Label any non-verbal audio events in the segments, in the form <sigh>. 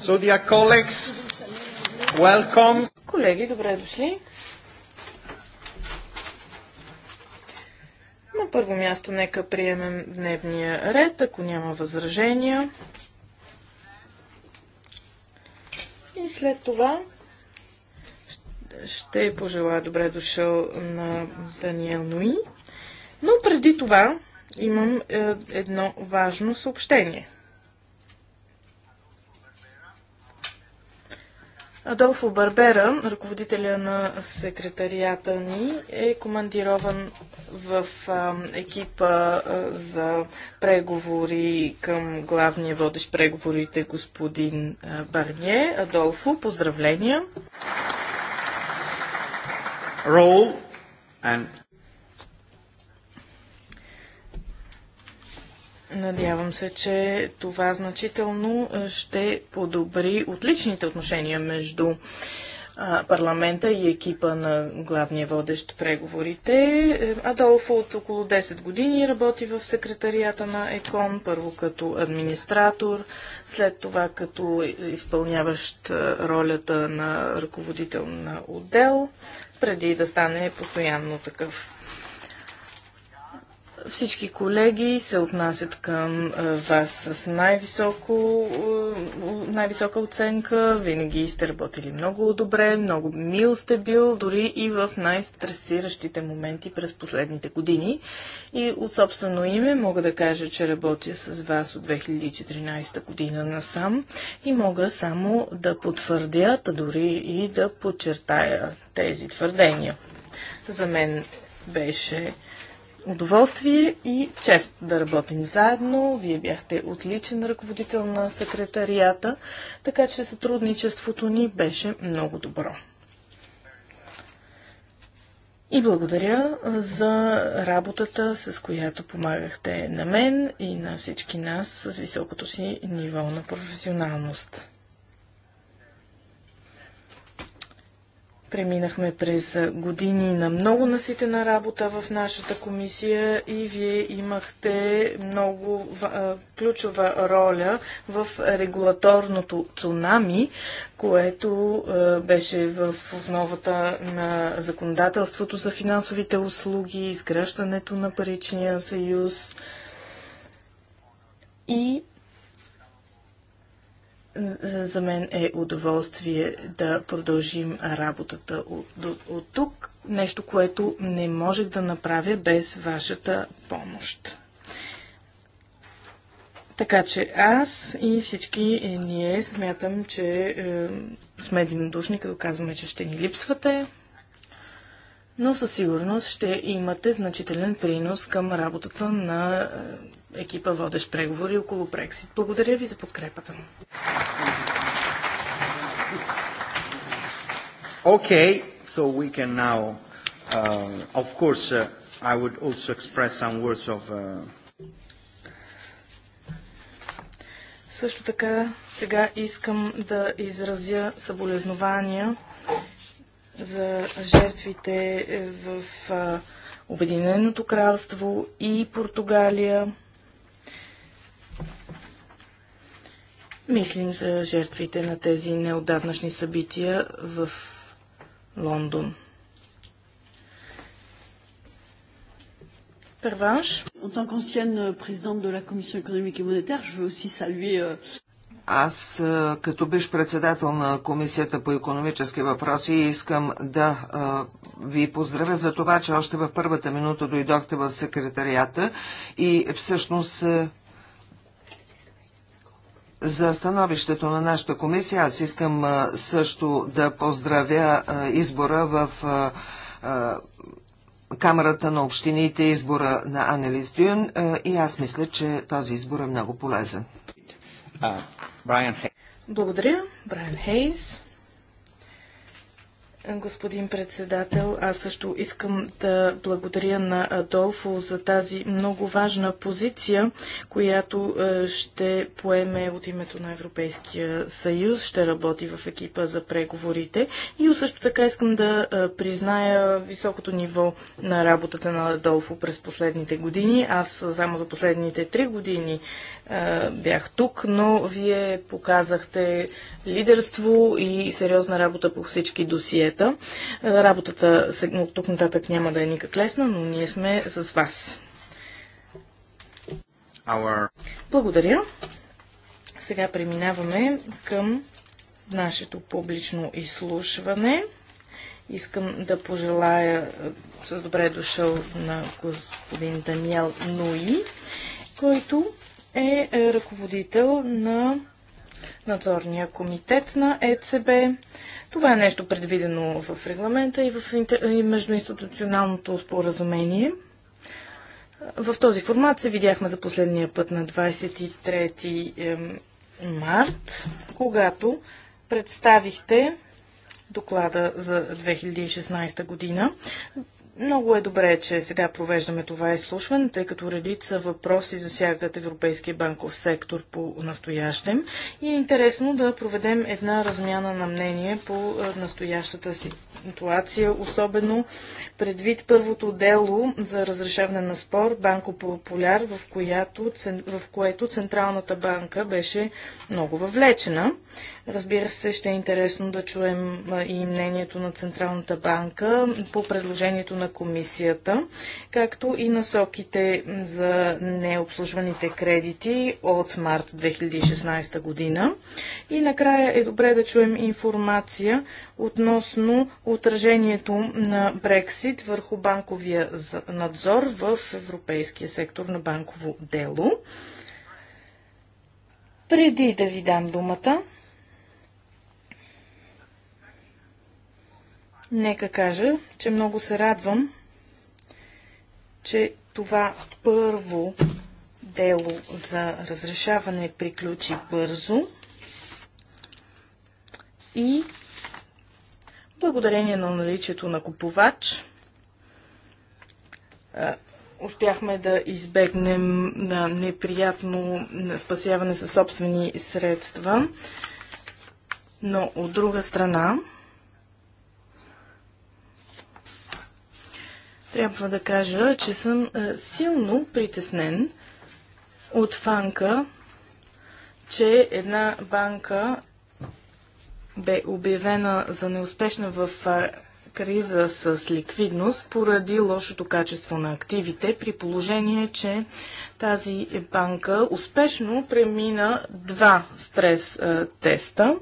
So, dear colleagues, welcome. Колеги, добре дошли. На първо място нека приемем дневния ред, ако няма възражения. И след това ще пожелая добре дошъл на Даниел Нуи. Но преди това имам е, едно важно съобщение – Адолфо Барбера, ръководителя на секретарията ни, е командирован в екипа за преговори към главния водещ преговорите господин а, Барние. Адолфо, поздравления! Role and Надявам се, че това значително е, ще подобри отличните отношения между парламента и екипа на главния водещ преговорите. Е, Адолфо от около 10 години работи в секретарията на ЕКОН, първо като администратор, след това като изпълняващ е, ролята на ръководител на отдел, преди да стане постоянно такъв. Всички колеги се отнасят към е, вас с най-високо, е, най-висока оценка. Винаги сте работили много добре, много мил сте бил, дори и в най-стресиращите моменти през последните години. И от собствено име мога да кажа, че работя с вас от 2014 година насам и мога само да потвърдя, да дори и да подчертая тези твърдения. За мен беше удоволствие и чест да работим заедно. Вие бяхте отличен ръководител на секретарията, така че сътрудничеството ни беше много добро. И благодаря за работата, с която помагахте на мен и на всички нас с високото си ниво на професионалност. Преминахме през години на много наситена работа в нашата комисия и вие имахте много ключова роля в регулаторното цунами, което беше в основата на законодателството за финансовите услуги, изграждането на паричния съюз и за мен е удоволствие да продължим работата от, от, от тук. Нещо, което не можех да направя без вашата помощ. Така че аз и всички ние смятам, че е, сме единодушни, като казваме, че ще ни липсвате, но със сигурност ще имате значителен принос към работата на е, екипа водещ преговори около Брексит. Благодаря ви за подкрепата. Okay, so we can now, uh, of course, uh, I would also express some words of. Uh... Също така, сега искам да изразя съболезнования за жертвите е, в Обединеното кралство и Португалия Мислим за жертвите на тези неодавнашни събития в Лондон. Перванш. En tant qu'ancienne présidente de la Commission économique et monétaire, je veux aussi saluer euh, аз е, като биш председател на Комисията по економически въпроси искам да а, е, ви поздравя за това, че още в първата минута дойдохте в секретарията и всъщност е, за становището на нашата комисия. Аз искам също да поздравя избора в Камерата на общините, избора на Анели Дюн и аз мисля, че този избор е много полезен. Благодаря, Брайан Хейс. Господин председател, аз също искам да благодаря на Адолфо за тази много важна позиция, която е, ще поеме от името на Европейския съюз, ще работи в екипа за преговорите и също така искам да е, призная високото ниво на работата на Адолфо през последните години. Аз само за последните три години е, бях тук, но вие показахте лидерство и сериозна работа по всички досиета. Е, работата от тук нататък няма да е никак лесна, но ние сме с вас. Our... Благодаря. Сега преминаваме към нашето публично изслушване. Искам да пожелая е, с добре е дошъл на господин Даниел Нуи, който е ръководител на надзорния комитет на ЕЦБ. Това е нещо предвидено в регламента и в междуинституционалното споразумение. В този формат се видяхме за последния път на 23 март, когато представихте доклада за 2016 година. Много е добре, че сега провеждаме това изслушване, тъй като редица въпроси засягат Европейския банков сектор по настоящем и е интересно да проведем една размяна на мнение по е, настоящата ситуация, особено предвид първото дело за разрешаване на спор Банко Популяр, в, която, в което Централната банка беше много въвлечена. Разбира се, ще е интересно да чуем и мнението на Централната банка по предложението на комисията, както и насоките за необслужваните кредити от март 2016 година. И накрая е добре да чуем информация относно отражението на Брексит върху банковия надзор в европейския сектор на банково дело. Преди да ви дам думата, Нека кажа, че много се радвам, че това първо дело за разрешаване приключи бързо и благодарение на наличието на купувач успяхме да избегнем на неприятно спасяване със собствени средства, но от друга страна трябва да кажа, че съм е, силно притеснен от фанка, че една банка бе обявена за неуспешна в е, криза с ликвидност поради лошото качество на активите, при положение, че тази банка успешно премина два стрес е, теста,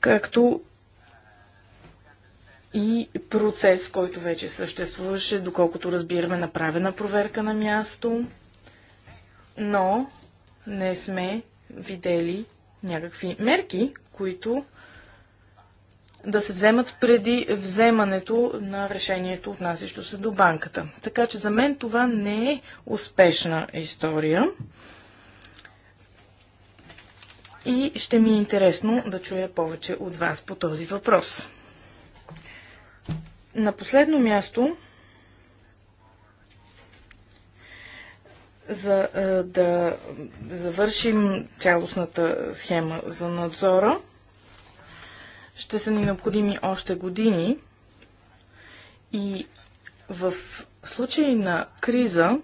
както и процес, който вече съществуваше, доколкото разбираме направена проверка на място, но не сме видели някакви мерки, които да се вземат преди вземането на решението, отнасящо се до банката. Така че за мен това не е успешна история. И ще ми е интересно да чуя повече от вас по този въпрос. На последно място, за е, да завършим цялостната схема за надзора, ще са ни необходими още години и в случай на криза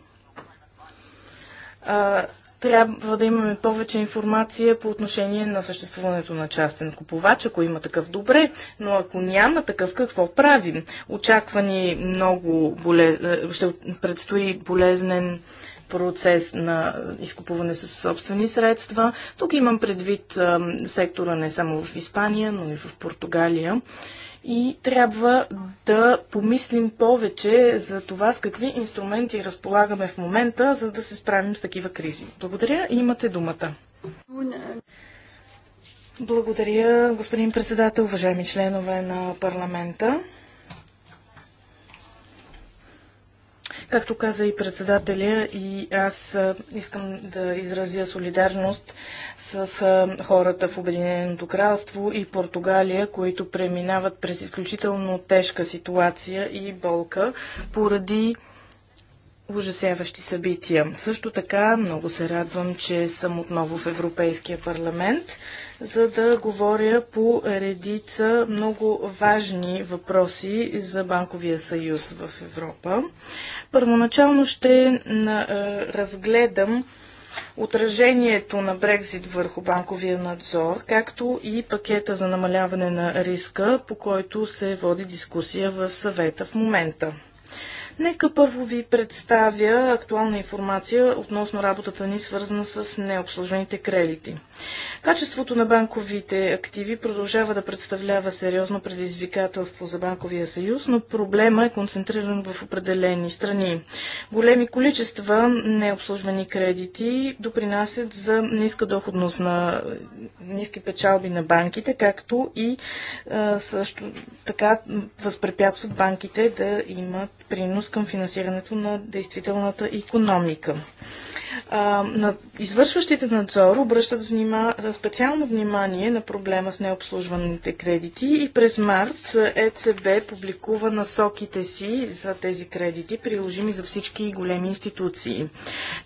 трябва да имаме повече информация по отношение на съществуването на частен купувач, ако има такъв добре, но ако няма такъв, какво правим? Очаква ни много болез... Е, ще предстои болезнен процес на изкупуване със собствени средства. Тук имам предвид сектора не само в Испания, но и в Португалия и трябва да помислим повече за това с какви инструменти разполагаме в момента, за да се справим с такива кризи. Благодаря и имате думата. Благодаря, господин председател, уважаеми членове на парламента. Както каза и председателя, и аз искам да изразя солидарност с хората в Обединеното кралство и Португалия, които преминават през изключително тежка ситуация и болка поради ужасяващи събития. Също така много се радвам, че съм отново в Европейския парламент за да говоря по редица много важни въпроси за банковия съюз в Европа. Първоначално ще е, разгледам отражението на Брекзит върху банковия надзор, както и пакета за намаляване на риска, по който се води дискусия в съвета в момента. Нека първо ви представя актуална информация относно работата ни, свързана с необслужените кредити. Качеството на банковите активи продължава да представлява сериозно предизвикателство за Банковия съюз, но проблема е концентриран в определени страни. Големи количества необслужвани кредити допринасят за ниска доходност на ниски печалби на банките, както и също така възпрепятстват банките да имат принос към финансирането на действителната економика на извършващите надзор обръщат внима, специално внимание на проблема с необслужваните кредити и през март ЕЦБ публикува насоките си за тези кредити, приложими за всички големи институции.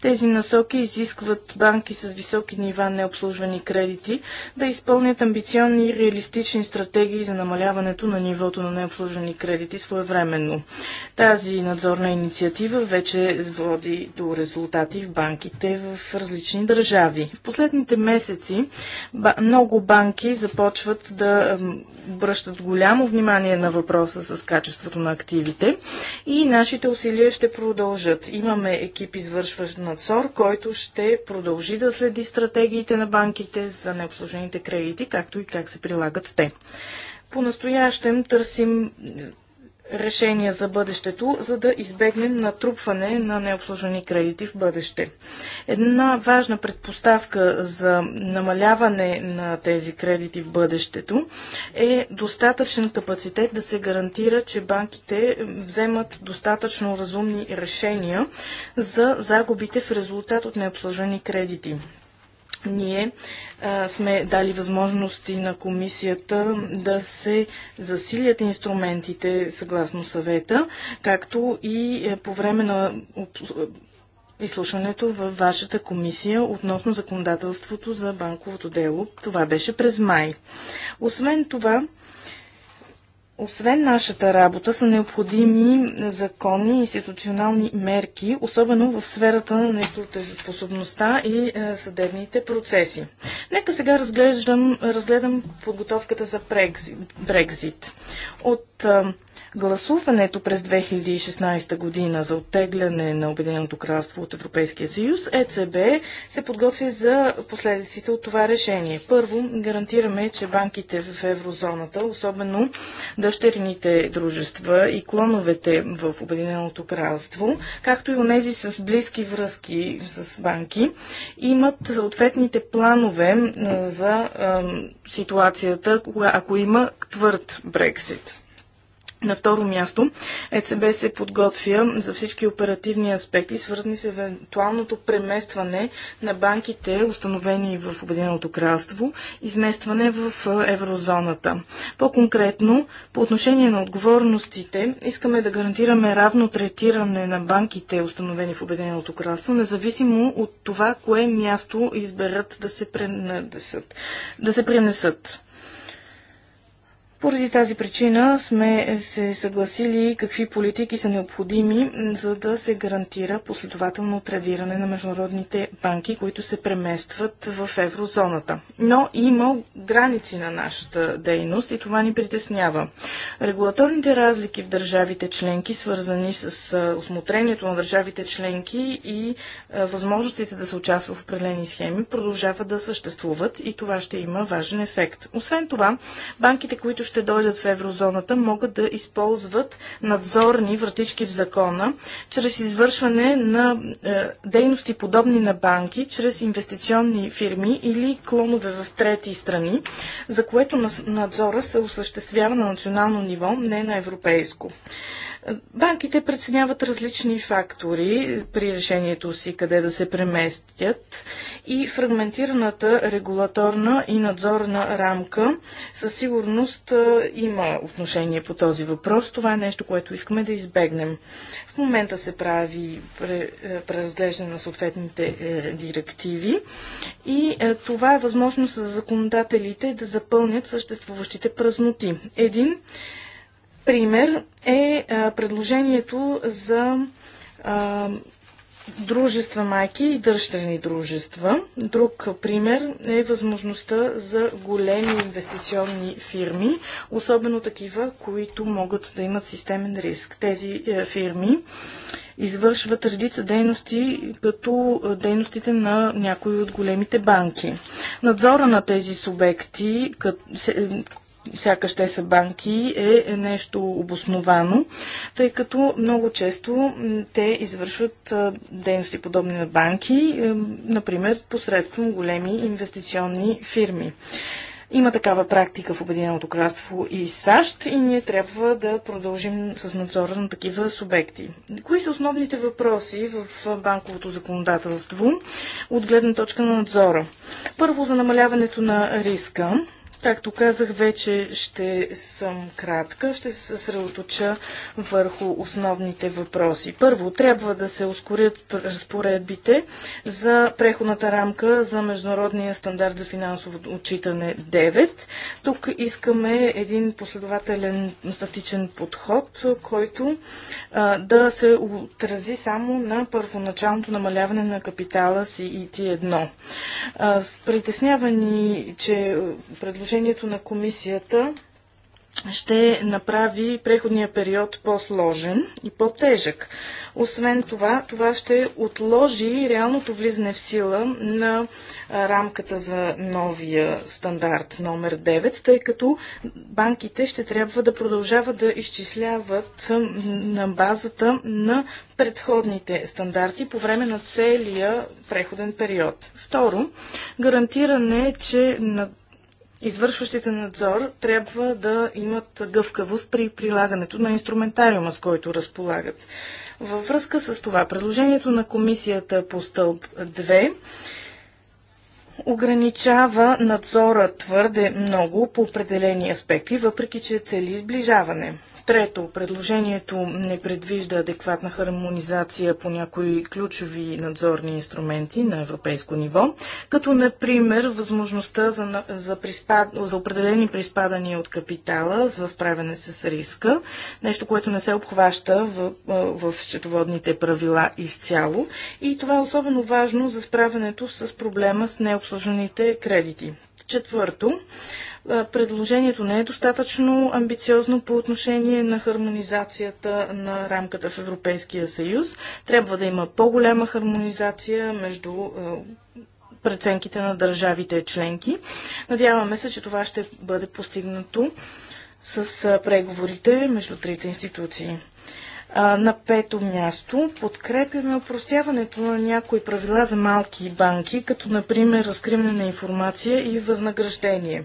Тези насоки изискват банки с високи нива необслужвани кредити да изпълнят амбиционни и реалистични стратегии за намаляването на нивото на необслужвани кредити своевременно. Тази надзорна инициатива вече води до резултати в банки банките в различни държави. В последните месеци много банки започват да обръщат голямо внимание на въпроса с качеството на активите и нашите усилия ще продължат. Имаме екип извършващ надзор, който ще продължи да следи стратегиите на банките за необслужените кредити, както и как се прилагат те. По-настоящем търсим решения за бъдещето, за да избегнем натрупване на необслужвани кредити в бъдеще. Една важна предпоставка за намаляване на тези кредити в бъдещето е достатъчен капацитет да се гарантира, че банките вземат достатъчно разумни решения за загубите в резултат от необслужвани кредити ние а, сме дали възможности на комисията да се засилят инструментите съгласно съвета, както и е, по време на е, изслушването във вашата комисия относно законодателството за банковото дело. Това беше през май. Освен това, освен нашата работа са необходими законни институционални мерки, особено в сферата на неплатежоспособността и е, съдебните процеси. Нека сега разглеждам, разгледам подготовката за Брекзит. От е, Гласуването през 2016 година за оттегляне на Обединеното кралство от Европейския съюз, ЕЦБ се подготви за последиците от това решение. Първо, гарантираме, че банките в еврозоната, особено дъщерните дружества и клоновете в Обединеното кралство, както и онези с близки връзки с банки, имат съответните планове за ситуацията, ако има твърд Брексит. На второ място, ЕЦБ се подготвя за всички оперативни аспекти, свързани с евентуалното преместване на банките, установени в Обединеното кралство, изместване в еврозоната. По-конкретно, по отношение на отговорностите, искаме да гарантираме равно третиране на банките, установени в Обединеното кралство, независимо от това, кое място изберат да се пренесат. Да се пренесат. Поради тази причина сме се съгласили какви политики са необходими, за да се гарантира последователно традиране на международните банки, които се преместват в еврозоната. Но има граници на нашата дейност и това ни притеснява. Регулаторните разлики в държавите членки, свързани с осмотрението на държавите членки и възможностите да се участва в определени схеми, продължават да съществуват и това ще има важен ефект. Освен това, банките, които ще дойдат в еврозоната, могат да използват надзорни вратички в закона, чрез извършване на е, дейности подобни на банки, чрез инвестиционни фирми или клонове в трети страни, за което надзора се осъществява на национално ниво, не на европейско. Банките преценяват различни фактори при решението си къде да се преместят и фрагментираната регулаторна и надзорна рамка със сигурност има отношение по този въпрос. Това е нещо, което искаме да избегнем. В момента се прави преразглеждане на съответните е, директиви и е, това е възможност за законодателите да запълнят съществуващите празноти. Един пример е предложението за дружества майки и дъщерни дружества. Друг пример е възможността за големи инвестиционни фирми, особено такива, които могат да имат системен риск. Тези е, фирми извършват редица дейности, като е, дейностите на някои от големите банки. Надзора на тези субекти, сякаш те са банки, е, е нещо обосновано, тъй като много често те извършват дейности подобни на банки, е, например посредством големи инвестиционни фирми. Има такава практика в Обединеното кралство и САЩ и ние трябва да продължим с надзора на такива субекти. Кои са основните въпроси в банковото законодателство от гледна точка на надзора? Първо за намаляването на риска. Както казах, вече ще съм кратка, ще се съсредоточа върху основните въпроси. Първо, трябва да се ускорят разпоредбите за преходната рамка за Международния стандарт за финансово отчитане 9. Тук искаме един последователен статичен подход, който а, да се отрази само на първоначалното намаляване на капитала си и ти 1 Притеснява ни, че предложението предложението на комисията ще направи преходния период по-сложен и по-тежък. Освен това, това ще отложи реалното влизане в сила на рамката за новия стандарт номер 9, тъй като банките ще трябва да продължават да изчисляват на базата на предходните стандарти по време на целия преходен период. Второ, гарантиране, че на извършващите надзор трябва да имат гъвкавост при прилагането на инструментариума, с който разполагат. Във връзка с това, предложението на комисията по стълб 2 ограничава надзора твърде много по определени аспекти, въпреки че цели сближаване. Трето, предложението не предвижда адекватна хармонизация по някои ключови надзорни инструменти на европейско ниво, като например възможността за, за, приспад, за определени приспадания от капитала за справяне с риска, нещо, което не се обхваща в, в счетоводните правила изцяло. И това е особено важно за справянето с проблема с необслужените кредити. Четвърто, предложението не е достатъчно амбициозно по отношение на хармонизацията на рамката в Европейския съюз. Трябва да има по-голяма хармонизация между преценките на държавите членки. Надяваме се, че това ще бъде постигнато с преговорите между трите институции. На пето място подкрепяме опростяването на някои правила за малки банки, като например разкриване на информация и възнаграждение.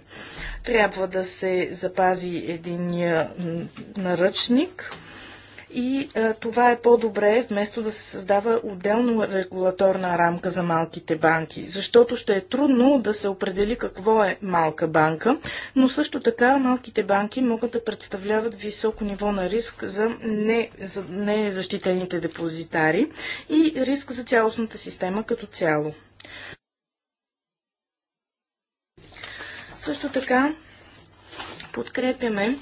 Трябва да се запази един наръчник и а, е, това е по-добре, вместо да се създава отделно регулаторна рамка за малките банки, защото ще е трудно да се определи какво е малка банка, но също така малките банки могат да представляват високо ниво на риск за, не, за незащитените депозитари и риск за цялостната система като цяло. Също така подкрепяме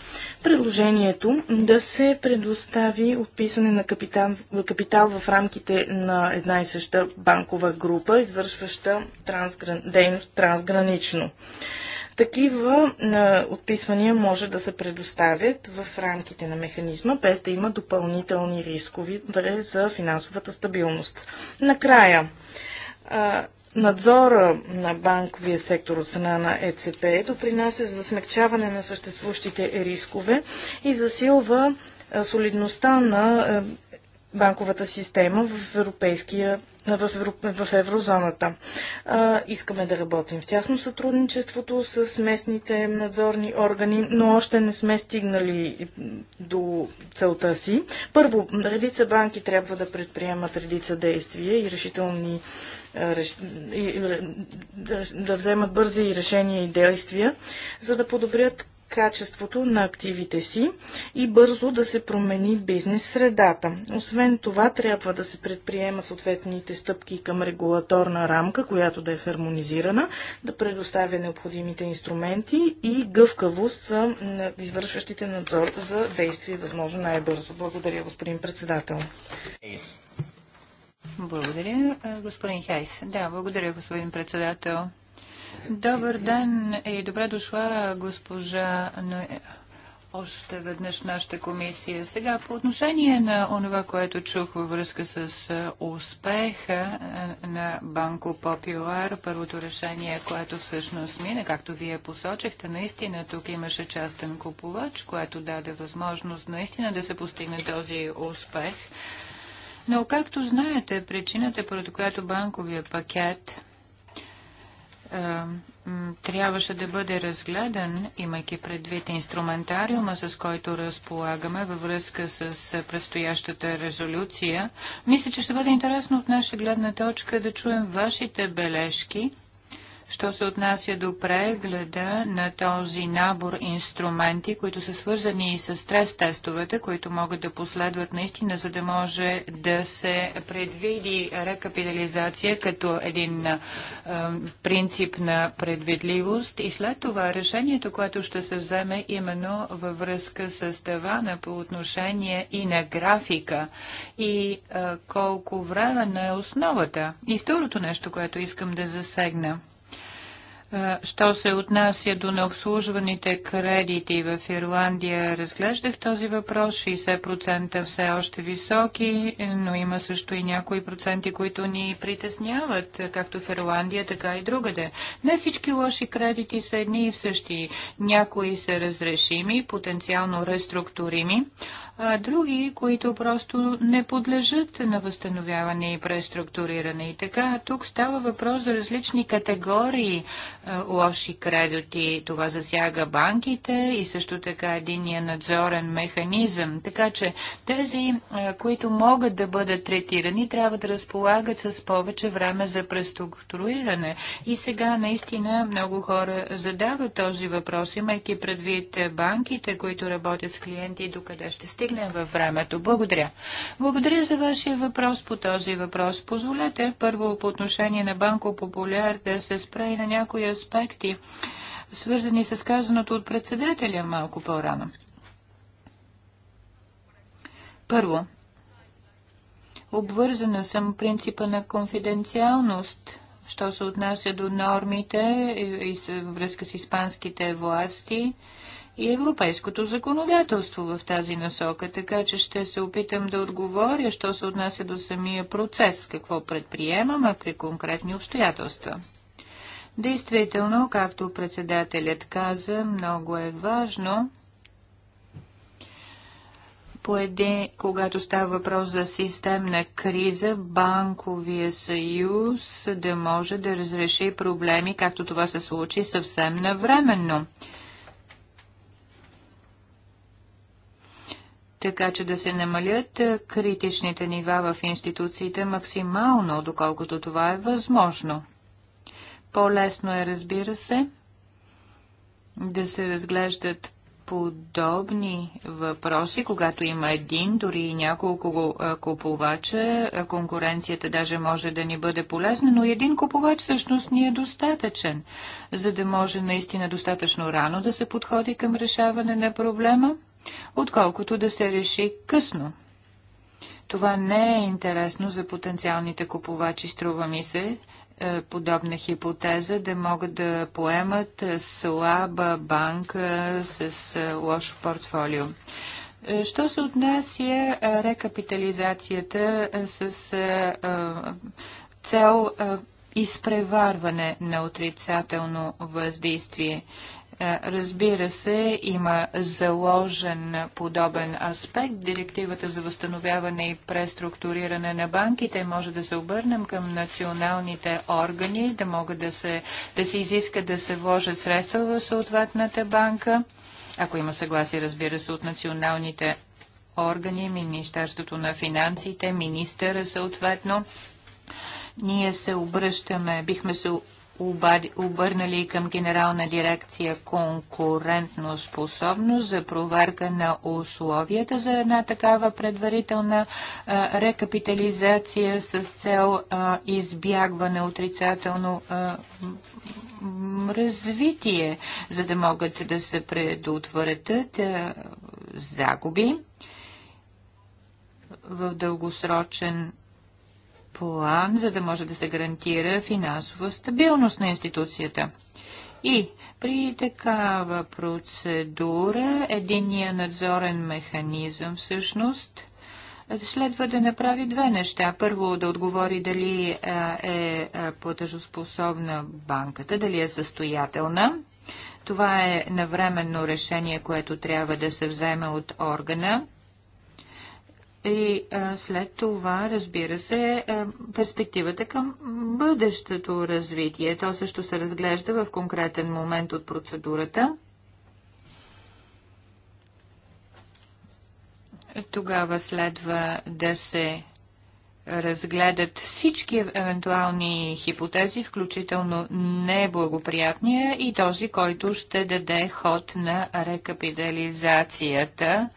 предложението да се предостави отписване на капитал, капитал в рамките на една и съща банкова група, извършваща трансгран, дейност трансгранично. Такива на отписвания може да се предоставят в рамките на механизма, без да има допълнителни рискови за финансовата стабилност. Накрая, надзора на банковия сектор от страна на ЕЦП допринася за смягчаване на съществуващите рискове и засилва солидността на банковата система в европейския в, еврозоната. искаме да работим в тясно сътрудничеството с местните надзорни органи, но още не сме стигнали до целта си. Първо, редица банки трябва да предприемат редица действия и решителни да вземат бързи решения и действия, за да подобрят качеството на активите си и бързо да се промени бизнес средата. Освен това, трябва да се предприемат съответните стъпки към регулаторна рамка, която да е хармонизирана, да предоставя необходимите инструменти и гъвкавост за извършващите надзор за действие възможно най-бързо. Благодаря, господин председател. Благодаря, господин Хайс. Да, благодаря, господин председател. Добър ден и добре дошла, госпожа още веднъж нашата комисия. Сега, по отношение на онова, което чух във връзка с успеха на Банко Попилар, първото решение, което всъщност мина, както вие посочихте, наистина тук имаше частен купувач, което даде възможност наистина да се постигне този успех но, както знаете, причината, поради която банковия пакет е, трябваше да бъде разгледан, имайки предвид инструментариума, с който разполагаме във връзка с е, предстоящата резолюция. Мисля, че ще бъде интересно от наша гледна точка да чуем вашите бележки Що се отнася до прегледа на този набор инструменти, които са свързани и с стрес-тестовете, които могат да последват наистина, за да може да се предвиди рекапитализация като един принцип на предвидливост и след това решението, което ще се вземе именно във връзка с тавана по отношение и на графика и колко време на е основата. И второто нещо, което искам да засегна – Що се отнася до необслужваните кредити в Ирландия, разглеждах този въпрос. 60% все още високи, но има също и някои проценти, които ни притесняват, както в Ирландия, така и другаде. Не всички лоши кредити са едни и същи. Някои са разрешими, потенциално реструктурими, а други, които просто не подлежат на възстановяване и преструктуриране. И така, тук става въпрос за различни категории а, лоши кредити. Това засяга банките и също така единия надзорен механизъм. Така че тези, а, които могат да бъдат третирани, трябва да разполагат с повече време за преструктуриране. И сега наистина много хора задават този въпрос, имайки предвид банките, които работят с клиенти и докъде ще стигнат стигнем във времето. Благодаря. Благодаря за вашия въпрос по този въпрос. Позволете първо по отношение на Банко Популяр да се спре и на някои аспекти, свързани с казаното от председателя малко по-рано. Първо, обвързана съм принципа на конфиденциалност – що се отнася до нормите и, във връзка с испанските власти и европейското законодателство в тази насока, така че ще се опитам да отговоря, що се отнася до самия процес, какво предприемаме при конкретни обстоятелства. Действително, както председателят каза, много е важно поеде, когато става въпрос за системна криза, банковия съюз да може да разреши проблеми, както това се случи съвсем навременно. така че да се намалят критичните нива в институциите максимално, доколкото това е възможно. По-лесно е, разбира се, да се разглеждат подобни въпроси, когато има един, дори и няколко купувача, конкуренцията даже може да ни бъде полезна, но един купувач всъщност ни е достатъчен, за да може наистина достатъчно рано да се подходи към решаване на проблема отколкото да се реши късно. Това не е интересно за потенциалните купувачи, струва ми се, е, подобна хипотеза, да могат да поемат слаба банка с е, лошо портфолио. Е, що се отнася рекапитализацията с цел изпреварване на отрицателно въздействие. Е, разбира се, има заложен подобен аспект. Директивата за възстановяване и преструктуриране на банките може да се обърнем към националните органи, да могат да се, да се изиска да се вложат средства в съответната банка. Ако има съгласие, разбира се, от националните органи, Министерството на финансите, министъра съответно, ние се обръщаме, бихме се обърнали към Генерална дирекция конкурентно способност за проверка на условията за една такава предварителна а, рекапитализация с цел а, избягване отрицателно а, развитие, за да могат да се предотвратят загуби в дългосрочен план, за да може да се гарантира финансова стабилност на институцията. И при такава процедура единия надзорен механизъм всъщност следва да направи две неща. Първо да отговори дали е платежоспособна банката, дали е състоятелна. Това е навременно решение, което трябва да се вземе от органа и а, след това, разбира се, а, перспективата към бъдещето развитие. То също се разглежда в конкретен момент от процедурата. Тогава следва да се разгледат всички евентуални хипотези, включително неблагоприятния и този, който ще даде ход на рекапитализацията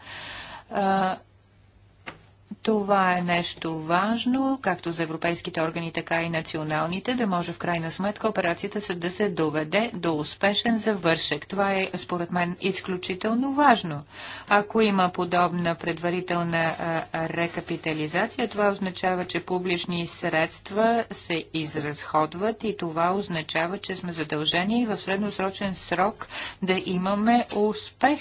това е нещо важно, както за европейските органи, така и националните, да може в крайна сметка операцията да се доведе до успешен завършек. Това е, според мен, изключително важно. Ако има подобна предварителна а, рекапитализация, това означава, че публични средства се изразходват и това означава, че сме задължени и в средносрочен срок да имаме успех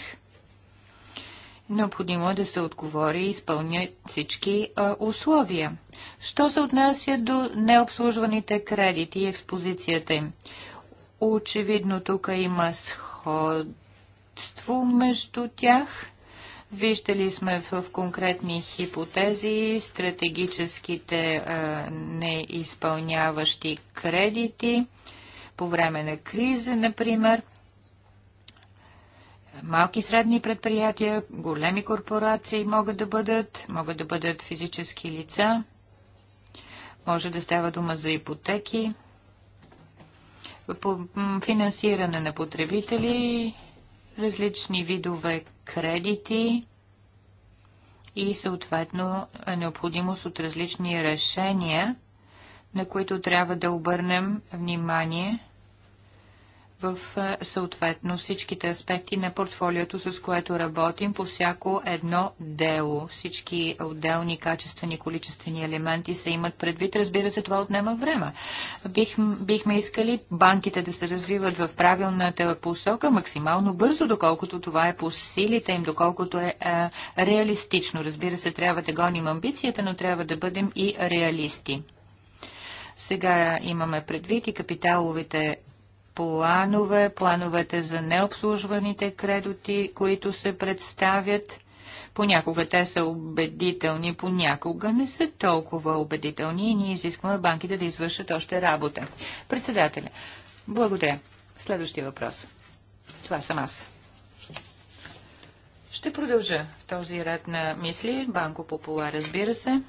Необходимо е да се отговори и изпълнят всички а, условия. Що се отнася до необслужваните кредити и експозицията им? Очевидно тук има сходство между тях. Виждали сме в конкретни хипотези стратегическите а, неизпълняващи кредити по време на криза, например – малки и средни предприятия, големи корпорации могат да бъдат, могат да бъдат физически лица, може да става дума за ипотеки, финансиране на потребители, различни видове кредити и съответно е необходимост от различни решения, на които трябва да обърнем внимание – в е, съответно всичките аспекти на портфолиото, с което работим по всяко едно дело. Всички отделни качествени, количествени елементи се имат предвид. Разбира се, това отнема време. Бих, бихме искали банките да се развиват в правилната посока максимално бързо, доколкото това е по силите им, доколкото е, е реалистично. Разбира се, трябва да гоним амбицията, но трябва да бъдем и реалисти. Сега имаме предвид и капиталовите планове, плановете за необслужваните кредити, които се представят. Понякога те са убедителни, понякога не са толкова убедителни и ние изискваме банките да извършат още работа. Председателя, благодаря. Следващия въпрос. Това съм аз. Ще продължа този ред на мисли. Банко Попула, разбира се.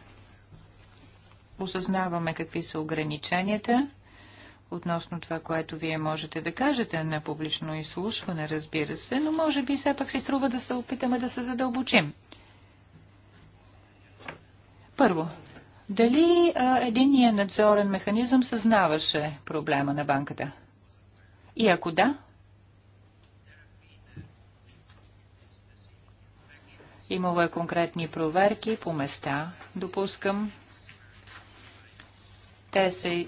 Осъзнаваме какви са ограниченията относно това, което вие можете да кажете на публично изслушване, разбира се, но може би все пак си струва да се опитаме да се задълбочим. Първо, дали а, единия надзорен механизъм съзнаваше проблема на банката? И ако да, имало е конкретни проверки по места, допускам. Те са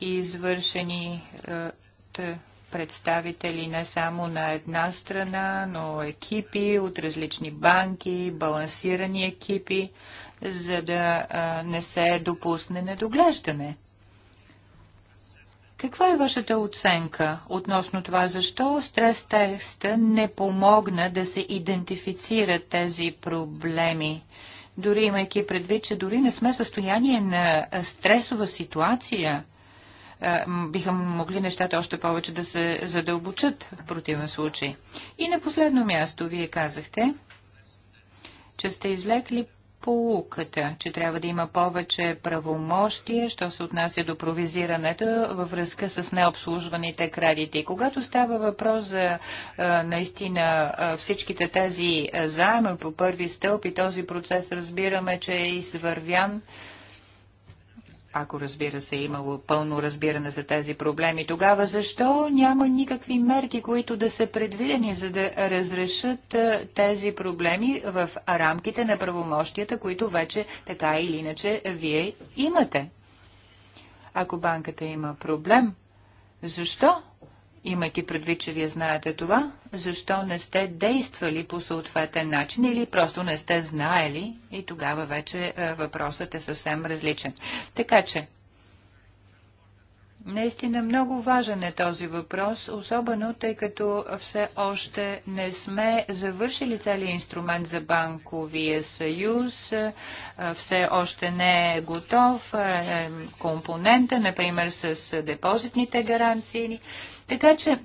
извършените представители не само на една страна, но екипи от различни банки, балансирани екипи, за да е, не се допусне недоглеждане. Каква е вашата оценка относно това, защо стрес текста не помогна да се идентифицират тези проблеми? Дори имайки предвид, че дори не сме в състояние на стресова ситуация – биха могли нещата още повече да се задълбочат в противен случай. И на последно място, вие казахте, че сте извлекли полуката, че трябва да има повече правомощие, що се отнася до провизирането във връзка с необслужваните кредити. Когато става въпрос за наистина всичките тези заеми по първи стълб и този процес разбираме, че е извървян ако разбира се е имало пълно разбиране за тези проблеми, тогава защо няма никакви мерки, които да са предвидени, за да разрешат тези проблеми в рамките на правомощията, които вече така или иначе вие имате? Ако банката има проблем, защо имайки предвид, че вие знаете това, защо не сте действали по съответен начин или просто не сте знаели и тогава вече е, въпросът е съвсем различен. Така че Наистина много важен е този въпрос, особено тъй като все още не сме завършили целият инструмент за банковия съюз, все още не е готов е компонента, например с депозитните гаранции. Така че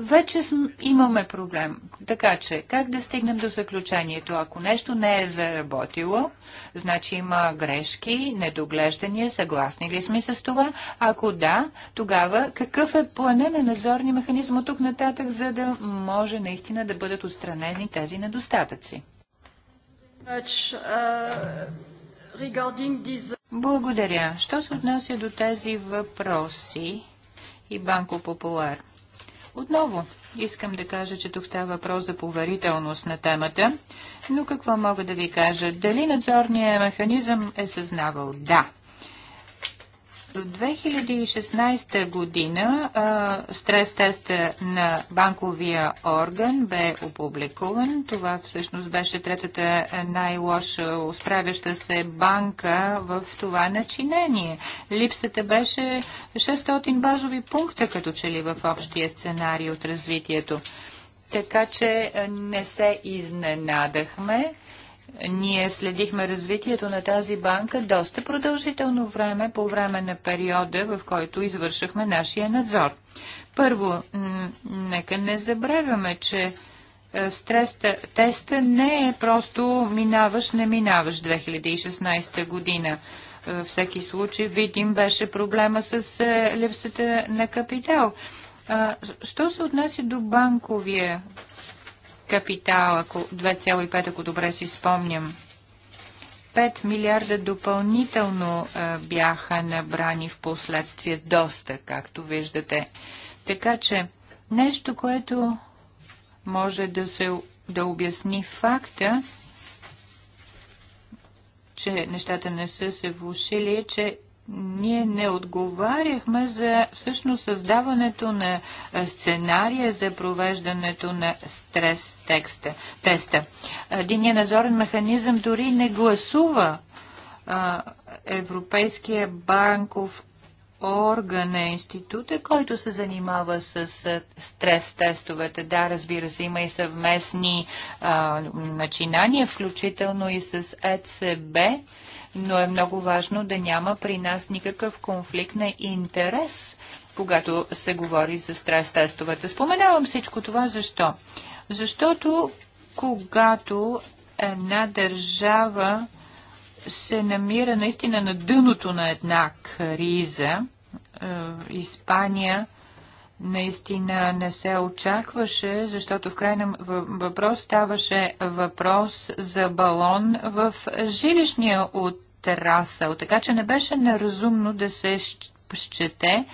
вече имаме проблем. Така че, как да стигнем до заключението? Ако нещо не е заработило, значи има грешки, недоглеждания, съгласни ли сме с това? Ако да, тогава какъв е плана на надзорни механизъм от тук нататък, за да може наистина да бъдат отстранени тези недостатъци? Благодаря. Що се отнася до тези въпроси и Банко Популар? Отново искам да кажа, че тук става въпрос за поверителност на темата, но какво мога да ви кажа? Дали надзорният механизъм е съзнавал? Да. До 2016 година стрес-теста на банковия орган бе опубликуван. Това всъщност беше третата най-лоша справяща се банка в това начинение. Липсата беше 600 базови пункта, като че ли в общия сценарий от развитието. Така че не се изненадахме ние следихме развитието на тази банка доста продължително време по време на периода, в който извършахме нашия надзор. Първо, нека не забравяме, че е, стреста теста не е просто минаваш, не минаваш 2016 година. Във е, всеки случай видим беше проблема с е, липсата на капитал. Що се отнася до банковия капитал, ако 2,5, ако добре си спомням. 5 милиарда допълнително а, бяха набрани в последствие доста, както виждате. Така че нещо, което може да се да обясни факта, че нещата не са се влушили, е, че ние не отговаряхме за всъщност създаването на сценария за провеждането на стрес текста, теста. Единият надзорен механизъм дори не гласува а, Европейския банков орган е института, който се занимава с стрес тестовете. Да, разбира се, има и съвместни а, начинания, включително и с ЕЦБ но е много важно да няма при нас никакъв конфликт на интерес, когато се говори за стрес тестовете. Споменавам всичко това защо? Защото когато една държава се намира наистина на дъното на една криза, е, Испания – наистина не се очакваше, защото в крайна въпрос ставаше въпрос за балон в жилищния отрасъл. Така че не беше неразумно да се счете,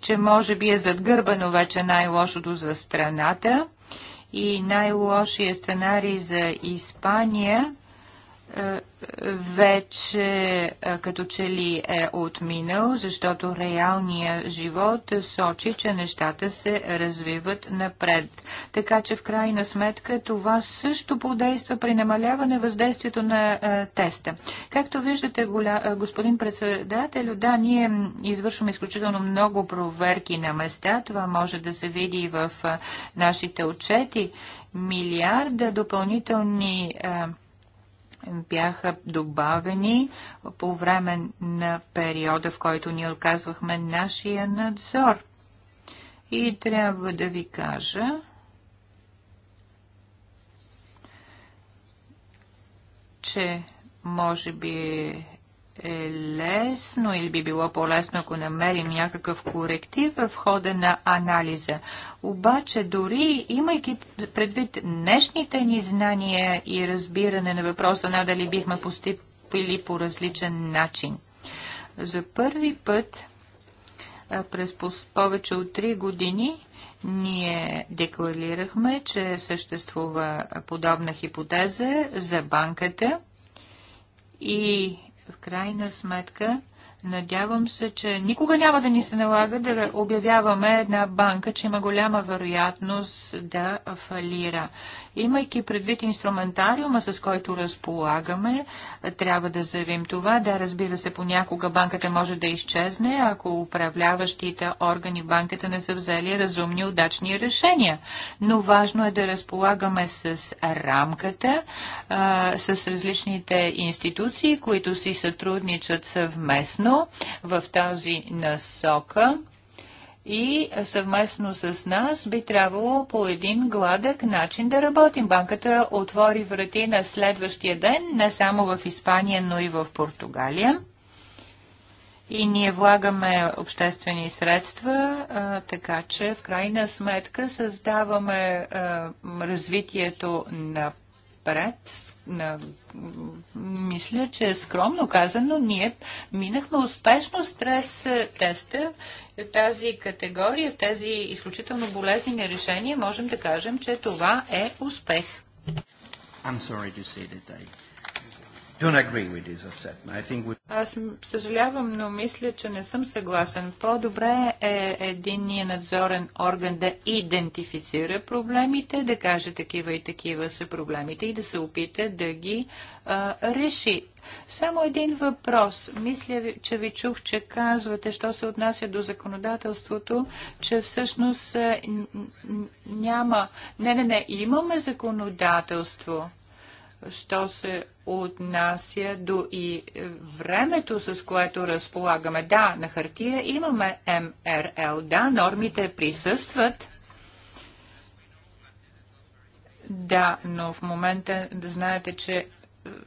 че може би е задгърбано вече най-лошото за страната и най-лошия сценарий за Испания е, вече е, като че ли е отминал, защото реалния живот сочи, че нещата се развиват напред. Така че в крайна сметка това също подейства при намаляване въздействието на е, теста. Както виждате, голя... Е, господин председател, да, ние извършваме изключително много проверки на места. Това може да се види и в нашите отчети. Милиарда допълнителни е, бяха добавени по време на периода, в който ние оказвахме нашия надзор. И трябва да ви кажа, че може би е лесно или би било по-лесно, ако намерим някакъв коректив в хода на анализа. Обаче, дори имайки предвид днешните ни знания и разбиране на въпроса, надали бихме поступили по различен начин. За първи път през повече от 3 години ние декларирахме, че съществува подобна хипотеза за банката и в крайна сметка, надявам се, че никога няма да ни се налага да обявяваме една банка, че има голяма вероятност да фалира. Имайки предвид инструментариума, с който разполагаме, трябва да заявим това. Да, разбира се, понякога банката може да изчезне, ако управляващите органи банката не са взели разумни, удачни решения. Но важно е да разполагаме с рамката, а, с различните институции, които си сътрудничат съвместно в тази насока и съвместно с нас би трябвало по един гладък начин да работим. Банката отвори врати на следващия ден, не само в Испания, но и в Португалия. И ние влагаме обществени средства, а, така че в крайна сметка създаваме а, развитието на на... Мисля, че е скромно казано, ние минахме успешно стрес е, теста. Е, тази категория, тези изключително болезнени решения, можем да кажем, че това е успех. I'm sorry to say that I аз съжалявам, но мисля, че не съм съгласен. По-добре е единния надзорен орган да идентифицира проблемите, да каже такива и такива са проблемите и да се опита да ги а, реши. Само един въпрос. Мисля, че ви чух, че казвате, що се отнася до законодателството, че всъщност няма. Не, не, не, имаме законодателство що се отнася до и времето, с което разполагаме. Да, на хартия имаме МРЛ, да, нормите присъстват, да, но в момента да знаете, че е,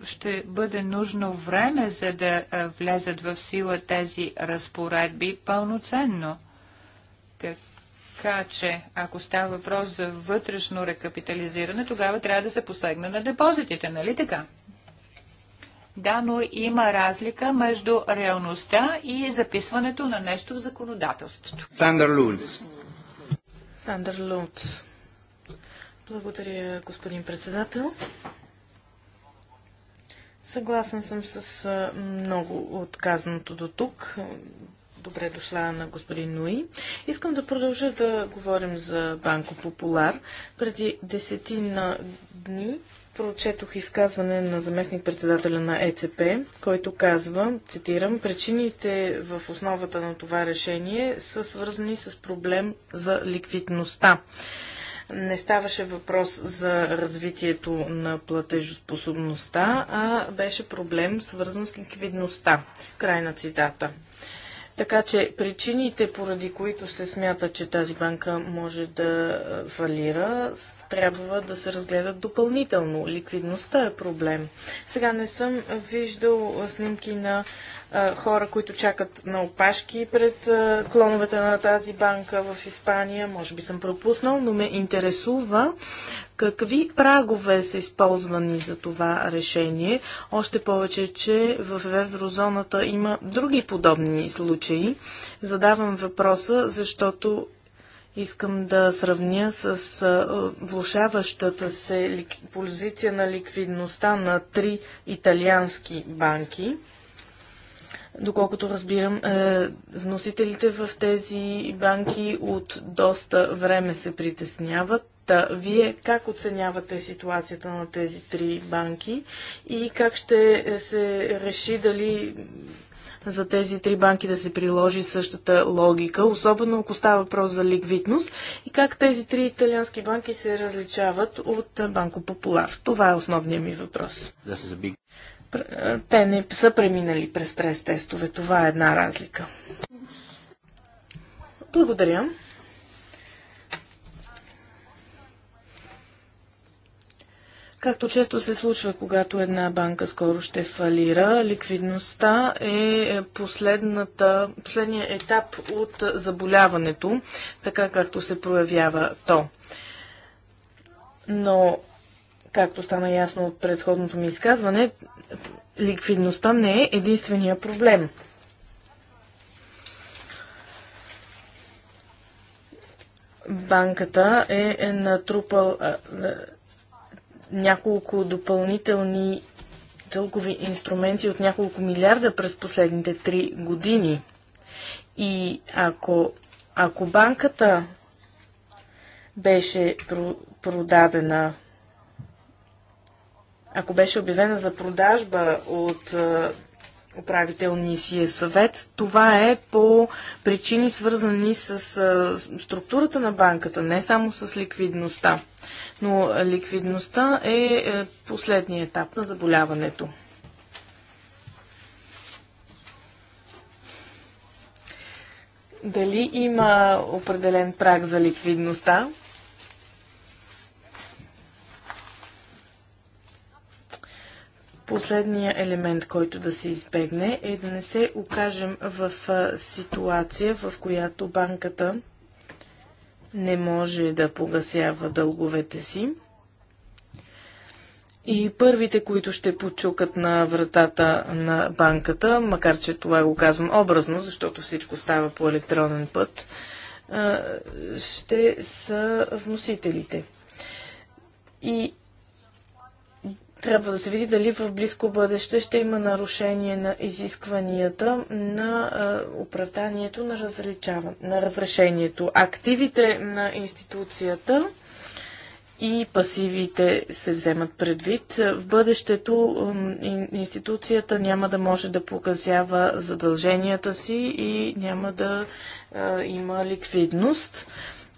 ще бъде нужно време, за да е, влезат в сила тези разпоредби пълноценно. Така така че, ако става въпрос за вътрешно рекапитализиране, тогава трябва да се посегне на депозитите, нали така? Да, но има разлика между реалността и записването на нещо в законодателството. Сандър Лулц. Сандър Лулц. Благодаря, господин председател. Съгласен съм с много отказаното до тук. Добре дошла на господин Нуи. Искам да продължа да говорим за Банко Популар. Преди десетина дни прочетох изказване на заместник-председателя на ЕЦП, който казва, цитирам, причините в основата на това решение са свързани с проблем за ликвидността не ставаше въпрос за развитието на платежоспособността, а беше проблем свързан с ликвидността. Край на цитата. Така че причините, поради които се смята, че тази банка може да фалира, трябва да се разгледат допълнително. Ликвидността е проблем. Сега не съм виждал снимки на а, хора, които чакат на опашки пред а, клоновете на тази банка в Испания. Може би съм пропуснал, но ме интересува Какви прагове са използвани за това решение? Още повече, че в еврозоната има други подобни случаи. Задавам въпроса, защото искам да сравня с влушаващата се позиция на ликвидността на три италиански банки. Доколкото разбирам, е, вносителите в тези банки от доста време се притесняват Та, вие как оценявате ситуацията на тези три банки и как ще е, се реши дали за тези три банки да се приложи същата логика, особено ако става въпрос за ликвидност и как тези три италиански банки се различават от Банко Популар. Това е основният ми въпрос. Big... Е, те не са преминали през стрес тестове. Това е една разлика. Благодаря. Както често се случва, когато една банка скоро ще фалира, ликвидността е последната, последният етап от заболяването, така както се проявява то. Но, както стана ясно от предходното ми изказване, ликвидността не е единствения проблем. Банката е натрупал няколко допълнителни дългови инструменти от няколко милиарда през последните три години. И ако, ако банката беше продадена, ако беше обявена за продажба от управителния си съвет. Това е по причини свързани с структурата на банката, не само с ликвидността. Но ликвидността е, е последният етап на заболяването. Дали има определен праг за ликвидността? Последния елемент, който да се избегне, е да не се окажем в ситуация, в която банката не може да погасява дълговете си. И първите, които ще почукат на вратата на банката, макар че това го казвам образно, защото всичко става по електронен път, ще са вносителите. И трябва да се види дали в близко бъдеще ще има нарушение на изискванията на оправданието на, на разрешението. Активите на институцията и пасивите се вземат предвид. В бъдещето институцията няма да може да показява задълженията си и няма да има ликвидност.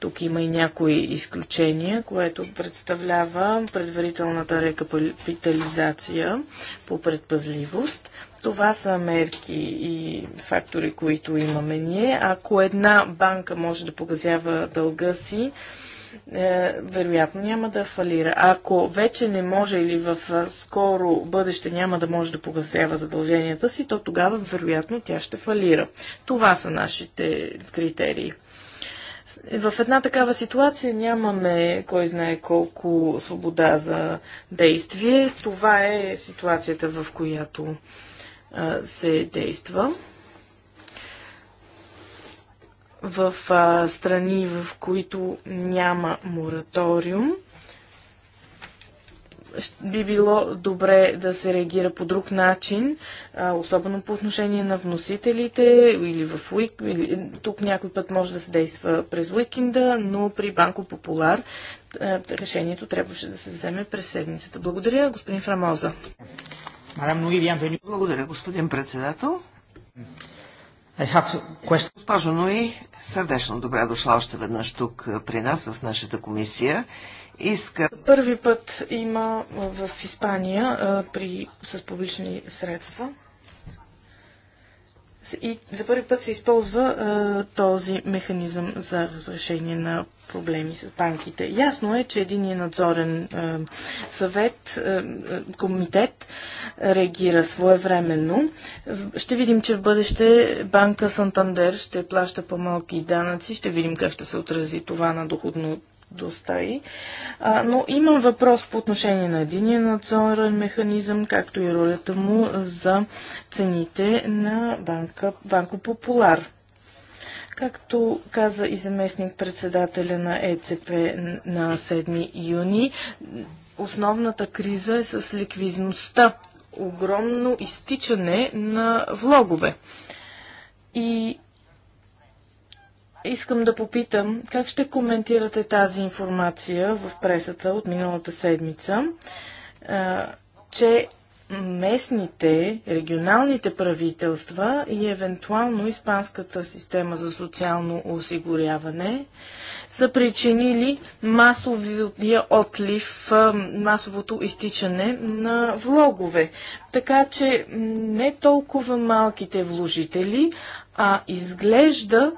Тук има и някои изключения, което представлява предварителната рекапитализация по предпазливост. Това са мерки и фактори, които имаме ние. Ако една банка може да погазява дълга си, е, вероятно няма да фалира. Ако вече не може или в скоро бъдеще няма да може да погасява задълженията си, то тогава вероятно тя ще фалира. Това са нашите критерии. Е, в една такава ситуация нямаме кой знае колко свобода за действие. Това е ситуацията, в която а, се действа. В а, страни, в които няма мораториум, би било добре да се реагира по друг начин, особено по отношение на вносителите или в уик... Или... Тук някой път може да се действа през уикенда, но при Банко Популар решението трябваше да се вземе през седмицата. Благодаря, господин Фрамоза. Благодаря, господин председател. Госпожо Нуи, сърдечно добре дошла още веднъж тук при нас в нашата комисия иска. Първи път има в Испания а, при, с публични средства. И за първи път се използва а, този механизъм за разрешение на проблеми с банките. Ясно е, че един надзорен съвет, комитет реагира своевременно. Ще видим, че в бъдеще банка Сантандер ще плаща по-малки данъци. Ще видим как ще се отрази това на доходното доста и. А, но имам въпрос по отношение на единия надзорен механизъм, както и ролята му за цените на банка, Банко Популар. Както каза и заместник председателя на ЕЦП на 7 юни, основната криза е с ликвидността. Огромно изтичане на влогове. И Искам да попитам как ще коментирате тази информация в пресата от миналата седмица, че местните, регионалните правителства и евентуално Испанската система за социално осигуряване са причинили масовия отлив, масовото изтичане на влогове. Така че не толкова малките вложители, а изглежда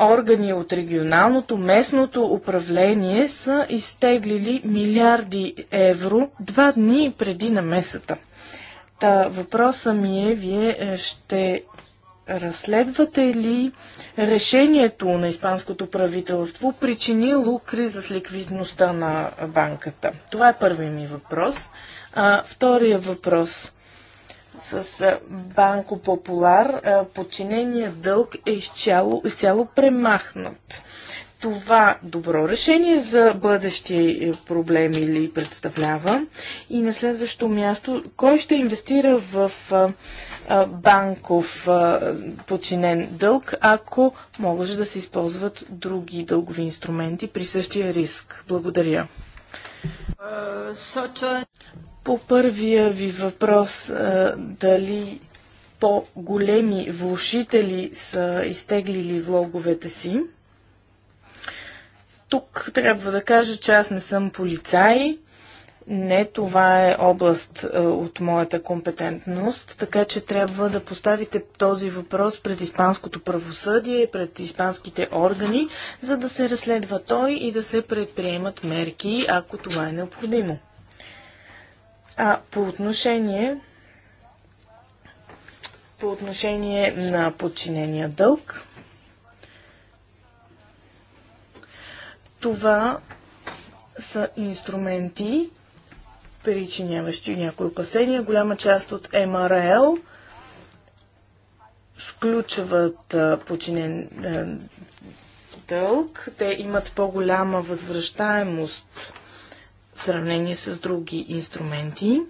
органи от регионалното, местното управление са изтеглили милиарди евро два дни преди намесата. Та Въпроса ми е, вие е, ще разследвате ли решението на испанското правителство причинило криза с ликвидността на банката? Това е първият ми въпрос. А, втория въпрос с Банко Популар подчинения дълг е изцяло, изцяло премахнат. Това добро решение за бъдещи е, проблеми ли представлява? И на следващо място, кой ще инвестира в банков подчинен дълг, ако може да се използват други дългови инструменти при същия риск? Благодаря. Е, по първия ви въпрос, дали по-големи влушители са изтеглили влоговете си, тук трябва да кажа, че аз не съм полицай. Не, това е област а, от моята компетентност, така че трябва да поставите този въпрос пред Испанското правосъдие, пред испанските органи, за да се разследва той и да се предприемат мерки, ако това е необходимо. А по отношение по отношение на подчинения дълг, това са инструменти, причиняващи някои опасения. Голяма част от МРЛ включват подчинен дълг. Те имат по-голяма възвръщаемост в сравнение с други инструменти.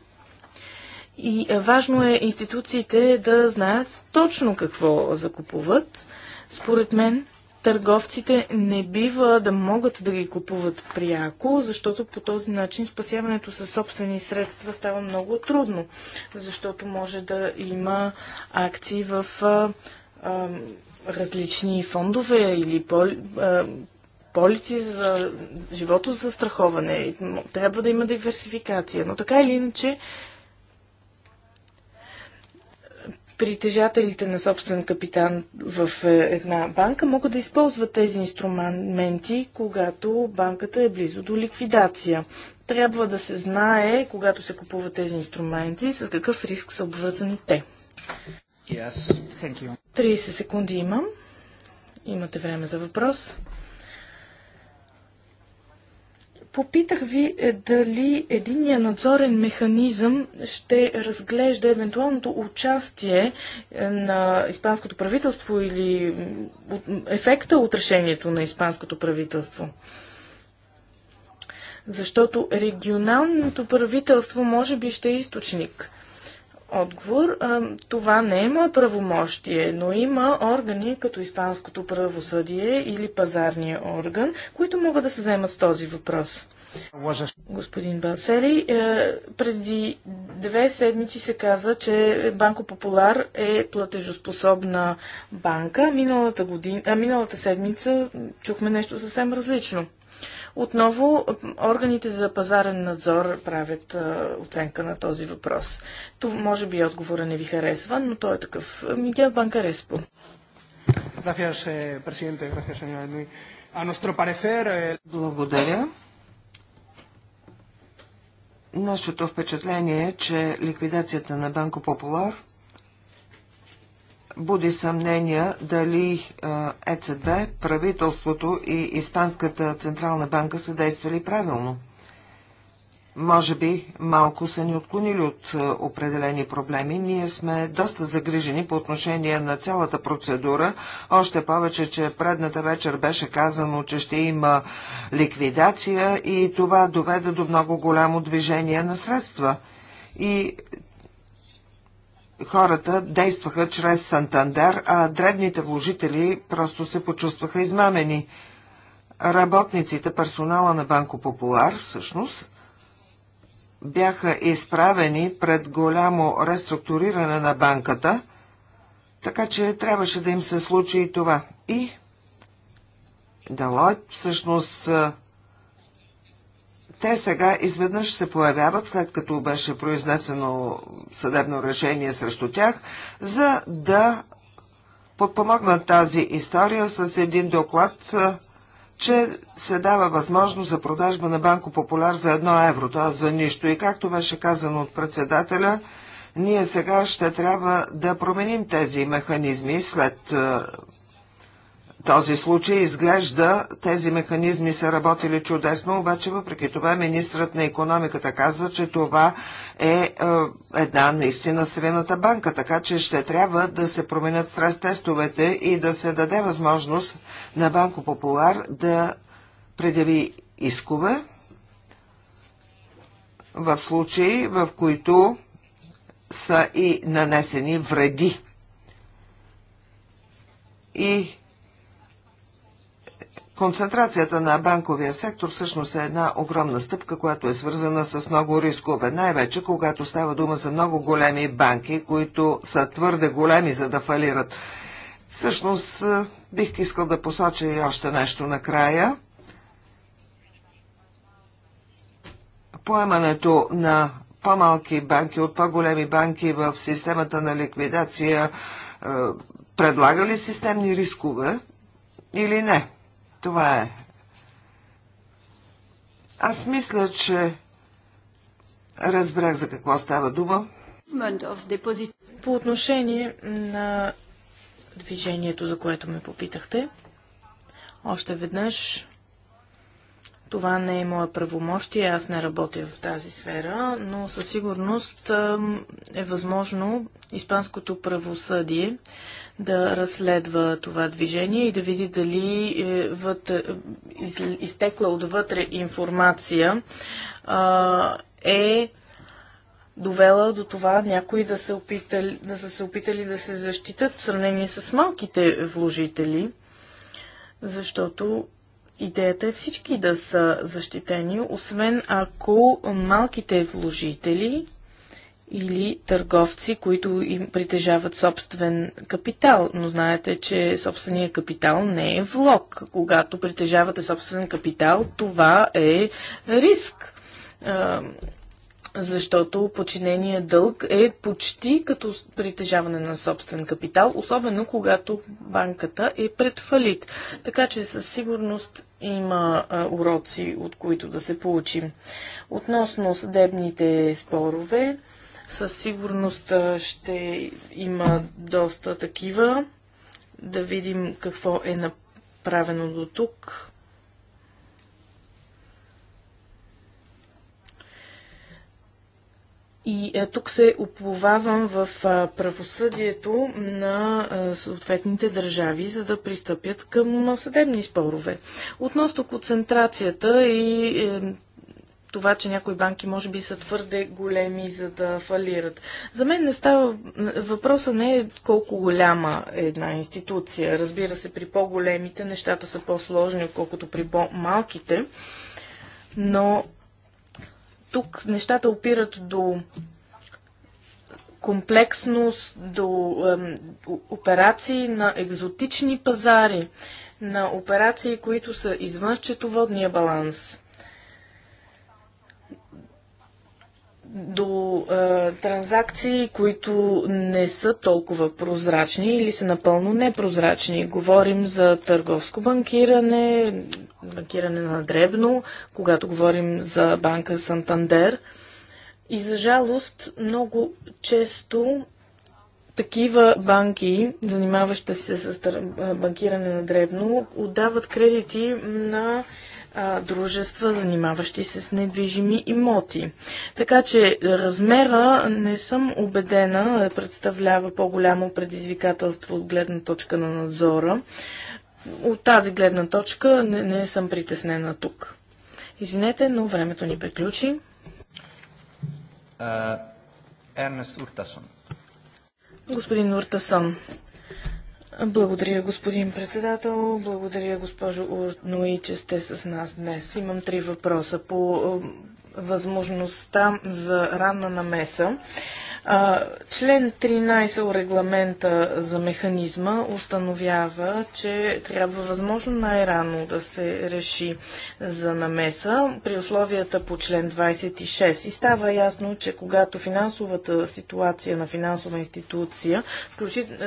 И важно е институциите да знаят точно какво закупуват. Според мен, търговците не бива да могат да ги купуват пряко, защото по този начин спасяването със собствени средства става много трудно, защото може да има акции в а, а, различни фондове или по, а, полици за живото за страховане. Трябва да има диверсификация. Но така или иначе, притежателите на собствен капитан в е, една банка могат да използват тези инструменти, когато банката е близо до ликвидация. Трябва да се знае, когато се купуват тези инструменти, с какъв риск са обвързани те. Yes, 30 секунди имам. Имате време за въпрос. Попитах ви е, дали единния надзорен механизъм ще разглежда евентуалното участие е, на испанското правителство или ефекта от решението на испанското правителство защото регионалното правителство може би ще е източник. Отговор. Това не е мое правомощие, но има органи като Испанското правосъдие или пазарния орган, които могат да се заемат с този въпрос. Господин Балсери, е, преди две седмици се каза, че Банко Популар е платежоспособна банка. Миналата, година, миналата седмица чухме нещо съвсем различно. Отново органите за пазарен надзор правят а, оценка на този въпрос. То може би отговора не ви харесва, но той е такъв. Мигел Банкареспо. Eh, Благодаря. Нашето впечатление е, че ликвидацията на Банко Популар буди съмнения дали ЕЦБ, правителството и Испанската Централна банка са действали правилно. Може би малко са ни отклонили от определени проблеми. Ние сме доста загрижени по отношение на цялата процедура. Още повече, че предната вечер беше казано, че ще има ликвидация и това доведе до много голямо движение на средства. И хората действаха чрез Сантандер, а дребните вложители просто се почувстваха измамени. Работниците, персонала на Банко Популар, всъщност, бяха изправени пред голямо реструктуриране на банката, така че трябваше да им се случи и това. И Делойт всъщност те сега изведнъж се появяват, след като беше произнесено съдебно решение срещу тях, за да подпомогнат тази история с един доклад, че се дава възможност за продажба на Банко Популяр за едно евро, т.е. за нищо. И както беше казано от председателя, ние сега ще трябва да променим тези механизми след този случай изглежда тези механизми са работили чудесно, обаче въпреки това министрът на економиката казва, че това е, е една наистина средната банка, така че ще трябва да се променят стрес-тестовете и да се даде възможност на Банко Популар да предяви искове в случаи, в които са и нанесени вреди. И Концентрацията на банковия сектор всъщност е една огромна стъпка, която е свързана с много рискове. Най-вече, когато става дума за много големи банки, които са твърде големи, за да фалират. Всъщност, бих искал да посоча и още нещо накрая. Поемането на по-малки банки от по-големи банки в системата на ликвидация предлага ли системни рискове или не? Това е. Аз мисля, че разбрах за какво става дума. По отношение на движението, за което ме попитахте, още веднъж това не е моя правомощие, аз не работя в тази сфера, но със сигурност е възможно испанското правосъдие да разследва това движение и да види дали е вътре, е, из, изтекла отвътре информация а, е довела до това някои да, са, опитали, да са се опитали да се защитат в сравнение с малките вложители, защото Идеята е всички да са защитени, освен ако малките вложители или търговци, които им притежават собствен капитал. Но знаете, че собственият капитал не е влог. Когато притежавате собствен капитал, това е риск защото починения дълг е почти като притежаване на собствен капитал, особено когато банката е пред фалит. Така че със сигурност има а, уроци, от които да се получим. Относно съдебните спорове, със сигурност ще има доста такива. Да видим какво е направено до тук. И е, тук се оплувавам в а, е, правосъдието на а, е, съответните държави, за да пристъпят към е, съдебни спорове. Относно концентрацията и това, че някои банки може би са твърде големи, за да фалират. За мен не става Въпросът не е колко голяма е една институция. Разбира се, при по-големите нещата са по-сложни, отколкото при по-малките. Но тук нещата опират до комплексност, до е, операции на екзотични пазари, на операции, които са извън счетоводния баланс, до е, транзакции, които не са толкова прозрачни или са напълно непрозрачни. Говорим за търговско банкиране, банкиране на дребно, когато говорим за банка Сантандер. И за жалост, много често такива банки, занимаващи се с банкиране на дребно, отдават кредити на дружества, занимаващи се с недвижими имоти. Така че размера не съм убедена представлява по-голямо предизвикателство от гледна точка на надзора. От тази гледна точка не, не съм притеснена тук. Извинете, но времето ни приключи. Е, Ернест Уртасон. Господин Уртасон. Благодаря, господин председател. Благодаря, госпожо Урнои, че сте с нас днес. Имам три въпроса по възможността за ранна намеса а, член 13 от регламента за механизма установява, че трябва възможно най-рано да се реши за намеса при условията по член 26. И става ясно, че когато финансовата ситуация на финансова институция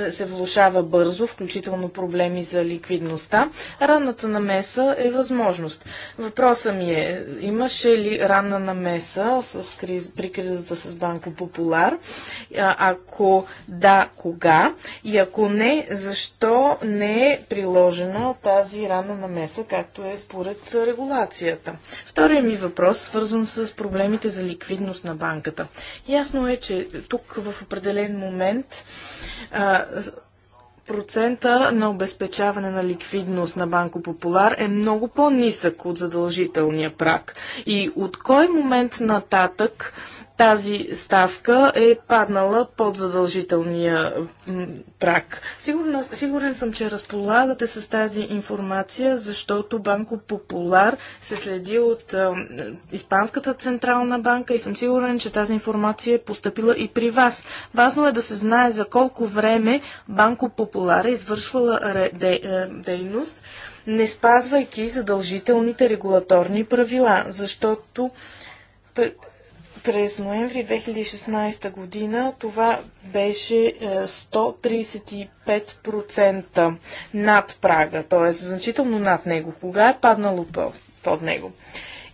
е, се влушава бързо, включително проблеми за ликвидността, ранната намеса е възможност. Въпросът ми е, имаше ли ранна намеса с криз, при кризата с Банко Популар? Ако да, кога? И ако не, защо не е приложена тази рана намеса, както е според регулацията? Втория ми въпрос, свързан с проблемите за ликвидност на банката. Ясно е, че тук в определен момент процента на обезпечаване на ликвидност на Банко Популар е много по-нисък от задължителния прак. И от кой момент нататък тази ставка е паднала под задължителния прак. Сигурен, сигурен съм, че разполагате с тази информация, защото Банко Популар се следи от а, Испанската централна банка и съм сигурен, че тази информация е поступила и при вас. Важно е да се знае за колко време Банко Популар е извършвала ре, де, е, дейност, не спазвайки задължителните регулаторни правила, защото през ноември 2016 година това беше 135% е, над прага, т.е. значително над него. Кога е паднало под него?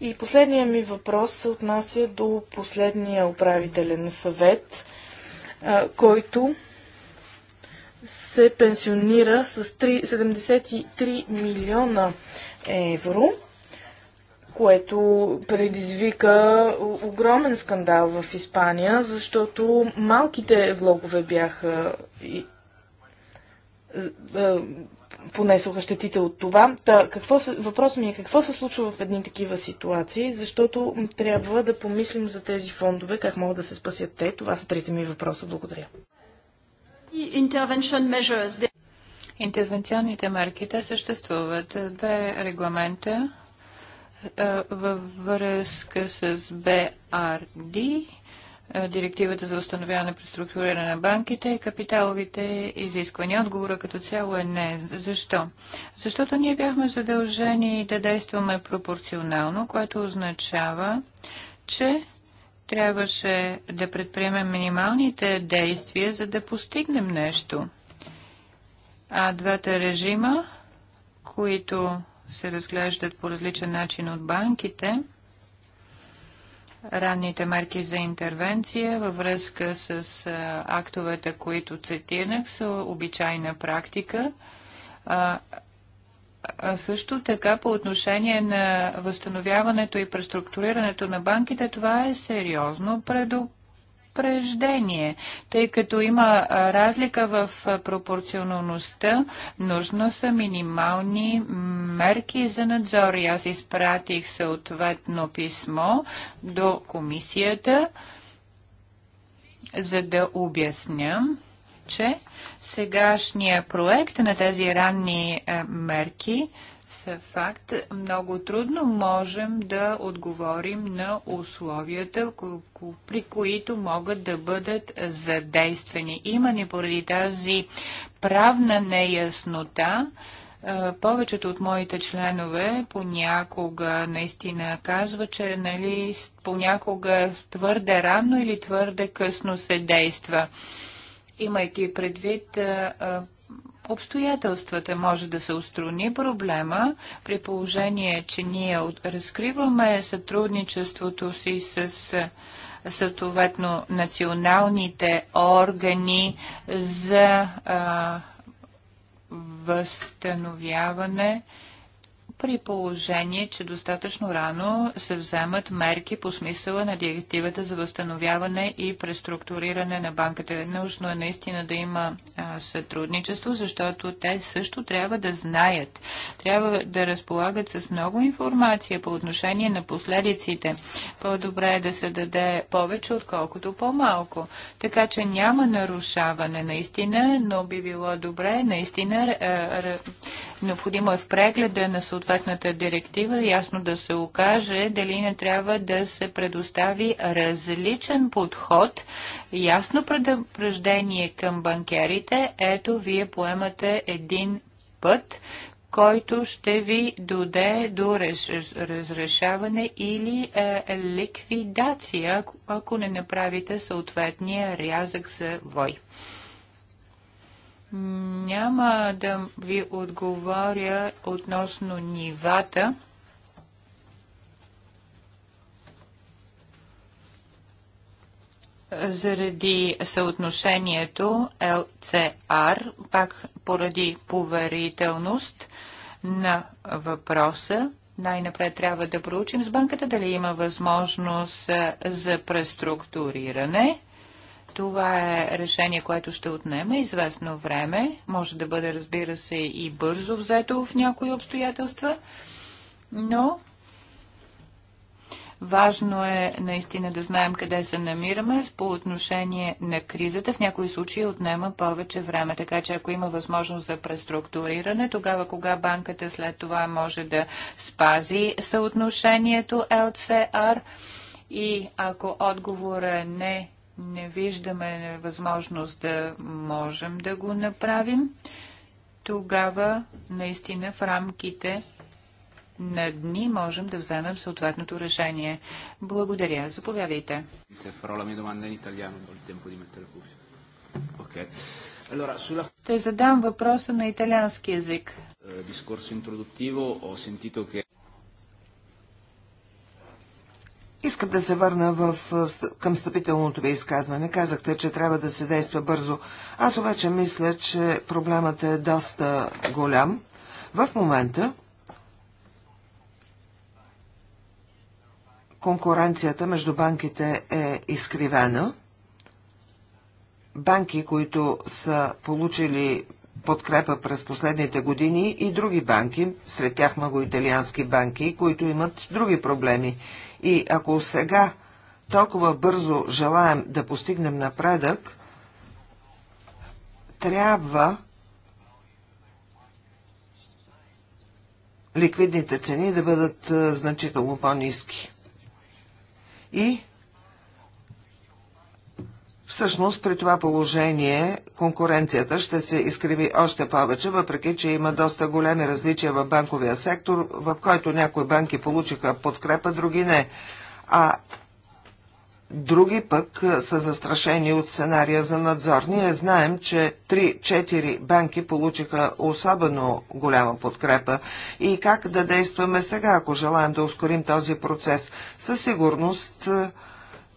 И последният ми въпрос се отнася до последния управителен съвет, е, който се пенсионира с 73 милиона евро което предизвика огромен скандал в Испания, защото малките влогове бяха и, е, понесоха щетите от това. Та, какво се, въпрос ми е какво се случва в едни такива ситуации, защото трябва да помислим за тези фондове, как могат да се спасят те. Това са трите ми въпроса. Благодаря. Интервенционните мерки, те съществуват. Две регламента е, във връзка с БРД, е, директивата за установяване при структуриране на банките и капиталовите изисквания. Отговора като цяло е не. Защо? Защото ние бяхме задължени да действаме пропорционално, което означава, че трябваше да предприемем минималните действия, за да постигнем нещо. А двата режима, които се разглеждат по различен начин от банките. Ранните мерки за интервенция във връзка с актовете, които цитирах, са обичайна практика. А също така по отношение на възстановяването и преструктурирането на банките, това е сериозно предупреждение, тъй като има разлика в пропорционалността, нужно са минимални мерки за надзор. И аз изпратих съответно писмо до комисията, за да обясням, че сегашния проект на тези ранни мерки – са факт, много трудно можем да отговорим на условията, при които могат да бъдат задействани. Имани поради тази правна неяснота, повечето от моите членове понякога наистина казва, че нали, понякога твърде рано или твърде късно се действа имайки предвид обстоятелствата. Може да се устрони проблема при положение, че ние разкриваме сътрудничеството си с съответно националните органи за а, възстановяване при положение, че достатъчно рано се вземат мерки по смисъла на директивата за възстановяване и преструктуриране на банката. Е нужно е наистина да има а, сътрудничество, защото те също трябва да знаят, трябва да разполагат с много информация по отношение на последиците. По-добре е да се даде повече, отколкото по-малко. Така че няма нарушаване наистина, но би било добре наистина. необходимо е в прегледа на съответствието съответната директива, ясно да се окаже дали не трябва да се предостави различен подход, ясно предупреждение към банкерите. Ето, вие поемате един път, който ще ви доде до разрешаване или е, ликвидация, ако не направите съответния рязък за вой. Няма да ви отговоря относно нивата. заради съотношението LCR, пак поради поверителност на въпроса. Най-напред трябва да проучим с банката дали има възможност за преструктуриране това е решение, което ще отнема известно време. Може да бъде, разбира се, и бързо взето в някои обстоятелства, но Важно е наистина да знаем къде се намираме по отношение на кризата. В някои случаи отнема повече време, така че ако има възможност за преструктуриране, тогава кога банката след това може да спази съотношението LCR и ако отговора е не не виждаме възможност да можем да го направим, тогава наистина в рамките на дни можем да вземем съответното решение. Благодаря. Заповядайте. Ще задам въпроса на италиански язик. Eh, Искам да се върна в, към стъпителното ви изказване. Казахте, че трябва да се действа бързо. Аз обаче мисля, че проблемът е доста голям. В момента конкуренцията между банките е изкривена. Банки, които са получили подкрепа през последните години и други банки, сред тях много италиански банки, които имат други проблеми. И ако сега толкова бързо желаем да постигнем напредък, трябва ликвидните цени да бъдат значително по-низки. И Всъщност при това положение конкуренцията ще се изкриви още повече, въпреки че има доста големи различия в банковия сектор, в който някои банки получиха подкрепа, други не. А други пък са застрашени от сценария за надзор. Ние знаем, че 3-4 банки получиха особено голяма подкрепа. И как да действаме сега, ако желаем да ускорим този процес? Със сигурност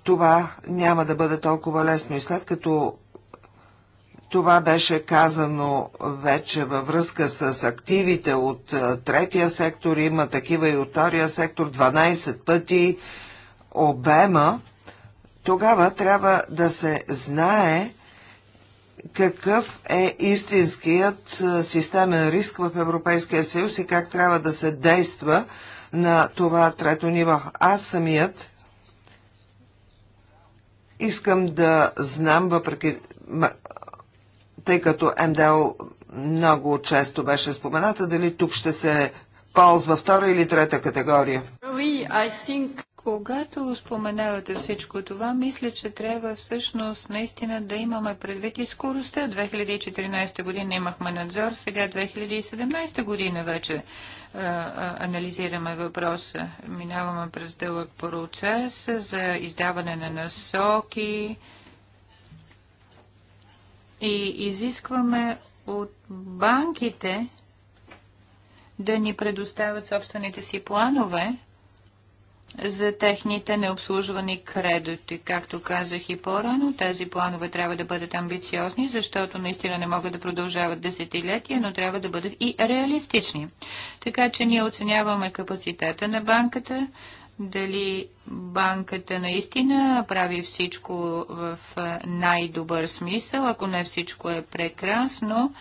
това няма да бъде толкова лесно. И след като това беше казано вече във връзка с активите от третия сектор, има такива и от втория сектор, 12 пъти обема, тогава трябва да се знае какъв е истинският системен риск в Европейския съюз и как трябва да се действа на това трето ниво. Аз самият Искам да знам, въпреки, тъй като МДЛ много често беше спомената, дали тук ще се ползва втора или трета категория. Когато споменавате всичко това, мисля, че трябва всъщност наистина да имаме предвид и скоростта. 2014 година имахме надзор, сега 2017 година вече анализираме въпроса. Минаваме през дълъг процес за издаване на насоки и изискваме от банките да ни предоставят собствените си планове за техните необслужвани кредити. Както казах и по-рано, тези планове трябва да бъдат амбициозни, защото наистина не могат да продължават десетилетия, но трябва да бъдат и реалистични. Така че ние оценяваме капацитета на банката, дали банката наистина прави всичко в най-добър смисъл, ако не всичко е прекрасно,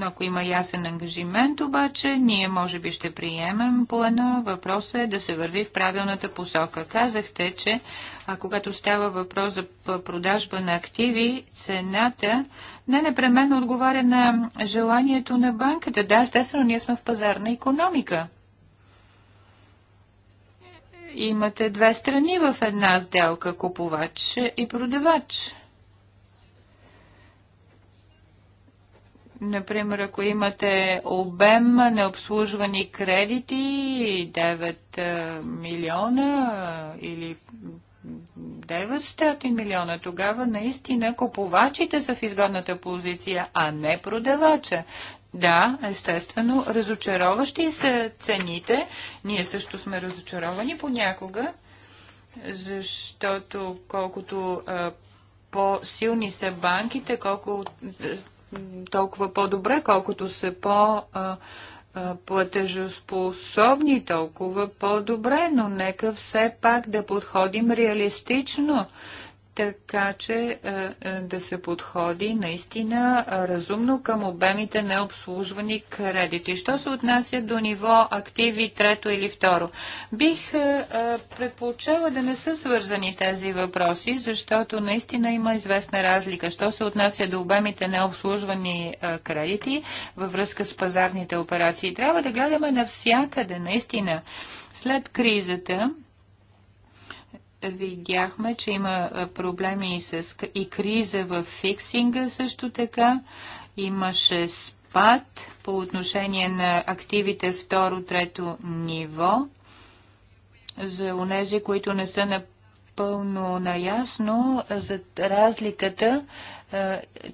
ако има ясен ангажимент, обаче ние може би ще приемем плана. Въпросът е да се върви в правилната посока. Казахте, че а когато става въпрос за продажба на активи, цената не непременно отговаря на желанието на банката. Да, естествено, ние сме в пазарна економика имате две страни в една сделка, купувач и продавач. Например, ако имате обем на обслужвани кредити 9 милиона или 900 милиона, тогава наистина купувачите са в изгодната позиция, а не продавача. Да, естествено, разочароващи са цените. Ние също сме разочаровани понякога, защото колкото по-силни са банките, колко, толкова по-добре, колкото са по- а, платежоспособни, толкова по-добре, но нека все пак да подходим реалистично така че е, е, да се подходи наистина разумно към обемите на обслужвани кредити. Що се отнася до ниво активи трето или второ? Бих е, предполучала да не са свързани тези въпроси, защото наистина има известна разлика. Що се отнася до обемите на обслужвани кредити във връзка с пазарните операции? Трябва да гледаме навсякъде, наистина. След кризата, видяхме, че има проблеми и, с, и криза в фиксинга също така. Имаше спад по отношение на активите второ-трето ниво. За онези, които не са напълно наясно за разликата,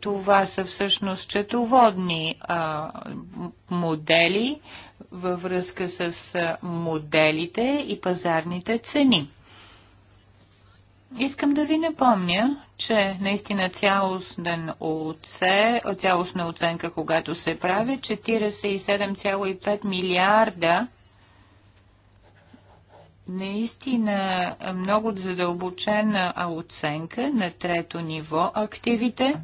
това са всъщност четоводни модели във връзка с моделите и пазарните цени. Искам да ви напомня, че наистина цялостен оце, цялостна оценка, когато се прави, 47,5 милиарда наистина много задълбочена оценка на трето ниво активите.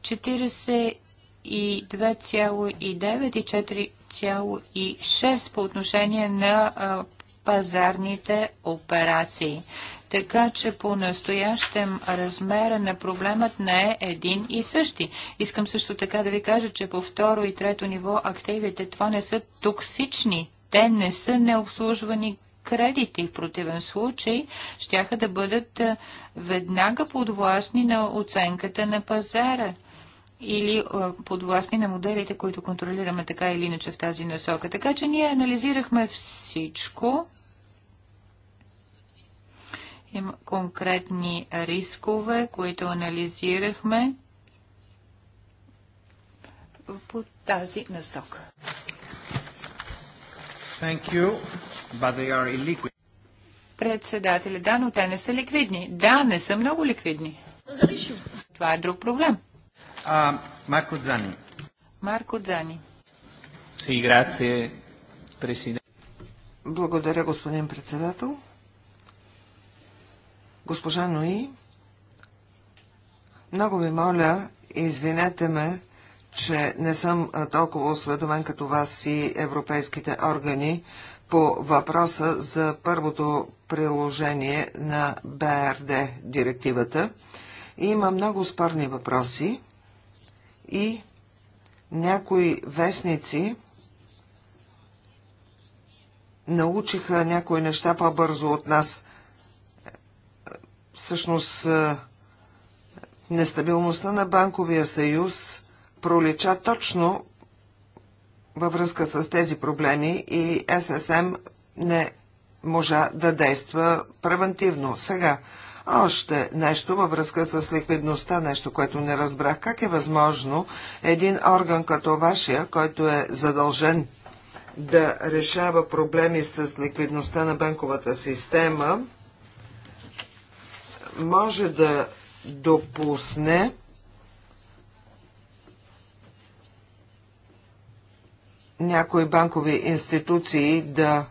42,9 и 4,6 по отношение на пазарните операции. Така че по настоящем размера на проблемът не е един и същи. Искам също така да ви кажа, че по второ и трето ниво активите това не са токсични. Те не са необслужвани кредити. В противен случай щяха да бъдат веднага подвластни на оценката на пазара или подвластни на моделите, които контролираме така или иначе в тази насока. Така че ние анализирахме всичко има конкретни рискове, които анализирахме по тази насока. Thank you, but they are illiquid. Председатели, да, но те не са ликвидни. Да, не са много ликвидни. Това е друг проблем. А, Марко Дзани. Марко Дзани. Си, грация, президент. Благодаря, господин председател. Госпожа Нои, много ви моля, извинете ме, че не съм толкова осведомен като вас и европейските органи по въпроса за първото приложение на БРД директивата. Има много спорни въпроси и някои вестници научиха някои неща по-бързо от нас всъщност нестабилността на банковия съюз пролича точно във връзка с тези проблеми и ССМ не можа да действа превентивно. Сега, още нещо във връзка с ликвидността, нещо, което не разбрах. Как е възможно един орган като вашия, който е задължен да решава проблеми с ликвидността на банковата система, може да допусне някои банкови институции да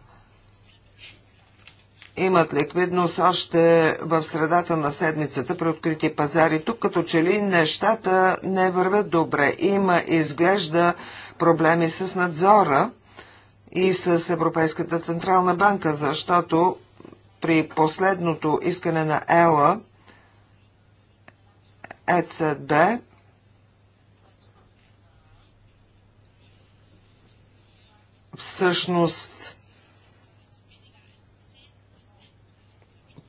имат ликвидност още в средата на седмицата при открити пазари. Тук като че ли нещата не вървят добре. Има изглежда проблеми с надзора и с Европейската Централна банка, защото при последното искане на ЕЛА, ЕЦБ, всъщност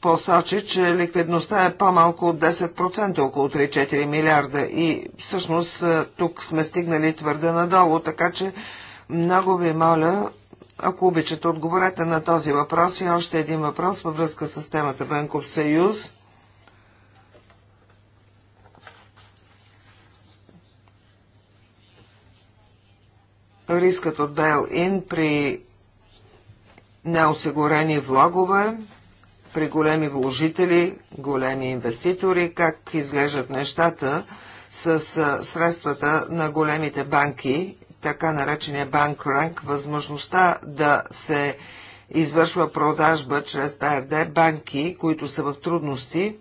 посочи, че ликвидността е по-малко от 10%, около 3-4 милиарда и всъщност е, тук сме стигнали твърде надолу, така че много ви моля ако обичате, отговорете на този въпрос и още един въпрос във връзка с темата Банков съюз. Рискът от Бел ин при неосигурени влогове, при големи вложители, големи инвеститори, как изглеждат нещата с средствата на големите банки така наречения банк ранг, възможността да се извършва продажба чрез БРД банки, които са в трудности.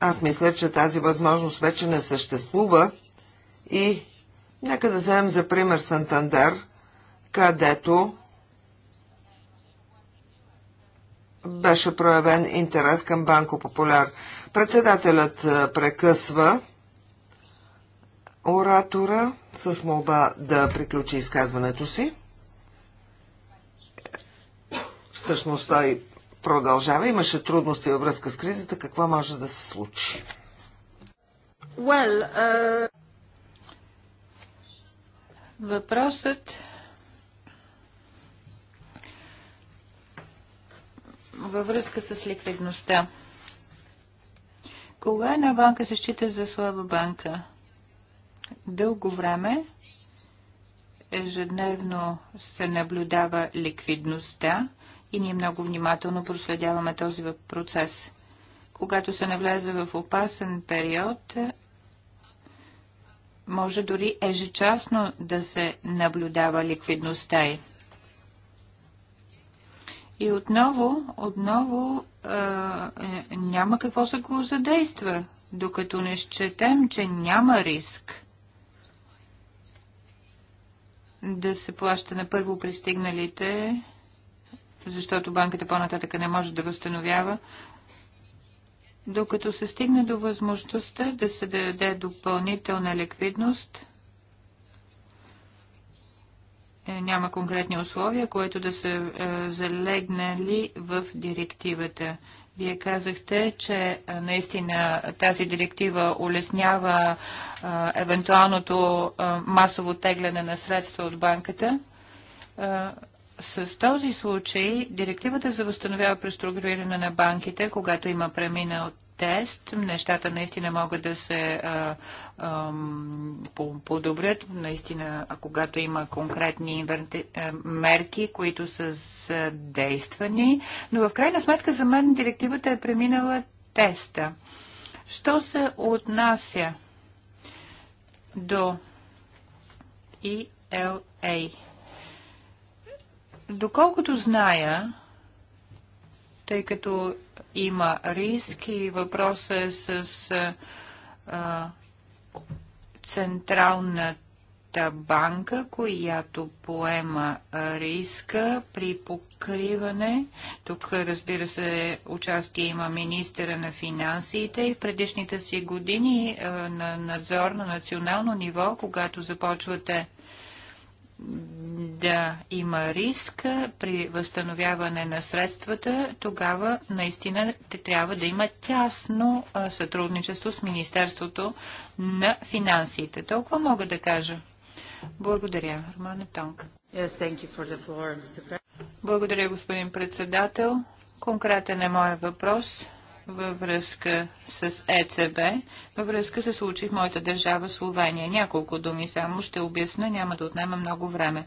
Аз мисля, че тази възможност вече не съществува и нека да вземем за пример Сантандер, където беше проявен интерес към Банко Популяр. Председателят прекъсва оратора с молба да приключи изказването си. Всъщност той продължава. Имаше трудности във връзка с кризата. Какво може да се случи? Well, uh... Въпросът във връзка с ликвидността. Кога една банка се счита за слаба банка? Дълго време ежедневно се наблюдава ликвидността и ние много внимателно проследяваме този процес. Когато се навлезе в опасен период, може дори ежечасно да се наблюдава ликвидността й. И отново, отново е, няма какво се го задейства, докато не счетем, че няма риск да се плаща на първо пристигналите, защото банката по-нататък не може да възстановява, докато се стигне до възможността да се даде допълнителна ликвидност. Е, няма конкретни условия, което да са е, залегнали в директивата. Вие казахте, че наистина тази директива улеснява евентуалното масово тегляне на средства от банката с този случай директивата за възстановява преструктуриране на банките, когато има преминал тест, нещата наистина могат да се подобрят, наистина, когато има конкретни мерки, които са задействани. Но в крайна сметка за мен директивата е преминала теста. Що се отнася до ELA? Доколкото зная, тъй като има риск и въпросът е с а, Централната банка, която поема риска при покриване. Тук, разбира се, участие има министъра на финансите и в предишните си години а, на надзор на национално ниво, когато започвате да има риск при възстановяване на средствата, тогава наистина те трябва да има тясно сътрудничество с Министерството на финансите. Толкова мога да кажа. Благодаря, Романа Тонг. Yes, Благодаря, господин председател. Конкретен е моят въпрос във връзка с ЕЦБ, във връзка се случи в моята държава Словения. Няколко думи само ще обясна, няма да отнема много време.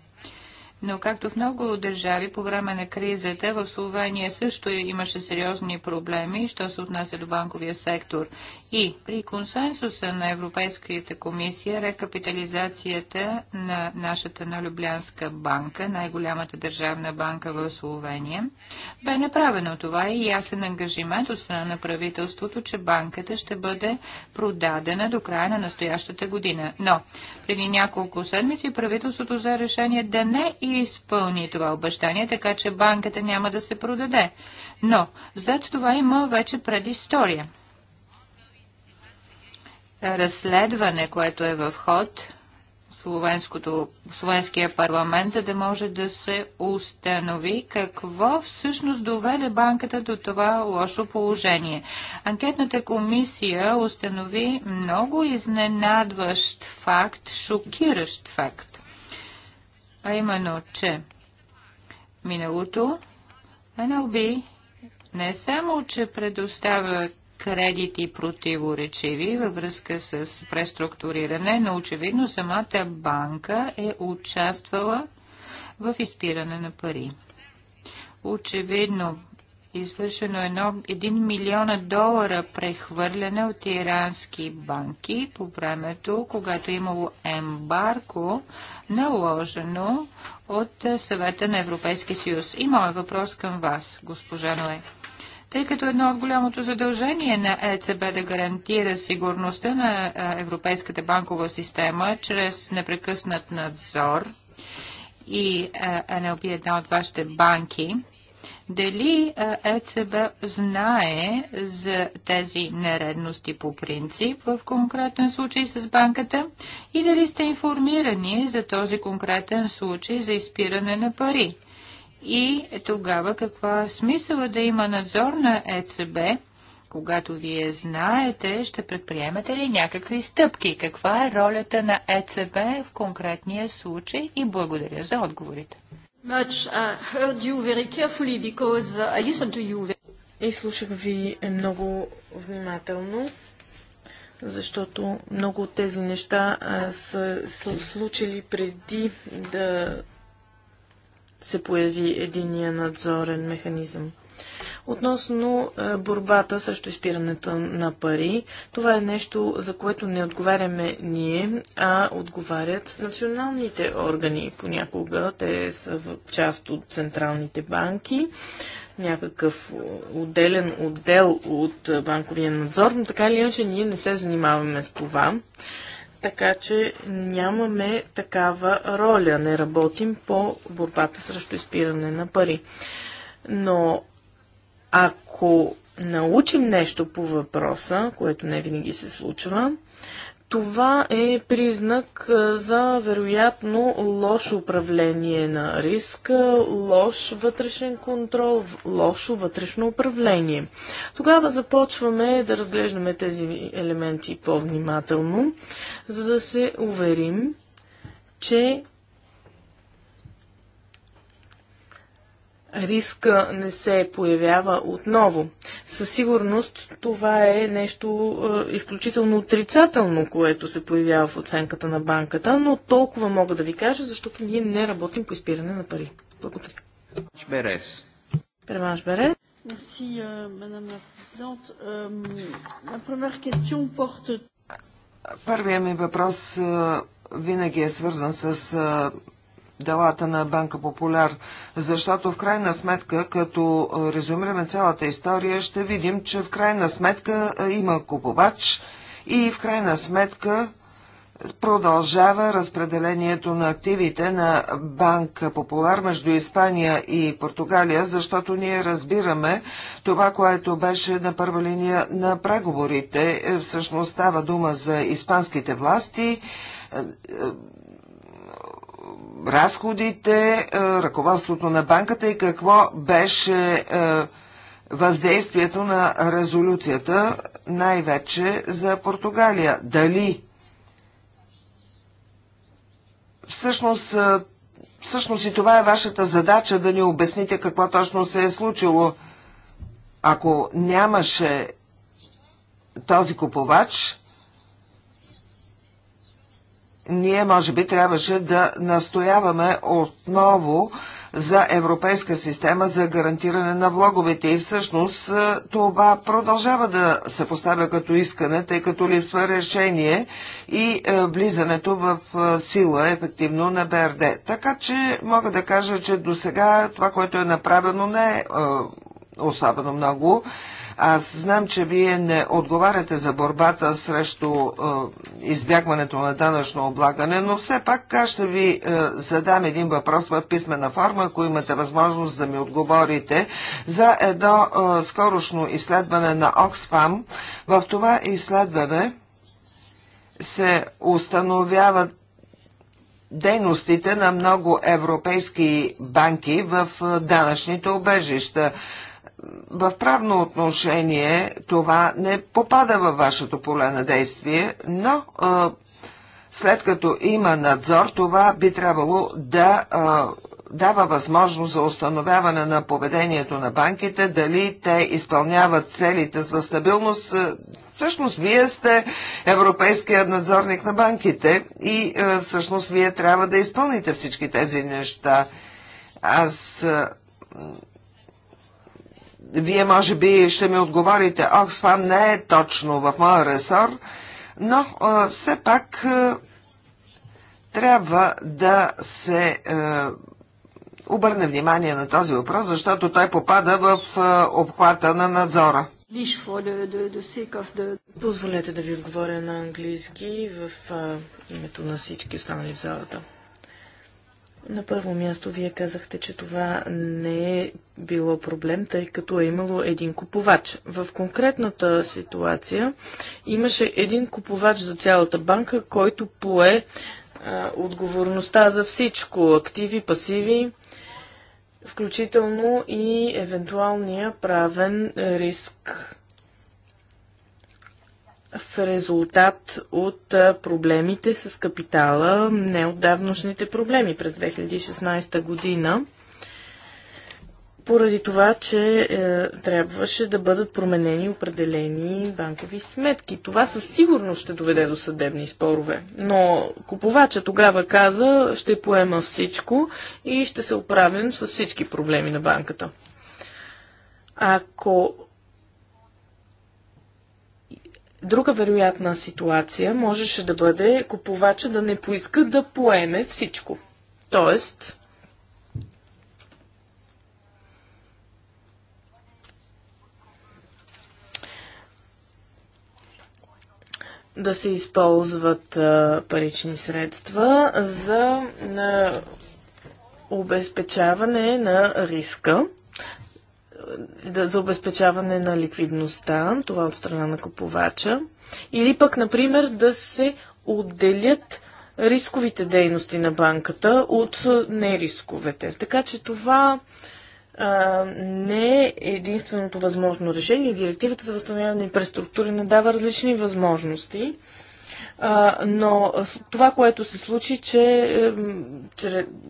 Но както в много държави по време на кризата, в Словения също имаше сериозни проблеми, що се отнася до банковия сектор. И при консенсуса на Европейската комисия, рекапитализацията на нашата Налюблянска банка, най-голямата държавна банка в Словения, бе направено това и ясен ангажимент от страна на правителството, че банката ще бъде продадена до края на настоящата година. Но преди няколко седмици правителството за решение да не и изпълни това обещание, така че банката няма да се продаде. Но зад това има вече предистория. Разследване, което е в ход, Словенския парламент, за да може да се установи какво всъщност доведе банката до това лошо положение. Анкетната комисия установи много изненадващ факт, шокиращ факт а именно, че миналото NLB не само, че предоставя кредити противоречиви във връзка с преструктуриране, но очевидно самата банка е участвала в изпиране на пари. Очевидно извършено 1 милиона долара прехвърляне от ирански банки по времето, когато е имало ембарко, наложено от съвета на Европейския съюз. моят въпрос към вас, госпожа Ноe тъй като едно от голямото задължение на ЕЦБ да гарантира сигурността на Европейската банкова система чрез непрекъснат надзор и НЛП е една от вашите банки дали ЕЦБ знае за тези нередности по принцип в конкретен случай с банката и дали сте информирани за този конкретен случай за изпиране на пари? И тогава каква е да има надзор на ЕЦБ, когато вие знаете, ще предприемете ли някакви стъпки? Каква е ролята на ЕЦБ в конкретния случай? И благодаря за отговорите much. Uh, heard you very carefully because uh, I listened to you. И слушах ви много внимателно, защото много от тези неща са, са случили преди да се появи единия надзорен механизъм. Относно е, борбата срещу изпирането на пари, това е нещо, за което не отговаряме ние, а отговарят националните органи. Понякога те са част от централните банки, някакъв отделен отдел от е, банковия надзор, но така или иначе ние не се занимаваме с това. Така че нямаме такава роля. Не работим по борбата срещу изпиране на пари. Но ако научим нещо по въпроса, което не винаги се случва, това е признак за вероятно лошо управление на риска, лош вътрешен контрол, лошо вътрешно управление. Тогава започваме да разглеждаме тези елементи по-внимателно, за да се уверим, че риска не се появява отново. Със сигурност това е нещо е, изключително отрицателно, което се появява в оценката на банката, но толкова мога да ви кажа, защото ние не работим по изпиране на пари. Благодаря. Берес. Преванш Берес. Merci, euh, Madame la Présidente. Euh, la première question porte... Първият ми въпрос е, винаги е свързан с делата на Банка Популяр, защото в крайна сметка, като резюмираме цялата история, ще видим, че в крайна сметка е, има купувач и в крайна сметка продължава разпределението на активите на Банка Популяр между Испания и Португалия, защото ние разбираме това, което беше на първа линия на преговорите. Е, всъщност става дума за испанските власти, е, разходите, е, ръководството на банката и какво беше е, въздействието на резолюцията, най-вече за Португалия. Дали всъщност, е, всъщност и това е вашата задача да ни обясните какво точно се е случило. Ако нямаше този купувач, ние може би трябваше да настояваме отново за европейска система за гарантиране на влоговете. И всъщност е, това продължава да се поставя като искане, тъй като липсва решение и е, влизането в е, сила ефективно на БРД. Така че мога да кажа, че до сега това, което е направено, не е особено много. Аз знам, че вие не отговаряте за борбата срещу е, избягването на данъчно облагане, но все пак ще ви е, задам един въпрос в писмена форма, ако имате възможност да ми отговорите, за едно е, скорошно изследване на Оксфам. В това изследване се установяват дейностите на много европейски банки в данъчните обежища в правно отношение това не попада във вашето поле на действие, но а, след като има надзор, това би трябвало да а, дава възможност за установяване на поведението на банките, дали те изпълняват целите за стабилност. Всъщност, вие сте европейският надзорник на банките и а, всъщност вие трябва да изпълните всички тези неща. Аз вие може би ще ми отговорите, това не е точно в моя ресор, но а, все пак а, трябва да се а, обърне внимание на този въпрос, защото той попада в а, обхвата на надзора. Позволете да ви отговоря на английски в а, името на всички останали в залата. На първо място, вие казахте, че това не е било проблем, тъй като е имало един купувач. В конкретната ситуация имаше един купувач за цялата банка, който пое а, отговорността за всичко активи, пасиви, включително и евентуалния правен риск в резултат от проблемите с капитала, не давношните проблеми през 2016 година, поради това, че е, трябваше да бъдат променени определени банкови сметки. Това със сигурност ще доведе до съдебни спорове. Но купувача тогава каза, ще поема всичко и ще се оправим с всички проблеми на банката. Ако Друга вероятна ситуация можеше да бъде купувача да не поиска да поеме всичко. Тоест, да се използват парични средства за обезпечаване на риска за обезпечаване на ликвидността, това от страна на купувача, или пък, например, да се отделят рисковите дейности на банката от нерисковете. Така че това а, не е единственото възможно решение. Директивата за възстановяване и не дава различни възможности но това, което се случи, че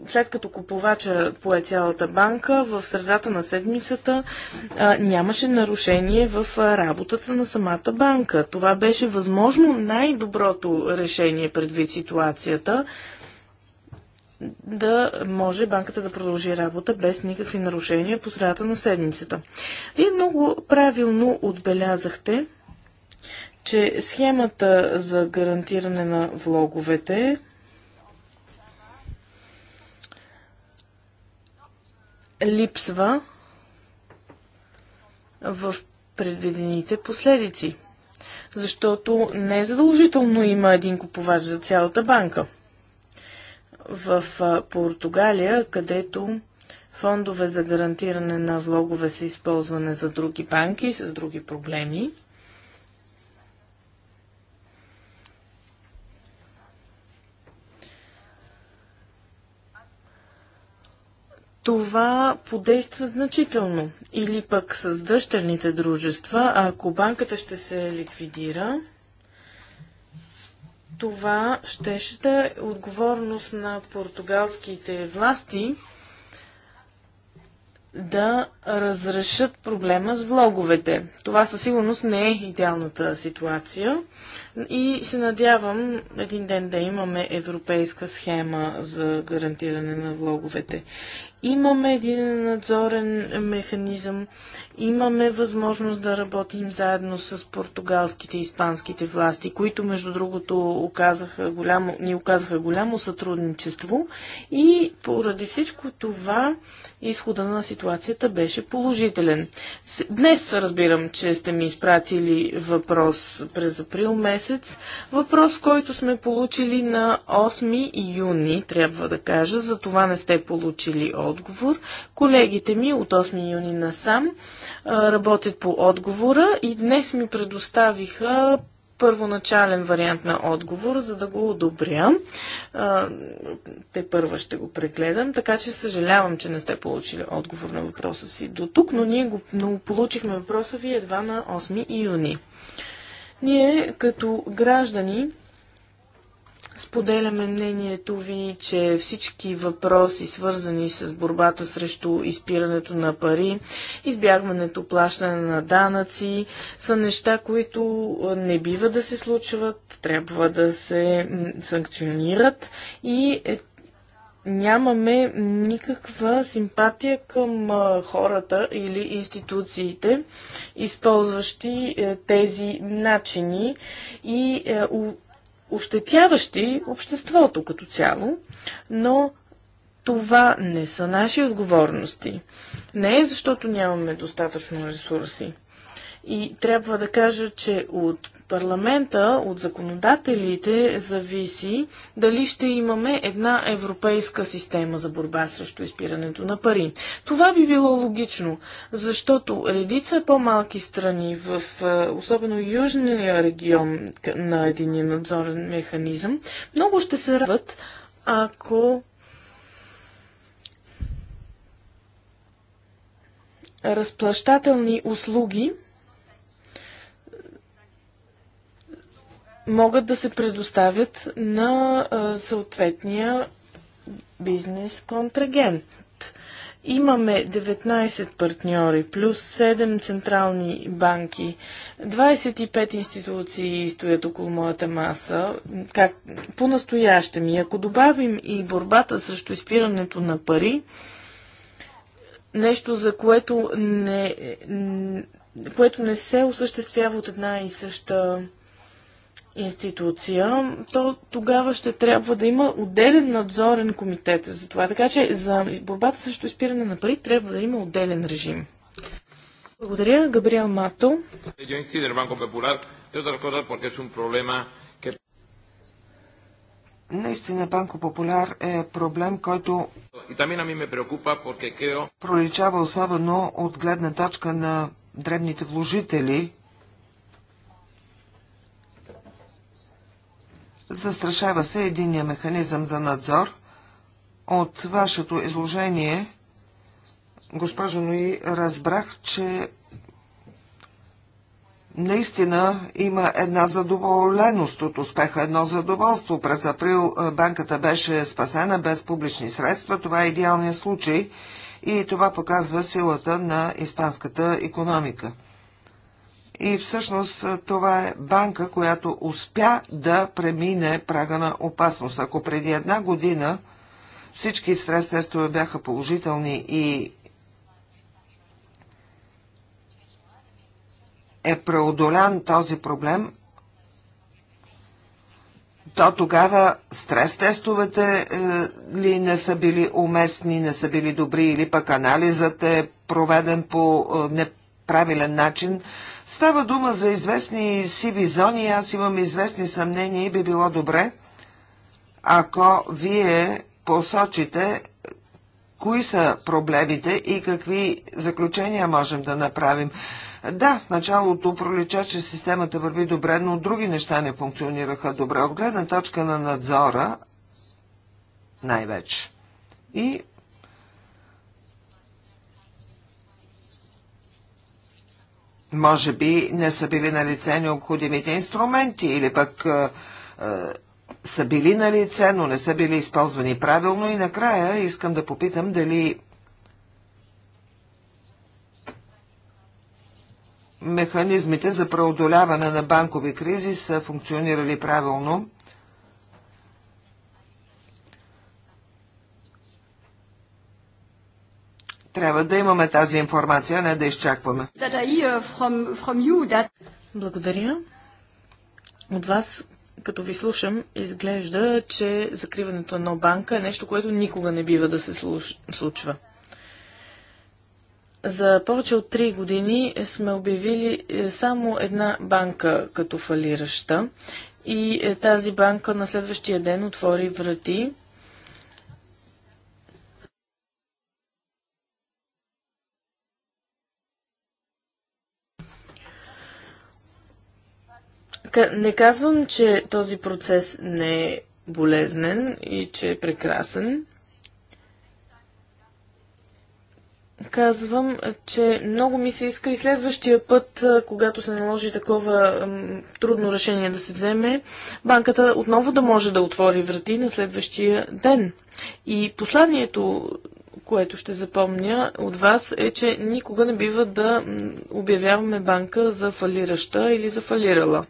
след като купувача пое цялата банка, в средата на седмицата нямаше нарушение в работата на самата банка. Това беше възможно най-доброто решение предвид ситуацията да може банката да продължи работа без никакви нарушения по средата на седмицата. Вие много правилно отбелязахте, че схемата за гарантиране на влоговете липсва в предвидените последици. Защото не е задължително има един купувач за цялата банка. В Португалия, където фондове за гарантиране на влогове са използване за други банки с други проблеми, това подейства значително. Или пък с дъщерните дружества, ако банката ще се ликвидира, това ще ще е отговорност на португалските власти да разрешат проблема с влоговете. Това със сигурност не е идеалната ситуация и се надявам един ден да имаме европейска схема за гарантиране на влоговете. Имаме един надзорен механизъм, имаме възможност да работим заедно с португалските и испанските власти, които между другото оказаха голямо, ни оказаха голямо сътрудничество и поради всичко това изхода на ситуацията беше положителен. Днес разбирам, че сте ми изпратили въпрос през април месец, въпрос, който сме получили на 8 юни, трябва да кажа, за това не сте получили отговор. Колегите ми от 8 юни насам работят по отговора и днес ми предоставиха първоначален вариант на отговор, за да го одобря. Те първа ще го прегледам, така че съжалявам, че не сте получили отговор на въпроса си до тук, но ние го но получихме въпроса ви едва на 8 юни. Ние като граждани Споделяме мнението ви, че всички въпроси, свързани с борбата срещу изпирането на пари, избягването, плащане на данъци, са неща, които не бива да се случват, трябва да се санкционират и е, нямаме никаква симпатия към хората или институциите, използващи е, тези начини и е, ощетяващи обществото като цяло, но това не са наши отговорности. Не е защото нямаме достатъчно ресурси. И трябва да кажа, че от парламента, от законодателите зависи дали ще имаме една европейска система за борба срещу изпирането на пари. Това би било логично, защото редица по-малки страни в е, особено южния регион на един надзорен механизъм много ще се радват, ако разплащателни услуги могат да се предоставят на съответния бизнес контрагент. Имаме 19 партньори, плюс 7 централни банки, 25 институции стоят около моята маса, как, по-настоящем. ми. ако добавим и борбата срещу изпирането на пари, нещо, за което не, което не се осъществява от една и съща институция, то тогава ще трябва да има отделен надзорен комитет за това. Така че за борбата срещу изпиране на пари трябва да има отделен режим. Благодаря, Габриел Мато. Наистина Банко Популяр е проблем, който проличава особено от гледна точка на дребните вложители, Застрашава се единия механизъм за надзор. От вашето изложение, госпожо Нои, разбрах, че наистина има една задоволеност от успеха, едно задоволство. През април е, банката беше спасена без публични средства. Това е идеалният случай и това показва силата на испанската економика. И всъщност това е банка, която успя да премине прага на опасност. Ако преди една година всички стрес тестове бяха положителни и е преодолян този проблем, то тогава стрес-тестовете е, ли не са били уместни, не са били добри или пък анализът е проведен по е, неправилен начин. Става дума за известни сиви зони, аз имам известни съмнения и би било добре, ако вие посочите кои са проблемите и какви заключения можем да направим. Да, в началото пролича, че системата върви добре, но други неща не функционираха добре. От гледна точка на надзора най-вече. И може би не са били на лице необходимите инструменти или пък е, е, са били на лице, но не са били използвани правилно. И накрая искам да попитам дали механизмите за преодоляване на банкови кризи са функционирали правилно. Трябва да имаме тази информация, не да изчакваме. Благодаря. От вас, като ви слушам, изглежда, че закриването на банка е нещо, което никога не бива да се случва. За повече от 3 години сме обявили е, само една банка като фалираща и е, тази банка на следващия ден отвори врати Не казвам, че този процес не е болезнен и че е прекрасен. Казвам, че много ми се иска и следващия път, когато се наложи такова трудно решение да се вземе, банката отново да може да отвори врати на следващия ден. И посланието, което ще запомня от вас, е, че никога не бива да обявяваме банка за фалираща или за фалирала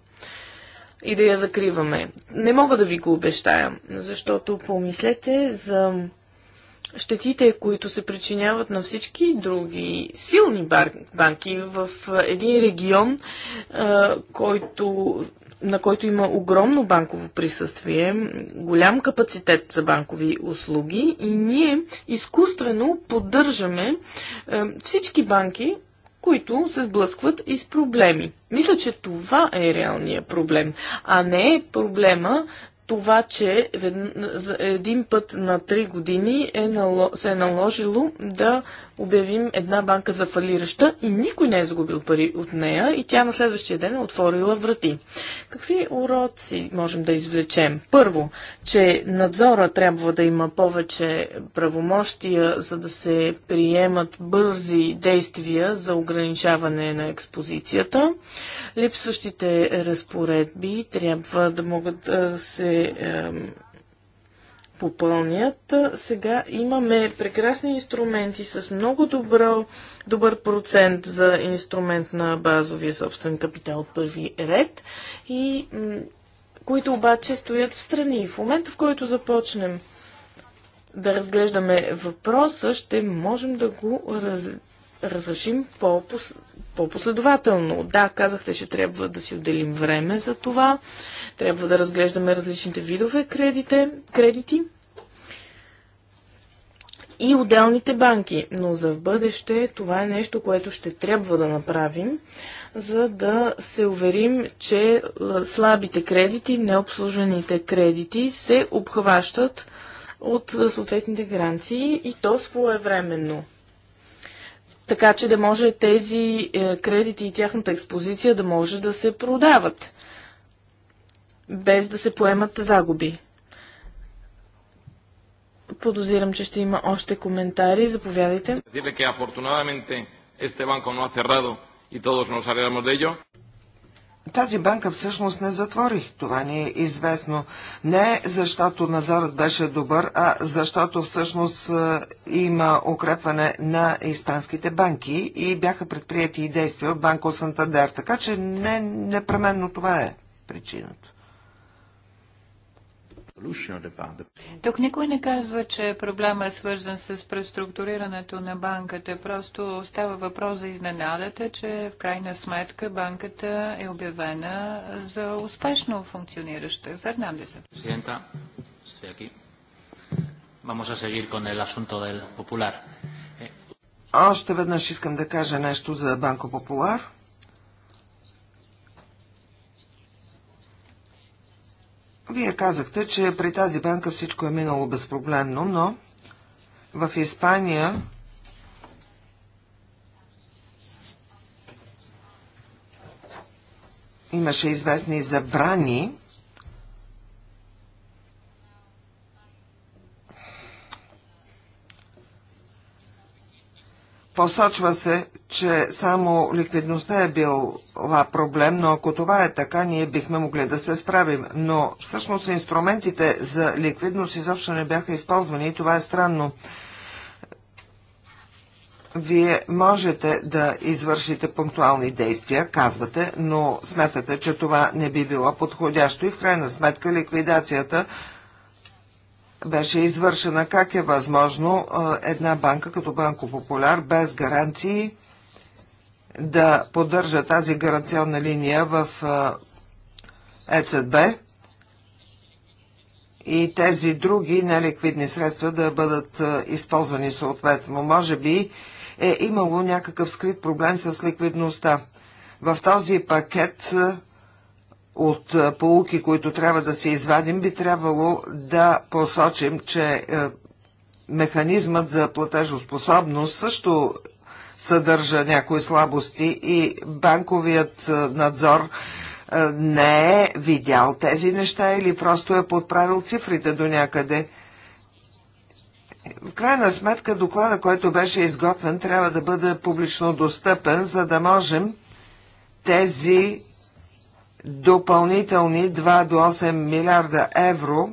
и да я закриваме. Не мога да ви го обещая, защото помислете за щетите, които се причиняват на всички други силни банки в един регион, който на който има огромно банково присъствие, голям капацитет за банкови услуги и ние изкуствено поддържаме всички банки които се сблъскват и с проблеми. Мисля, че това е реалният проблем, а не е проблема това, че един път на три години е нало... се е наложило да обявим една банка за фалираща и никой не е загубил пари от нея и тя на следващия ден е отворила врати. Какви уроци можем да извлечем? Първо, че надзора трябва да има повече правомощия, за да се приемат бързи действия за ограничаване на експозицията. Липсващите разпоредби трябва да могат да се попълнят. Сега имаме прекрасни инструменти с много добро, добър процент за инструмент на базовия собствен капитал от първи ред, и, които обаче стоят в страни. В момента, в който започнем да разглеждаме въпроса, ще можем да го раз, разрешим по по-последователно. Да, казахте, че трябва да си отделим време за това. Трябва да разглеждаме различните видове кредите, кредити и отделните банки. Но за в бъдеще това е нещо, което ще трябва да направим, за да се уверим, че е, слабите кредити, необслужваните кредити се обхващат от е, съответните гаранции и то своевременно така че да може тези е, кредити и тяхната експозиция да може да се продават, без да се поемат загуби. Подозирам, че ще има още коментари. Заповядайте. este banco no ha cerrado y todos nos alegramos de ello. Тази банка всъщност не затвори. Това ни е известно. Не защото надзорът беше добър, а защото всъщност има укрепване на испанските банки и бяха предприяти и действия от Банко Сантадер. Така че не непременно това е причината. Тук никой не казва, че проблема е свързан с преструктурирането на банката. Просто става въпрос за изненадата, че в крайна сметка банката е обявена за успешно функционираща. Фернандеса. Президента, сте аки. Vamos a seguir con el asunto del Popular. Още веднъж искам да кажа нещо за Банко Популар. Вие казахте, че при тази банка всичко е минало безпроблемно, но в Испания имаше известни забрани Посочва се, че само ликвидността е била проблем, но ако това е така, ние бихме могли да се справим. Но всъщност инструментите за ликвидност изобщо не бяха използвани и това е странно. Вие можете да извършите пунктуални действия, казвате, но смятате, че това не би било подходящо и в крайна сметка ликвидацията беше извършена. Как е възможно една банка като Банко Популяр без гаранции да поддържа тази гаранционна линия в ЕЦБ и тези други неликвидни средства да бъдат използвани съответно. Може би е имало някакъв скрит проблем с ликвидността. В този пакет от полуки, които трябва да се извадим, би трябвало да посочим, че механизмът за платежоспособност също съдържа някои слабости и банковият е, надзор е, не е видял тези неща или просто е подправил цифрите до някъде. В крайна сметка доклада, който беше изготвен, трябва да бъде публично достъпен, за да можем тези допълнителни 2 до 8 милиарда евро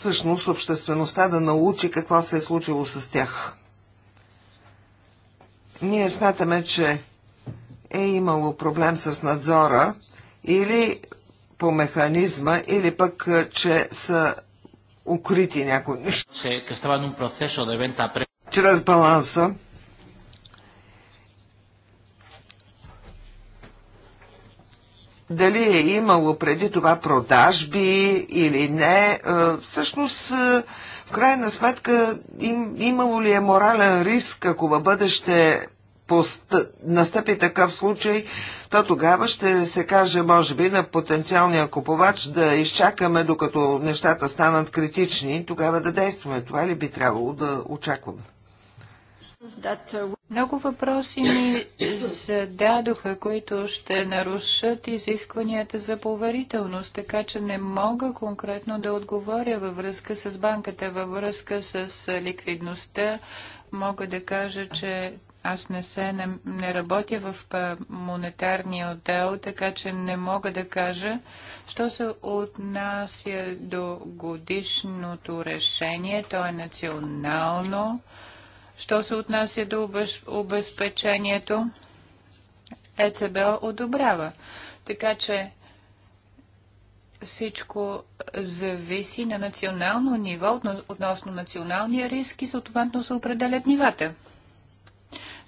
всъщност обществеността да научи какво се е случило с тях. Ние смятаме, че е имало проблем с надзора или по механизма, или пък, е, че са укрити някои неща. Чрез баланса дали е имало преди това продажби или не, всъщност в крайна сметка им, имало ли е морален риск, ако във бъдеще пост... настъпи такъв случай, то тогава ще се каже, може би, на потенциалния купувач да изчакаме, докато нещата станат критични, тогава да действаме. Това ли би трябвало да очакваме? Много въпроси ми зададоха, които ще нарушат изискванията за поверителност, така че не мога конкретно да отговоря във връзка с банката, във връзка с ликвидността. Мога да кажа, че аз не, се, не, не работя в монетарния отдел, така че не мога да кажа, що се отнася до годишното решение. То е национално Що се отнася до обезпечението, ЕЦБ одобрява. Така че всичко зависи на национално ниво относно националния риск и съответно се определят нивата.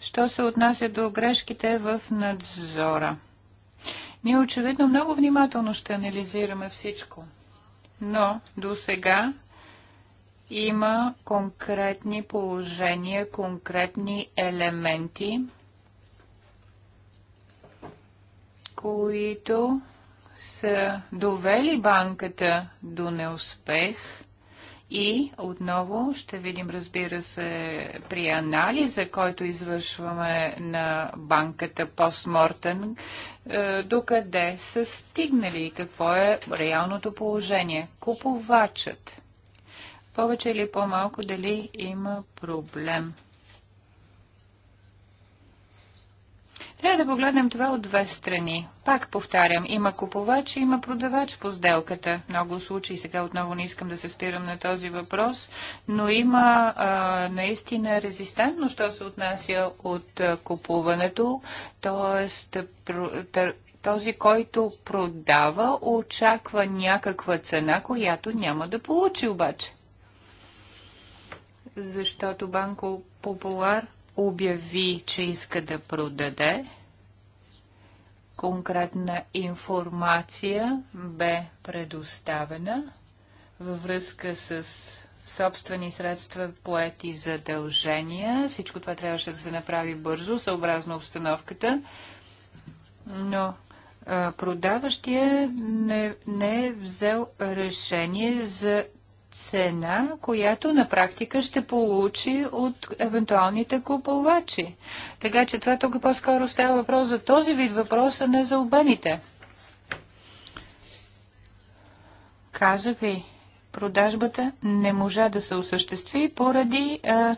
Що се отнася до грешките в надзора? Ние очевидно много внимателно ще анализираме всичко. Но до сега има конкретни положения, конкретни елементи, които са довели банката до неуспех и отново ще видим, разбира се, при анализа, който извършваме на банката постмортен, е, докъде са стигнали и какво е реалното положение. Купувачът повече или по-малко дали има проблем. Трябва да погледнем това от две страни. Пак повтарям, има купувач и има продавач по сделката. Много случаи, сега отново не искам да се спирам на този въпрос, но има а, наистина резистентно, що се отнася от а, купуването, т.е. този, който продава, очаква някаква цена, която няма да получи обаче защото Банко Популар обяви, че иска да продаде. Конкретна информация бе предоставена във връзка с собствени средства, поети задължения. Всичко това трябваше да се направи бързо, съобразно обстановката. Но продаващия не, не е взел решение за цена, която на практика ще получи от евентуалните купувачи. Така че това тук по-скоро става въпрос за този вид въпрос, а не за обемите. Каза ви, продажбата не можа да се осъществи поради а,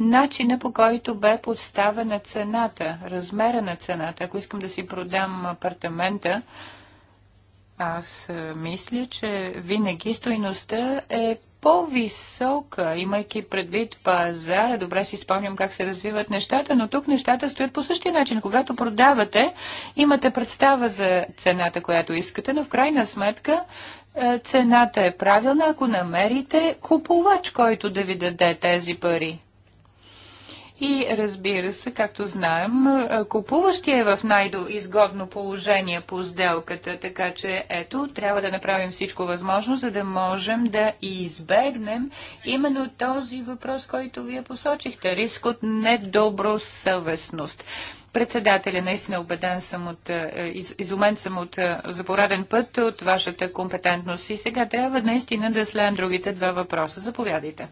начина по който бе подставена цената, размера на цената. Ако искам да си продам апартамента, а, аз мисля, че винаги стойността е по-висока, имайки предвид пазара. Добре си спомням как се развиват нещата, но тук нещата стоят по същия начин. Когато продавате, имате представа за цената, която искате, но в крайна сметка е, цената е правилна, ако намерите купувач, който да ви даде тези пари. И разбира се, както знаем, купуващия е в най-изгодно положение по сделката, така че ето, трябва да направим всичко възможно, за да можем да избегнем именно този въпрос, който вие посочихте, риск от недобросъвестност председателя. Наистина убеден съм от, е, из, изумен съм от е, за пореден път от вашата компетентност. И сега трябва наистина да следим другите два въпроса. Заповядайте.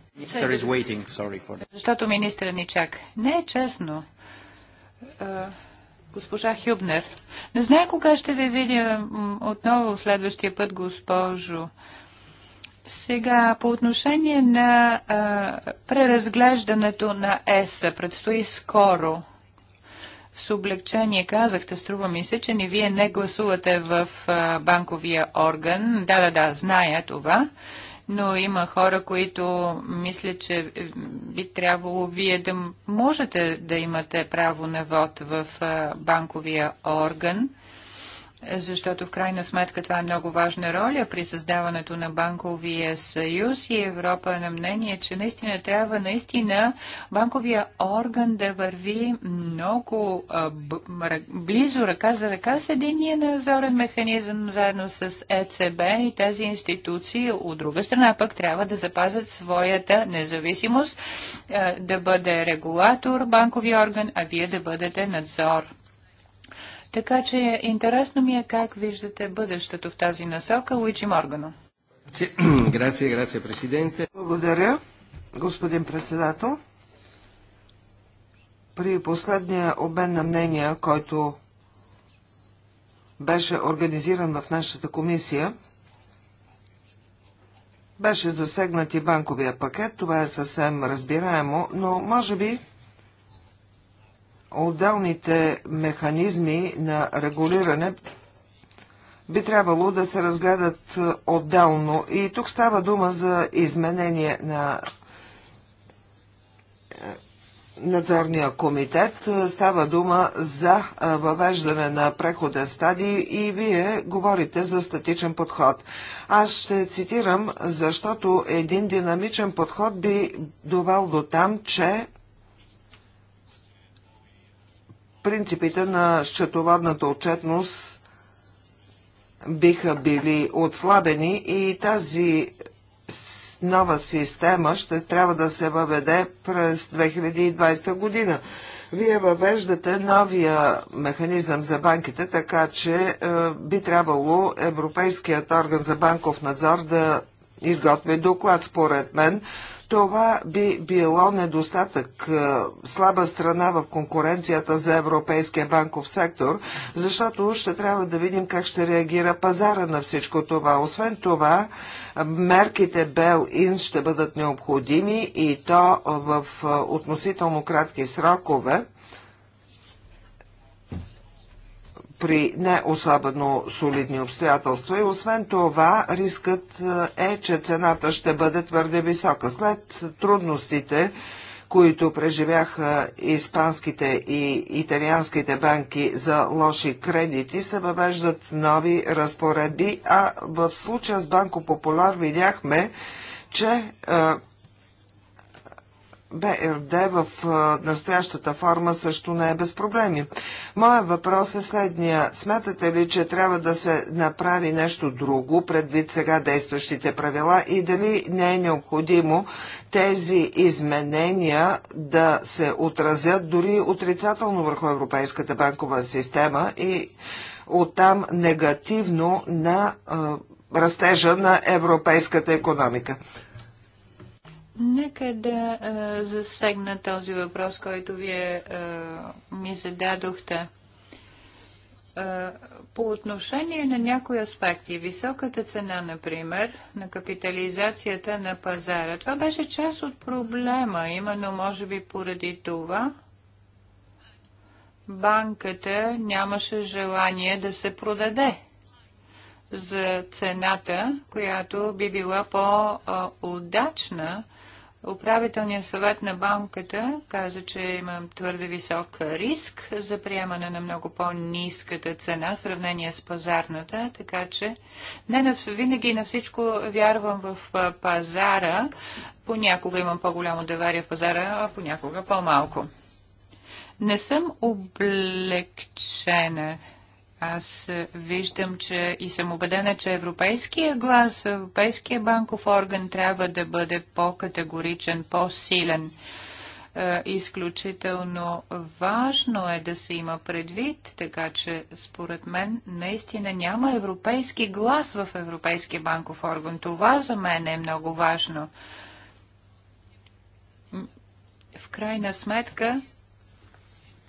Защото министра ни чака. Не е честно. Е, госпожа Хюбнер, не знае кога ще ви видя отново следващия път, госпожо. Сега, по отношение на а, преразглеждането на ЕСА, предстои скоро с облегчение казахте, струва ми се, че не вие не гласувате в банковия орган. Да, да, да, зная това но има хора, които мислят, че е, би трябвало вие да можете да имате право на вод в банковия орган защото в крайна сметка това е много важна роля при създаването на банковия съюз и Европа е на мнение, че наистина трябва наистина банковия орган да върви много а, близо ръка за ръка с единия назорен механизъм заедно с ЕЦБ и тези институции. От друга страна пък трябва да запазят своята независимост, а, да бъде регулатор банковия орган, а вие да бъдете надзор така че интересно ми е как виждате бъдещето в тази насока. Луичи Моргано. <clears throat> Благодаря, господин председател. При последния обмен на мнения, който беше организиран в нашата комисия, беше засегнат и банковия пакет. Това е съвсем разбираемо, но може би отделните механизми на регулиране би трябвало да се разгледат е, отделно. И тук става дума за изменение на е, надзорния комитет. Е, става дума за въвеждане на преходен стадий и вие говорите за статичен подход. Аз ще цитирам, защото един динамичен подход би довел до там, че принципите на счетоводната отчетност биха били отслабени и тази нова система ще трябва да се въведе през 2020 година. Вие въвеждате новия механизъм за банките, така че е, би трябвало Европейският орган за банков надзор да изготви доклад. Според мен това би било недостатък, е, слаба страна в конкуренцията за европейския банков сектор, защото ще трябва да видим как ще реагира пазара на всичко това. Освен това, мерките Бел-Ин ще бъдат необходими и то в е, относително кратки срокове. при не особено солидни обстоятелства и освен това рискът е, че цената ще бъде твърде висока. След трудностите, които преживяха испанските и италианските банки за лоши кредити, се въвеждат нови разпоредби, а в случая с Банко Популар видяхме, че е, БРД в настоящата форма също не е без проблеми. Моят въпрос е следния. Смятате ли, че трябва да се направи нещо друго предвид сега действащите правила и дали не е необходимо тези изменения да се отразят дори отрицателно върху Европейската банкова система и оттам негативно на растежа на европейската економика? Нека да засегна този въпрос, който вие ми зададохте. по отношение на някои аспекти, високата цена, например, на капитализацията на пазара, това беше част от проблема, именно може би поради това банката нямаше желание да се продаде за цената, която би била по-удачна Управителният съвет на банката каза, че имам твърде висок риск за приемане на много по-низката цена в сравнение с пазарната, така че не на, винаги на всичко вярвам в пазара. Понякога имам по-голямо доверие в пазара, а понякога по-малко. Не съм облегчена аз виждам, че и съм убедена, че европейския глас, европейския банков орган трябва да бъде по-категоричен, по-силен. Е, изключително важно е да се има предвид, така че според мен наистина няма европейски глас в Европейския банков орган. Това за мен е много важно. В крайна сметка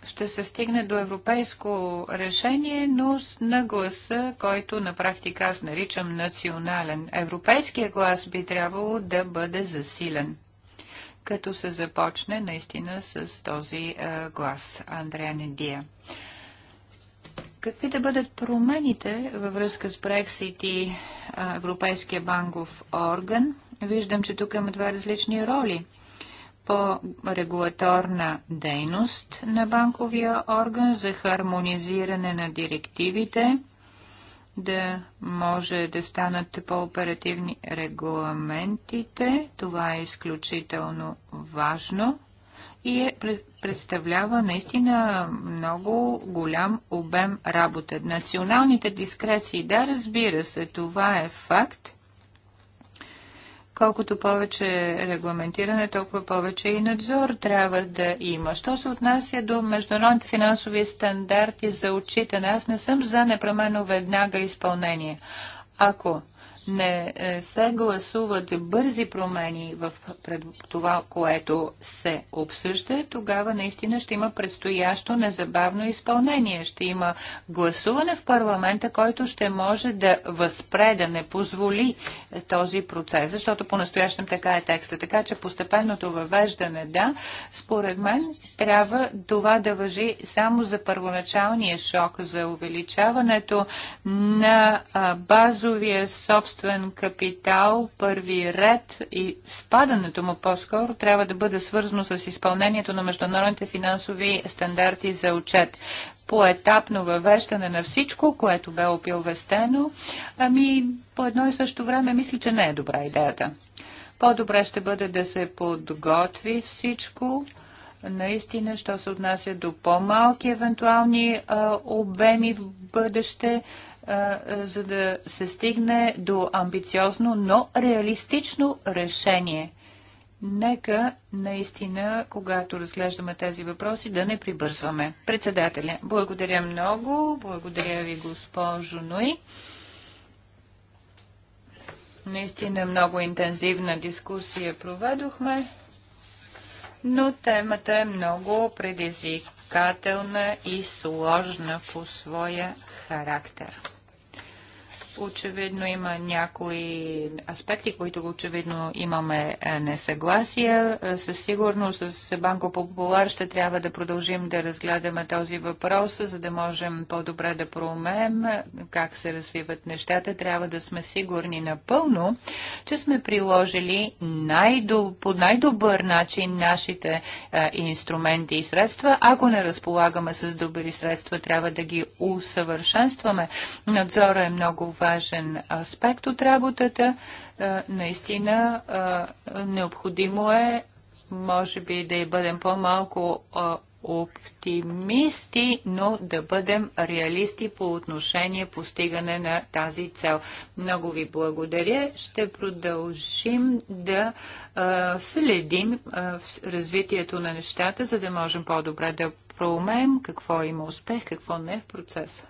ще се стигне до европейско решение, но на гласа, който на практика аз наричам национален. Европейския глас би трябвало да бъде засилен като се започне наистина с този е, глас Андрея Недия. Какви да бъдат промените във връзка с Брексит и е, Европейския банков орган? Виждам, че тук има два различни роли по регулаторна дейност на банковия орган за хармонизиране на директивите, да може да станат по-оперативни регламентите. Това е изключително важно и е, представлява наистина много голям обем работа. Националните дискреции, да, разбира се, това е факт, Колкото повече регламентиране, толкова повече и надзор трябва да има. Що се отнася до международните финансови стандарти за отчитане, аз не съм за непременно веднага изпълнение. Ако не е, се гласуват бързи промени в това, което се обсъжда, тогава наистина ще има предстоящо незабавно изпълнение. Ще има гласуване в парламента, който ще може да възпре, да не позволи е, този процес, защото по-настоящем така е текста. Така че постепенното въвеждане, да, според мен трябва това да въжи само за първоначалния шок, за увеличаването на базовия собствен собствен капитал, първи ред и спадането му по-скоро трябва да бъде свързано с изпълнението на международните финансови стандарти за отчет поетапно въвеждане на всичко, което бе опилвестено, ами по едно и също време мисля, че не е добра идеята. По-добре ще бъде да се подготви всичко, наистина, що се отнася до по-малки евентуални а, обеми в бъдеще, за да се стигне до амбициозно, но реалистично решение. Нека наистина, когато разглеждаме тези въпроси, да не прибързваме. Председателя, благодаря много. Благодаря ви, госпожо Нуи. Наистина много интензивна дискусия проведохме, но темата е много предизвикателна и сложна по своя характер очевидно има някои аспекти, които очевидно имаме е, несъгласие. Със сигурност с Банко Популар ще трябва да продължим да разгледаме този въпрос, за да можем по-добре да проумеем е, как се развиват нещата. Трябва да сме сигурни напълно, че сме приложили най по най-добър начин нашите е, инструменти и средства. Ако не разполагаме с добри средства, трябва да ги усъвършенстваме. Надзора е много важен важен аспект от работата. Е, наистина е, необходимо е, може би, да и бъдем по-малко е, оптимисти, но да бъдем реалисти по отношение постигане на тази цел. Много ви благодаря. Ще продължим да следим развитието на нещата, за да можем по-добре да проумеем какво има успех, какво не е в процеса.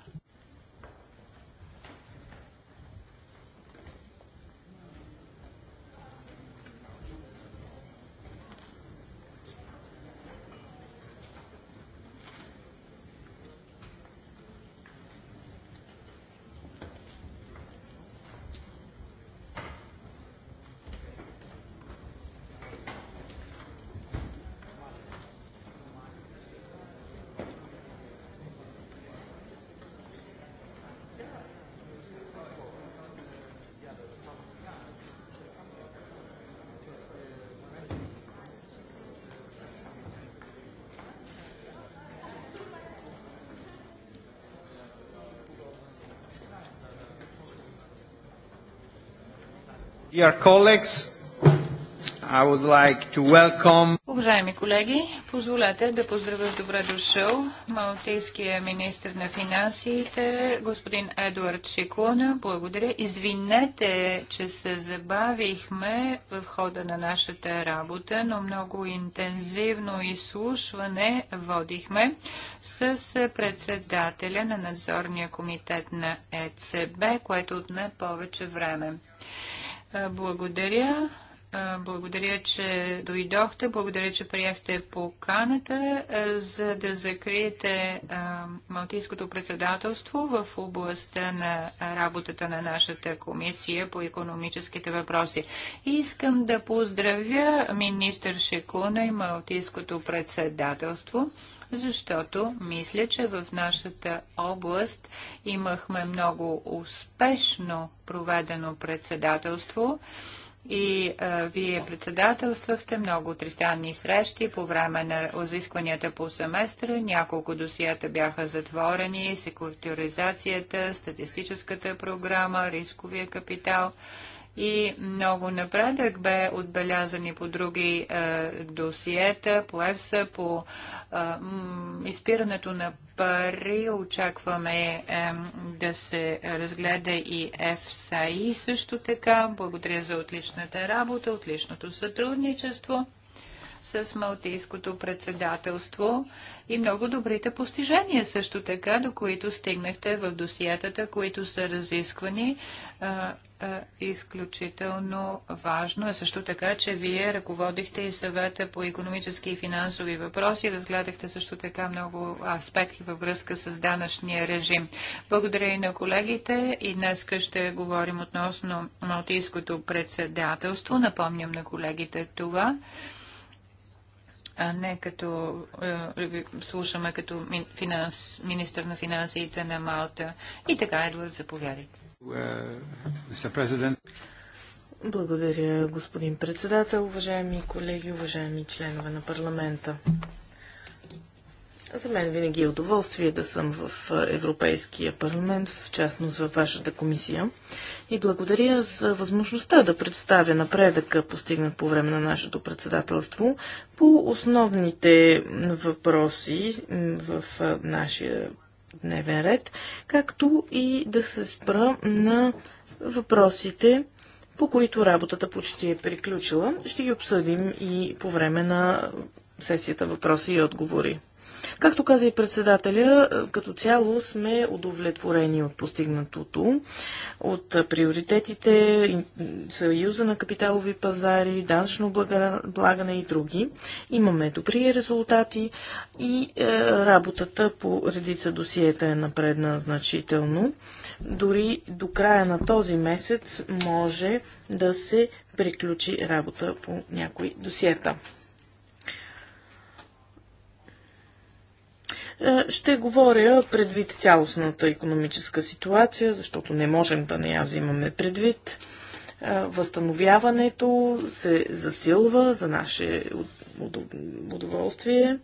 Like welcome... Уважаеми колеги, позволете да поздравя с добре дошъл малтийския министр на финансите, господин Едуард Шиклуна. Благодаря. Извинете, че се забавихме в хода на нашата работа, но много интензивно изслушване водихме с председателя на надзорния комитет на ЕЦБ, което отне повече време. Благодаря. Благодаря, че дойдохте. Благодаря, че приехте поканата, за да закриете Малтийското председателство в областта на работата на нашата комисия по економическите въпроси. И искам да поздравя министър Шекуна и Малтийското председателство защото мисля, че в нашата област имахме много успешно проведено председателство и а, вие председателствахте много тристранни срещи по време на изискванията по семестра. Няколко досията бяха затворени, секуритаризацията, статистическата програма, рисковия капитал – и много напредък бе отбелязан и по други е, досиета, по ЕФСА, по е, изпирането на пари. Очакваме е, да се разгледа и ЕФСА и също така. Благодаря за отличната работа, отличното сътрудничество с Малтийското председателство и много добрите постижения също така, до които стигнахте в досиетата, които са разисквани. Е, е, изключително важно. Е също така, че вие ръководихте и съвета по економически и финансови въпроси. Разгледахте също така много аспекти във връзка с данъчния режим. Благодаря и на колегите. И днес ще говорим относно Малтийското председателство. Напомням на колегите това а не като е, слушаме като министър министр на финансите на Малта. И така, Едвард, заповядайте. Uh, благодаря, господин председател, уважаеми колеги, уважаеми членове на парламента. За мен винаги е удоволствие да съм в Европейския парламент, в частност във вашата комисия. И благодаря за възможността да представя напредъка, постигнат по време на нашето председателство, по основните въпроси в нашия дневен ред, както и да се спра на въпросите, по които работата почти е приключила. Ще ги обсъдим и по време на сесията въпроси и отговори. Както каза и председателя, е, като цяло сме удовлетворени от постигнатото, от приоритетите, съюза на капиталови пазари, данъчно благане и други. Имаме добри резултати и е, работата по редица досиета е напредна значително. Дори до края на този месец може да се приключи работа по някои досиета. Е, ще говоря предвид цялостната економическа ситуация, защото не можем да не я взимаме предвид. Е, възстановяването се засилва за наше удоволствие.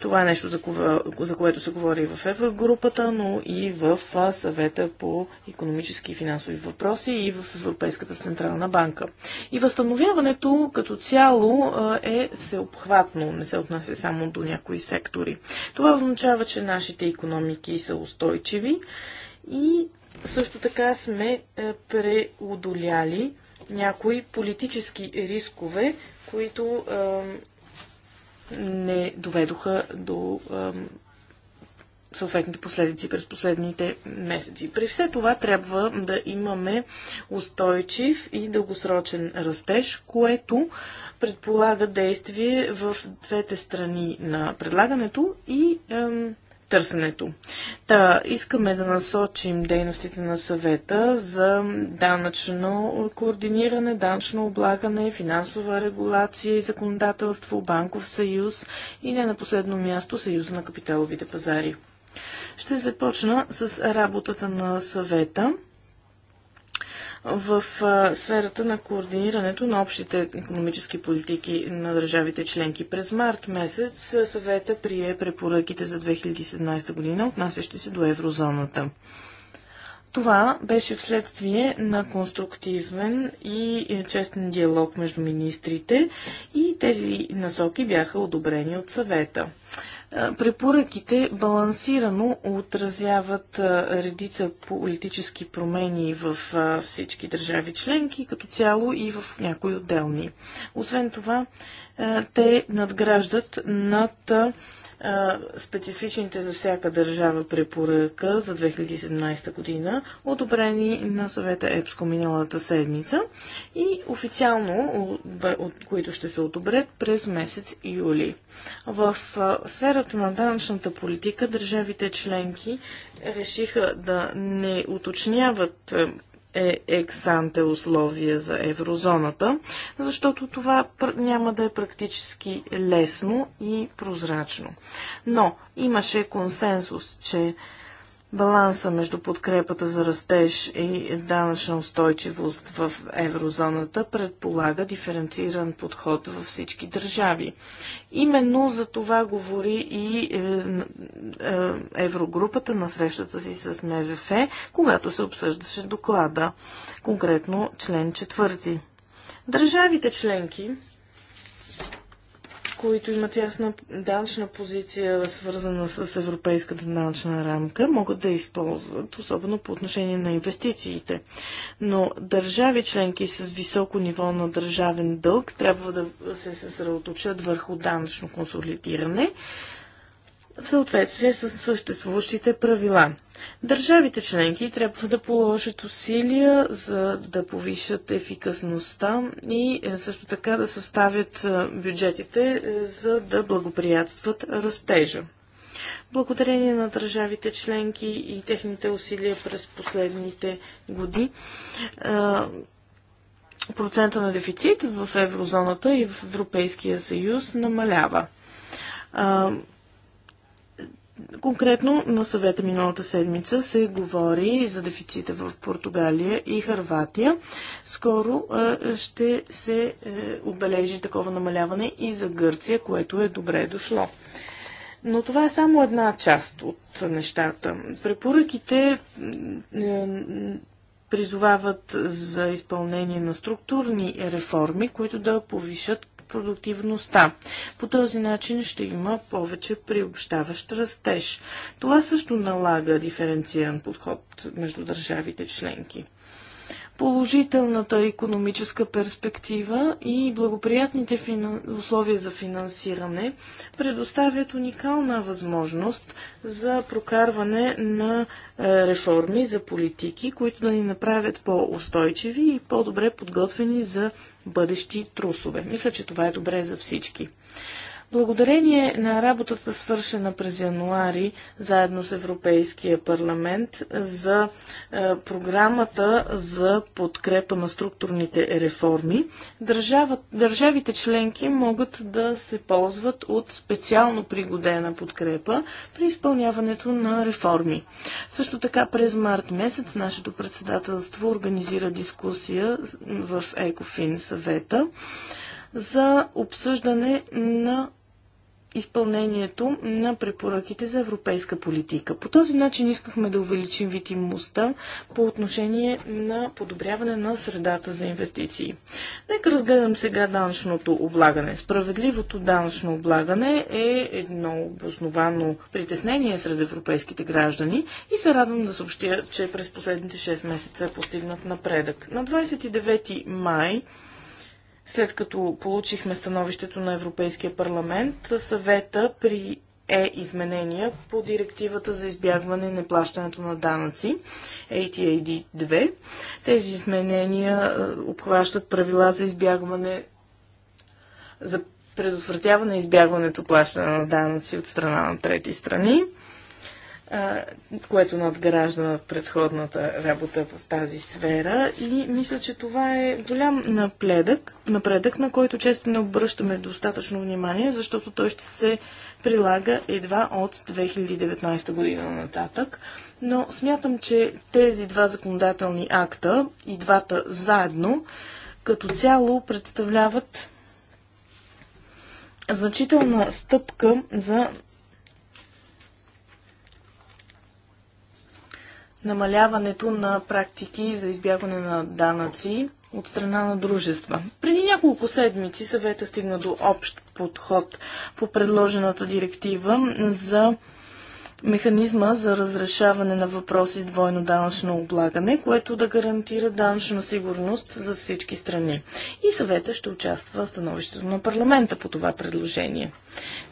Това е нещо, за, кое, за което се говори в Еврогрупата, но и в съвета по економически и финансови въпроси и в Европейската централна банка. И възстановяването като цяло е всеобхватно, не се отнася само до някои сектори. Това означава, че нашите економики са устойчиви и също така сме е, преодоляли някои политически рискове, които не доведоха до съответните последици през последните месеци. При все това трябва да имаме устойчив и дългосрочен растеж, което предполага действие в двете страни на предлагането и ем, търсенето. Та, искаме да насочим дейностите на съвета за данъчно координиране, данъчно облагане, финансова регулация и законодателство, банков съюз и не на последно място съюза на капиталовите пазари. Ще започна с работата на съвета в сферата на координирането на общите економически политики на държавите членки. През март месец съвета прие препоръките за 2017 година, отнасящи се до еврозоната. Това беше вследствие на конструктивен и е, честен диалог между министрите и тези насоки бяха одобрени от съвета. Препоръките балансирано отразяват редица политически промени в всички държави членки, като цяло и в някои отделни. Освен това, те надграждат над специфичните за всяка държава препоръка за 2017 година, одобрени на съвета ЕПСКО миналата седмица и официално, от които ще се одобрят през месец юли. В сферата на данъчната политика държавите членки решиха да не уточняват е ексанте условие за еврозоната, защото това няма да е практически лесно и прозрачно. Но имаше консенсус, че баланса между подкрепата за растеж и данъчна устойчивост в еврозоната предполага диференциран подход във всички държави. Именно за това говори и е, е, е, еврогрупата на срещата си с МВФ, когато се обсъждаше доклада, конкретно член 4. Държавите членки които имат ясна данъчна позиция, свързана с европейската данъчна рамка, могат да използват, особено по отношение на инвестициите. Но държави членки с високо ниво на държавен дълг трябва да се съсредоточат върху данъчно консолидиране, в съответствие с съществуващите правила. Държавите членки трябва да положат усилия за да повишат ефикасността и е, също така да съставят е, бюджетите, е, за да благоприятстват растежа. Благодарение на държавите членки и техните усилия през последните години, процента на дефицит в еврозоната и в Европейския съюз намалява. Конкретно на съвета миналата седмица се говори за дефицита в Португалия и Харватия. Скоро ще се е, обележи такова намаляване и за Гърция, което е добре дошло. Но това е само една част от нещата. Препоръките е, призовават за изпълнение на структурни реформи, които да повишат продуктивността. По този начин ще има повече приобщаващ растеж. Това също налага диференциран подход между държавите членки положителната економическа перспектива и благоприятните финан... условия за финансиране предоставят уникална възможност за прокарване на е, реформи, за политики, които да ни направят по-устойчиви и по-добре подготвени за бъдещи трусове. Мисля, че това е добре за всички. Благодарение на работата свършена през януари заедно с Европейския парламент за е, програмата за подкрепа на структурните реформи, държавите членки могат да се ползват от специално пригодена подкрепа при изпълняването на реформи. Също така през март месец нашето председателство организира дискусия в ЕКОФИН съвета за обсъждане на изпълнението на препоръките за европейска политика. По този начин искахме да увеличим видимостта по отношение на подобряване на средата за инвестиции. Нека разгледам сега данъчното облагане. Справедливото данъчно облагане е едно обосновано притеснение сред европейските граждани и се радвам да съобщя, че през последните 6 месеца е постигнат напредък. На 29 май след като получихме становището на Европейския парламент, съвета при е изменения по директивата за избягване на плащането на данъци ATAD 2. Тези изменения е, обхващат правила за избягване за предотвратяване избягването плащане на данъци от страна на трети страни което надгражда предходната работа в тази сфера и мисля, че това е голям напредък, напредък, на който често не обръщаме достатъчно внимание, защото той ще се прилага едва от 2019 година нататък. Но смятам, че тези два законодателни акта и двата заедно като цяло представляват значителна стъпка за намаляването на практики за избягване на данъци от страна на дружества. Преди няколко седмици съвета стигна до общ подход по предложената директива за механизма за разрешаване на въпроси с двойно данъчно облагане, което да гарантира данъчна сигурност за всички страни. И съвета ще участва в становището на парламента по това предложение.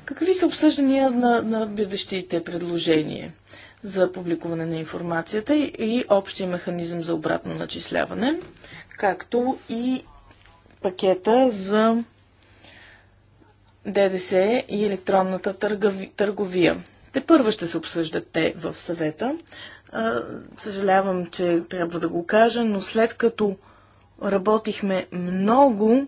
Какви са обсъждания на, на бъдещите предложения? за публикуване на информацията и общия механизъм за обратно начисляване, както и пакета за ДДС и електронната търговия. Те първо ще се обсъждат те в съвета. Съжалявам, че трябва да го кажа, но след като работихме много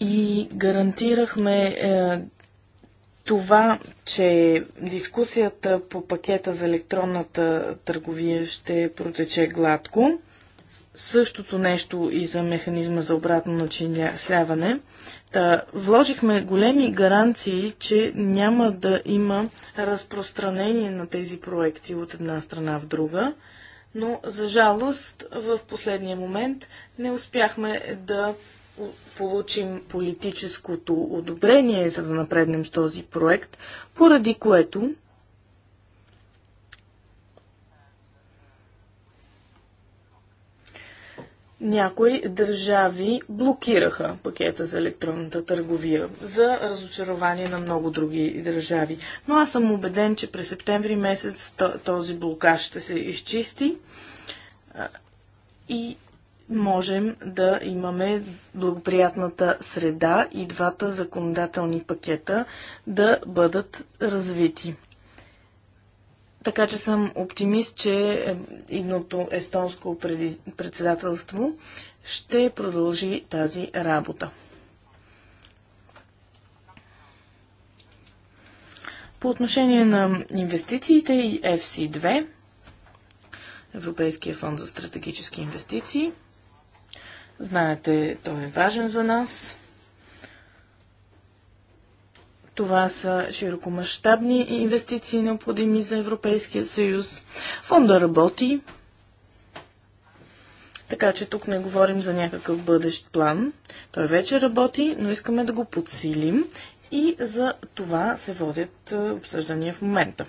и гарантирахме е, това, че дискусията по пакета за електронната търговия ще протече гладко. Същото нещо и за механизма за обратно начиняване. Та, вложихме големи гаранции, че няма да има разпространение на тези проекти от една страна в друга, но за жалост в последния момент не успяхме да получим политическото одобрение, за да напреднем с този проект, поради което някои държави блокираха пакета за електронната търговия за разочарование на много други държави. Но аз съм убеден, че през септември месец този блокаж ще се изчисти и можем да имаме благоприятната среда и двата законодателни пакета да бъдат развити. Така че съм оптимист, че е, идното естонско председателство ще продължи тази работа. По отношение на инвестициите и FC2, Европейския фонд за стратегически инвестиции – Знаете, той е важен за нас. Това са широкомащабни инвестиции, необходими за Европейския съюз. Фонда работи, така че тук не говорим за някакъв бъдещ план. Той вече работи, но искаме да го подсилим и за това се водят е, обсъждания в момента.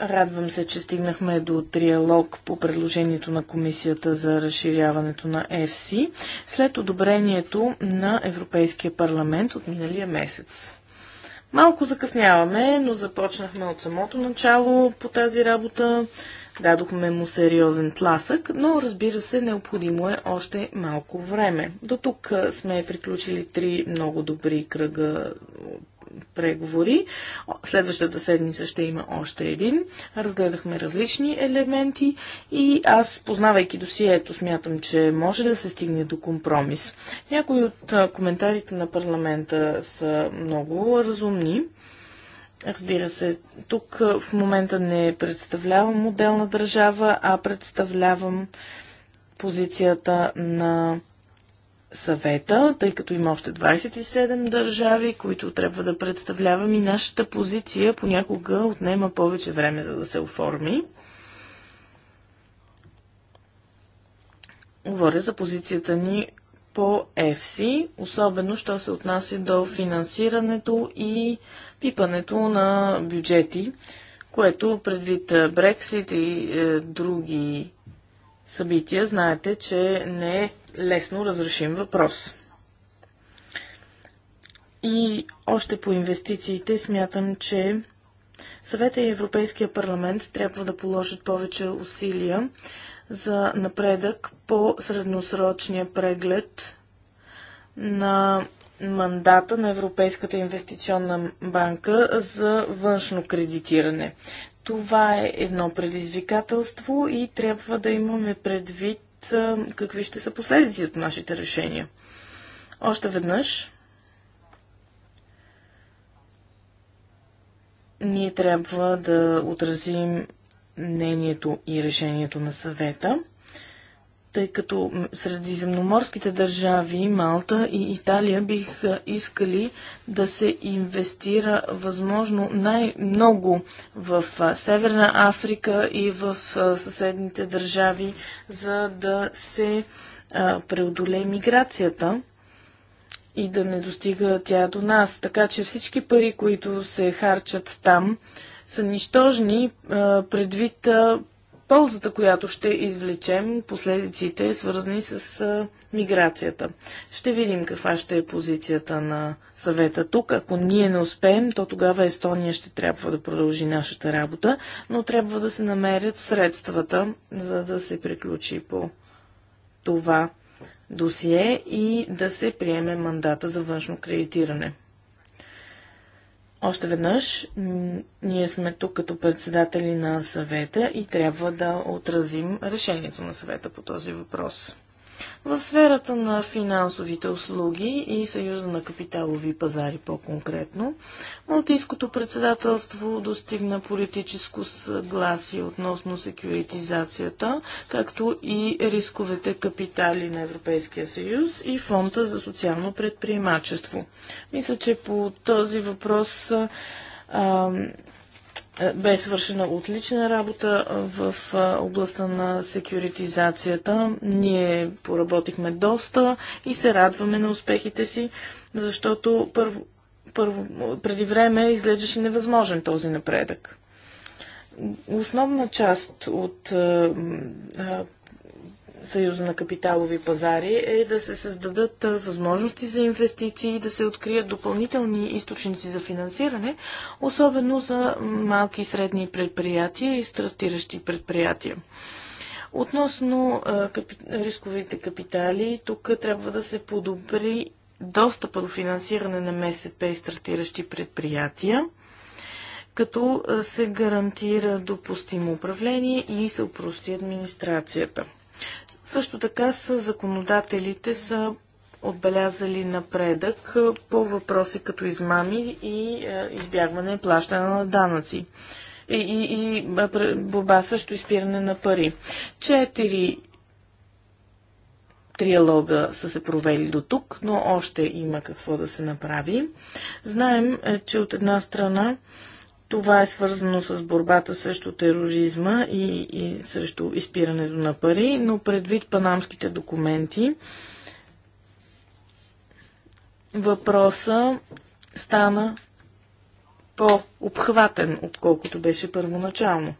Радвам се, че стигнахме до триалог по предложението на Комисията за разширяването на ЕФСИ след одобрението на Европейския парламент от миналия месец. Малко закъсняваме, но започнахме от самото начало по тази работа. Дадохме му сериозен тласък, но разбира се, необходимо е още малко време. До тук сме приключили три много добри кръга преговори. Следващата седмица ще има още един. Разгледахме различни елементи и аз, познавайки досието, смятам, че може да се стигне до компромис. Някои от коментарите на парламента са много разумни. Разбира се, тук в момента не представлявам отделна държава, а представлявам позицията на съвета, тъй като има още 27 държави, които трябва да представлявам и нашата позиция понякога отнема повече време за да се оформи. Говоря за позицията ни по ЕФСИ, особено що се отнася до финансирането и пипането на бюджети, което предвид е, Брексит и е, други събития, знаете, че не е лесно разрешим въпрос. И още по инвестициите смятам, че Съвета и Европейския парламент трябва да положат повече усилия за напредък по средносрочния преглед на мандата на Европейската инвестиционна банка за външно кредитиране. Това е едно предизвикателство и трябва да имаме предвид какви ще са последици от нашите решения. Още веднъж, ние трябва да отразим мнението и решението на съвета тъй като средиземноморските държави, Малта и Италия бих искали да се инвестира възможно най-много в Северна Африка и в съседните държави, за да се преодолее миграцията и да не достига тя до нас. Така че всички пари, които се харчат там, са нищожни предвид ползата, която ще извлечем, последиците, свързани с а, миграцията. Ще видим каква ще е позицията на съвета тук. Ако ние не успеем, то тогава Естония ще трябва да продължи нашата работа, но трябва да се намерят средствата, за да се приключи по това досие и да се приеме мандата за външно кредитиране. Още веднъж, ние сме тук като председатели на съвета и трябва да отразим решението на съвета по този въпрос. В сферата на финансовите услуги и Съюза на капиталови пазари по-конкретно, Малтийското председателство достигна политическо съгласие относно секюритизацията, както и рисковете капитали на Европейския съюз и Фонда за социално предприемачество. Мисля, че по този въпрос а, е, бе свършена отлична работа е, в е, областта на секюритизацията. Ние поработихме доста и се радваме на успехите си, защото първо, първо, преди време изглеждаше невъзможен този напредък. Основна част от Съюза на капиталови пазари е да се създадат възможности за инвестиции, да се открият допълнителни източници за финансиране, особено за малки и средни предприятия и стартиращи предприятия. Относно капи... рисковите капитали, тук трябва да се подобри достъпа до финансиране на МСП и стартиращи предприятия като се гарантира допустимо управление и се упрости администрацията. Също така са законодателите са отбелязали напредък по въпроси като измами и избягване плащане на данъци. И, и, и борба също изпиране на пари. Четири триалога са се провели до тук, но още има какво да се направи. Знаем, е, че от една страна това е свързано с борбата срещу тероризма и, и срещу изпирането на пари, но предвид панамските документи, въпроса стана по-обхватен, отколкото беше първоначално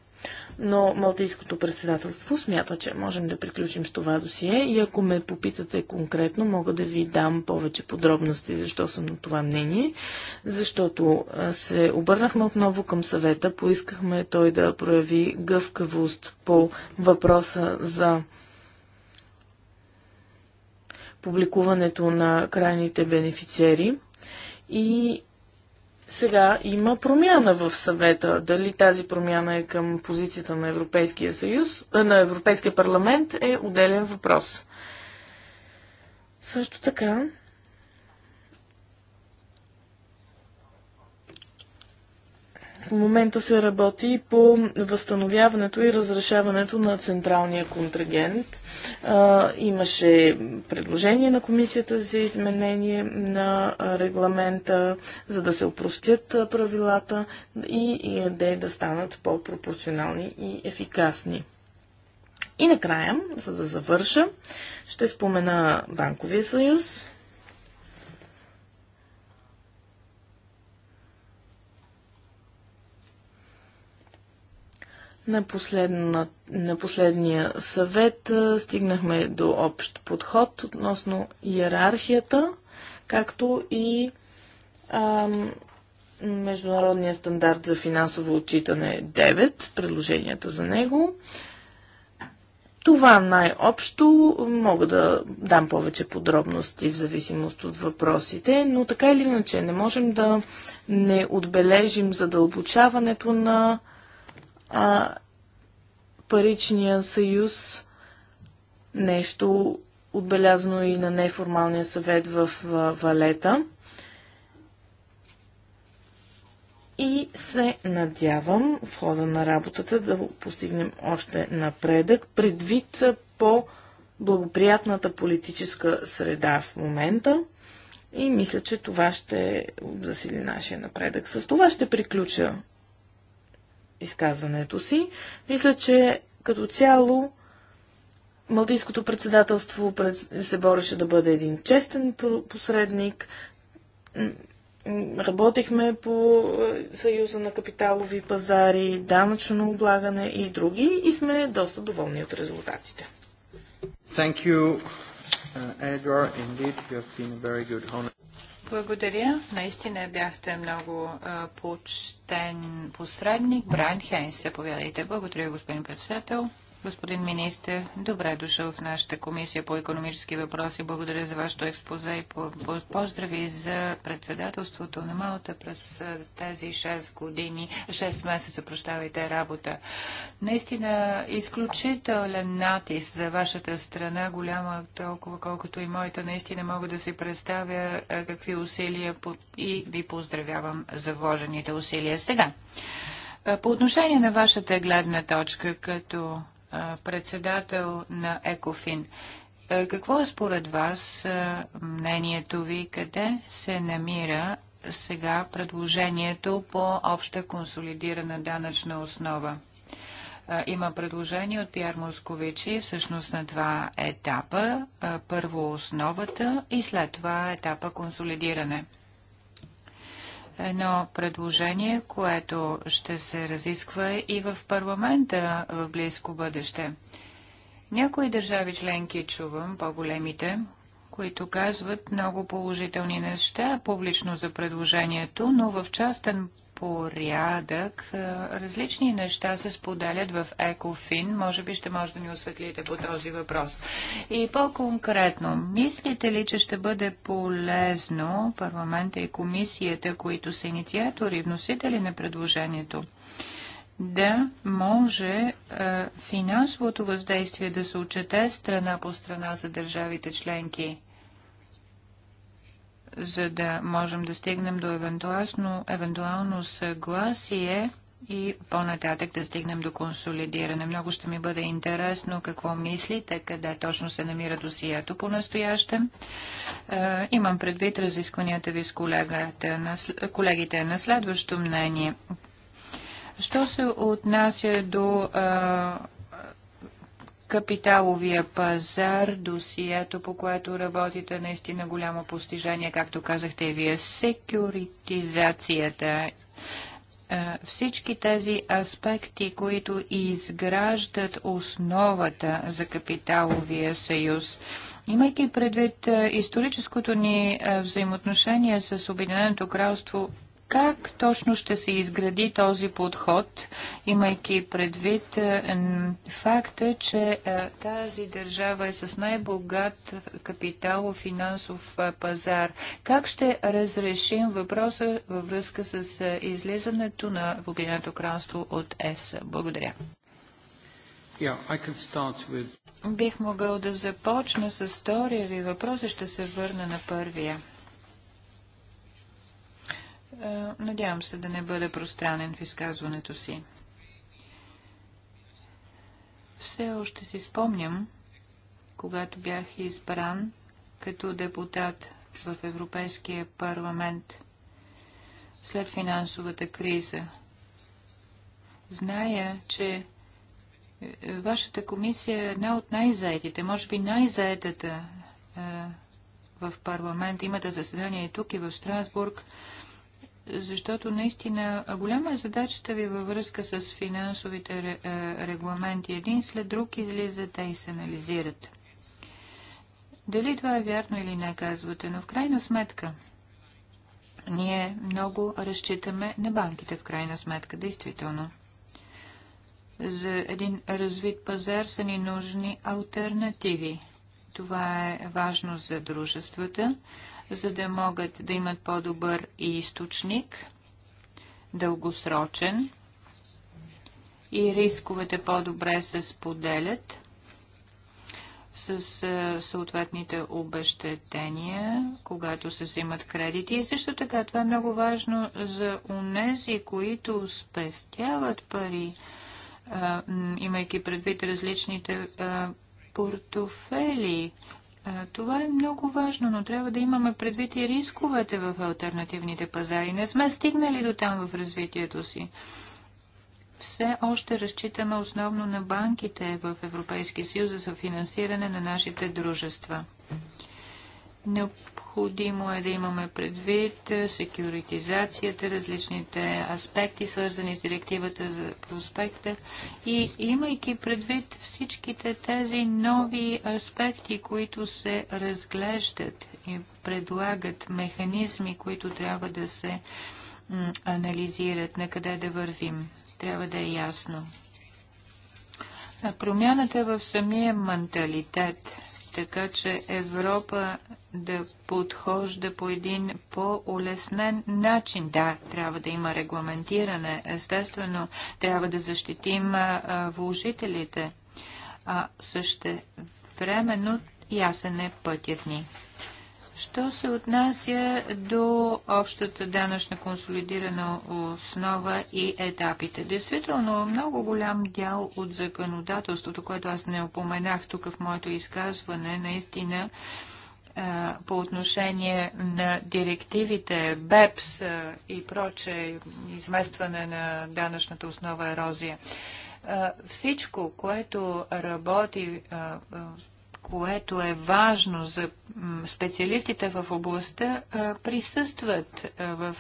но Малтийското председателство смята, че можем да приключим с това досие и ако ме попитате конкретно, мога да ви дам повече подробности, защо съм на това мнение, защото се обърнахме отново към съвета, поискахме той да прояви гъвкавост по въпроса за публикуването на крайните бенефициери и сега има промяна в съвета. Дали тази промяна е към позицията на Европейския съюз, на Европейския парламент е отделен въпрос. Също така, В момента се работи по възстановяването и разрешаването на централния контрагент. А, имаше предложение на комисията за изменение на регламента, за да се опростят правилата и, и е, да станат по-пропорционални и ефикасни. И накрая, за да завърша, ще спомена Банковия съюз. На, последна, на последния съвет стигнахме до общ подход относно иерархията, както и ам, международния стандарт за финансово отчитане 9, предложенията за него. Това най-общо мога да дам повече подробности в зависимост от въпросите, но така или иначе не можем да не отбележим задълбочаването на а, паричния съюз, нещо отбелязано и на неформалния съвет в Валета. И се надявам в хода на работата да постигнем още напредък, предвид по благоприятната политическа среда в момента. И мисля, че това ще засили нашия напредък. С това ще приключа изказването си. Мисля, че като цяло Малтийското председателство се бореше да бъде един честен посредник. Работихме по е, Съюза на капиталови пазари, данъчно облагане и други и сме доста доволни от резултатите. Thank you, uh, Edward. Indeed, you have been very good honor. Благодаря. Наистина бяхте много почтен посредник. Брайан Хейнс, повядайте. Благодаря, господин председател. Господин министр, добре е дошъл в нашата комисия по економически въпроси. Благодаря за вашето експозе и поздрави за председателството на Малта през тези 6 години, 6 месеца, прощавайте, работа. Наистина, изключителен натиск за вашата страна, голяма толкова, колкото и моята. Наистина мога да си представя какви усилия и ви поздравявам за вложените усилия. Сега, по отношение на вашата гледна точка, като председател на ЕКОФИН. Е, какво е според вас е, мнението ви, къде се намира сега предложението по обща консолидирана данъчна основа? Е, има предложение от Пиар Московичи всъщност на два етапа. Първо основата и след това етапа консолидиране едно предложение, което ще се разисква и в парламента в близко бъдеще. Някои държави членки, чувам, по-големите, които казват много положителни неща публично за предложението, но в частен порядък е, различни неща се споделят в Екофин. Може би ще може да ни осветлите по този въпрос. И по-конкретно, мислите ли, че ще бъде полезно парламента и комисията, които са инициатори вносители на предложението, да може е, финансовото въздействие да се отчете страна по страна за държавите членки за да можем да стигнем до евентуално, евентуално съгласие и по-нататък да стигнем до консолидиране. Много ще ми бъде интересно какво мислите, къде точно се намира досието по-настоящем. Е, имам предвид разискванията ви с колегата, на, колегите на следващо мнение. Що се отнася до е, капиталовия пазар, досието, по което работите, наистина голямо постижение, както казахте и вие, секюритизацията. Е, всички тези аспекти, които изграждат основата за капиталовия съюз, Имайки предвид е, историческото ни е, взаимоотношение с Обединеното кралство, как точно ще се изгради този подход, имайки предвид е, факта, че е, тази държава е с най-богат капитал финансов е, пазар? Как ще разрешим въпроса във връзка с излизането на Обединеното кралство от ЕС? Благодаря. Бих могъл да започна с втория ви въпрос и ще се върна на първия. Е, надявам се да не бъде пространен в изказването си. Все още си спомням, когато бях избран като депутат в Европейския парламент след финансовата криза. Зная, че е, вашата комисия е една от най-заетите, може би най-заетата е, в парламент. Имате заседания и тук, и в Страсбург защото наистина голяма е задачата ви във връзка с финансовите е, регламенти. Един след друг излизате и се анализират. Дали това е вярно или не, казвате, но в крайна сметка ние много разчитаме на банките, в крайна сметка, действително. За един развит пазар са ни нужни альтернативи. Това е важно за дружествата, за да могат да имат по-добър източник, дългосрочен и рисковете по-добре се споделят с съответните обещетения, когато се взимат кредити. И също така това е много важно за унези, които спестяват пари, имайки предвид различните портофели, това е много важно, но трябва да имаме предвид и рисковете в альтернативните пазари. Не сме стигнали до там в развитието си. Все още разчитаме основно на банките в Европейския съюз за финансиране на нашите дружества. Необходимо Необходимо е да имаме предвид секюритизацията, различните аспекти, свързани с директивата за проспекта. И имайки предвид всичките тези нови аспекти, които се разглеждат и предлагат механизми, които трябва да се анализират, на къде да вървим, трябва да е ясно. Промяната в самия менталитет, така че Европа да подхожда по един по-улеснен начин. Да, трябва да има регламентиране. Естествено, трябва да защитим вложителите. А също времено ясен е пътят ни. Що се отнася до общата данъчна консолидирана основа и етапите? Действително, много голям дял от законодателството, което аз не опоменах тук в моето изказване, наистина по отношение на директивите БЕПС и проче, изместване на данъчната основа ерозия. Всичко, което работи, което е важно за специалистите в областта присъстват в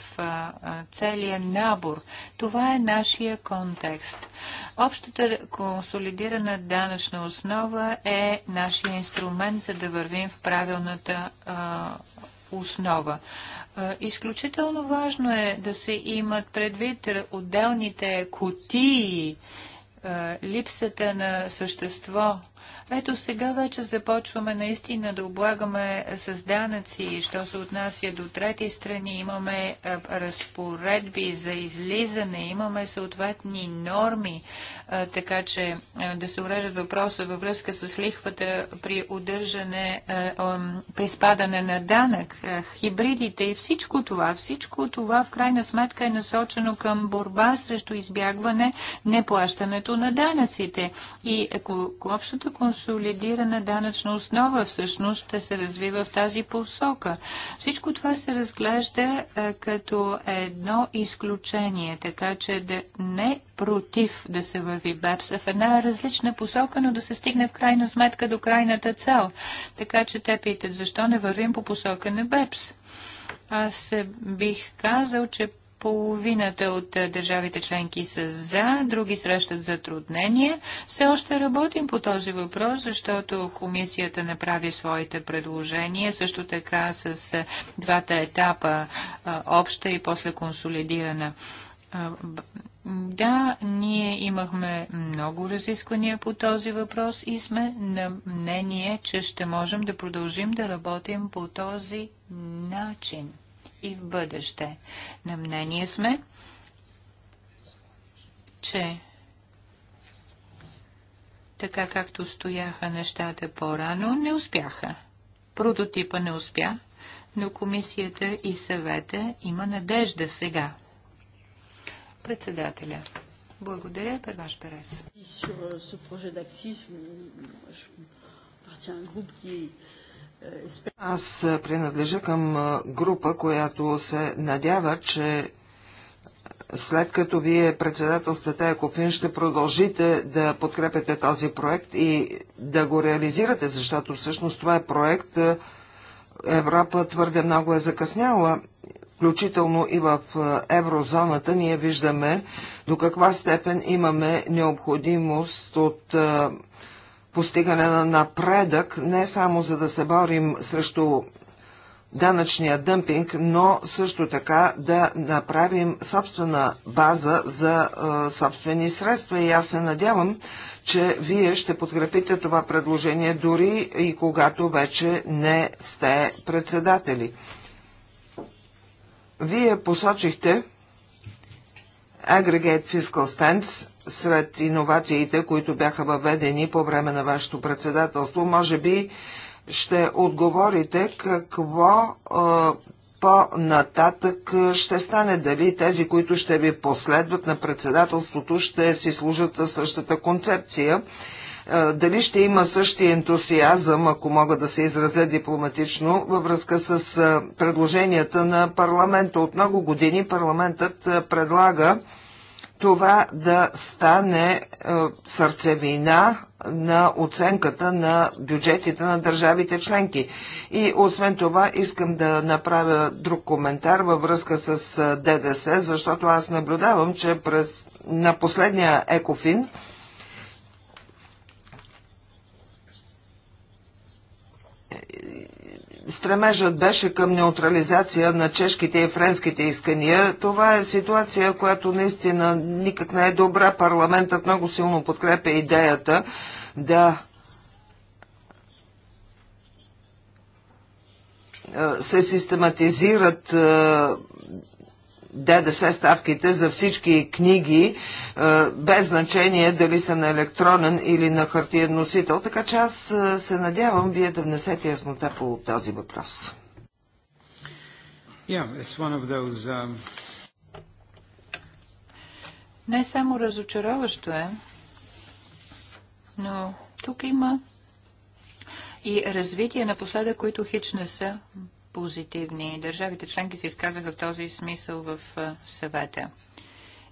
целия набор. Това е нашия контекст. Общата консолидирана данъчна основа е нашия инструмент, за да вървим в правилната основа. Изключително важно е да се имат предвид отделните кутии, липсата на същество – ето сега вече започваме наистина да облагаме с данъци, що се отнася до трети страни. Имаме разпоредби за излизане, имаме съответни норми, така че да се уреждат въпроса във връзка с лихвата при удържане, при спадане на данък, хибридите и всичко това. Всичко това в крайна сметка е насочено към борба срещу избягване неплащането на данъците. И ако общата консултация консолидирана данъчна основа всъщност ще се развива в тази посока. Всичко това се разглежда а, е, като едно изключение, така че да не против да се върви БЕПС в една различна посока, но да се стигне в крайна сметка до крайната цел. Така че те питат, защо не вървим по посока на БЕПС? Аз е, бих казал, че половината от е, държавите членки са за, други срещат затруднения. Все още работим по този въпрос, защото комисията направи своите предложения, също така с е, двата етапа е, обща и после консолидирана. Да, ние имахме много разисквания по този въпрос и сме на мнение, че ще можем да продължим да работим по този начин и в бъдеще. На мнение сме, че така както стояха нещата по-рано, не успяха. Прототипа не успя, но комисията и съвета има надежда сега. Председателя. Благодаря, Перваш Перес. Аз принадлежа към група, която се надява, че след като вие председателствате Екофин, ще продължите да подкрепяте този проект и да го реализирате, защото всъщност това е проект. Европа твърде много е закъсняла, включително и в еврозоната. Ние виждаме до каква степен имаме необходимост от постигане на напредък, не само за да се борим срещу данъчния дъмпинг, но също така да направим собствена база за е, собствени средства. И аз се надявам, че вие ще подкрепите това предложение дори и когато вече не сте председатели. Вие посочихте Aggregate Fiscal Stance сред иновациите, които бяха въведени по време на вашето председателство. Може би ще отговорите какво по-нататък ще стане дали тези, които ще ви последват на председателството, ще си служат със същата концепция. Дали ще има същия ентусиазъм, ако мога да се изразя дипломатично, във връзка с предложенията на парламента. От много години парламентът предлага това да стане е, сърцевина на оценката на бюджетите на държавите членки. И освен това искам да направя друг коментар във връзка с е, ДДС, защото аз наблюдавам, че през, на последния екофин Стремежът беше към неутрализация на чешките и френските искания. Това е ситуация, която наистина никак не е добра. Парламентът много силно подкрепя идеята да е, се систематизират е, ДДС ставките за всички книги, е, без значение дали са на електронен или на хартиен носител. Така че аз е, се надявам вие да внесете яснота по този въпрос. Um, не само разочароващо е, но тук има и развитие напоследък, които хич не са позитивни. Държавите членки се изказаха в този смисъл в съвета.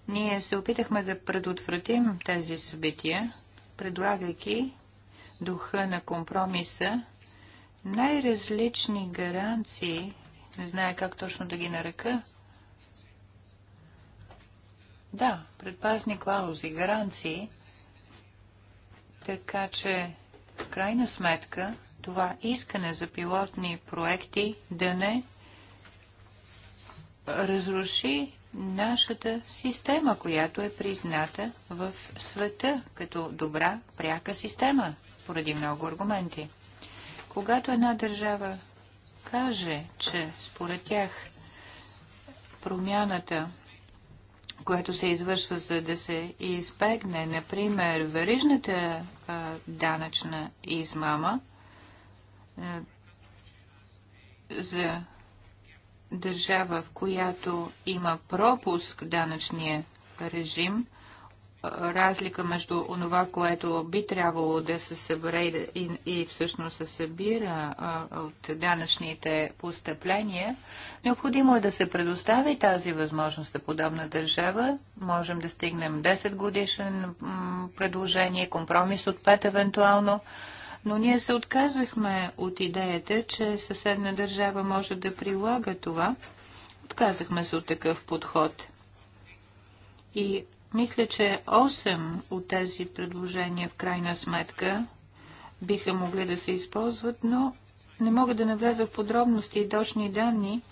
Ние се опитахме да предотвратим тези събития, предлагайки духа на компромиса най-различни гаранции, не знае как точно да ги нарека. Да, предпазни клаузи, гаранции, така че в крайна сметка това искане за пилотни проекти да не разруши нашата система, която е призната в света като добра, пряка система, поради много аргументи. Когато една държава каже, че според тях промяната, която се извършва за да се избегне, например, верижната а, данъчна измама, е, за държава, в която има пропуск данъчния режим, е, разлика между онова, което би трябвало да се събере и, и всъщност се събира е, от данъчните постъпления, необходимо е да се предостави тази възможност за подобна държава. Можем да стигнем 10 годишен предложение, компромис от 5 евентуално. Но ние се отказахме от идеята, че съседна държава може да прилага това. Отказахме се от такъв подход. И мисля, че 8 от тези предложения в крайна сметка биха могли да се използват, но не мога да навляза в подробности и точни данни,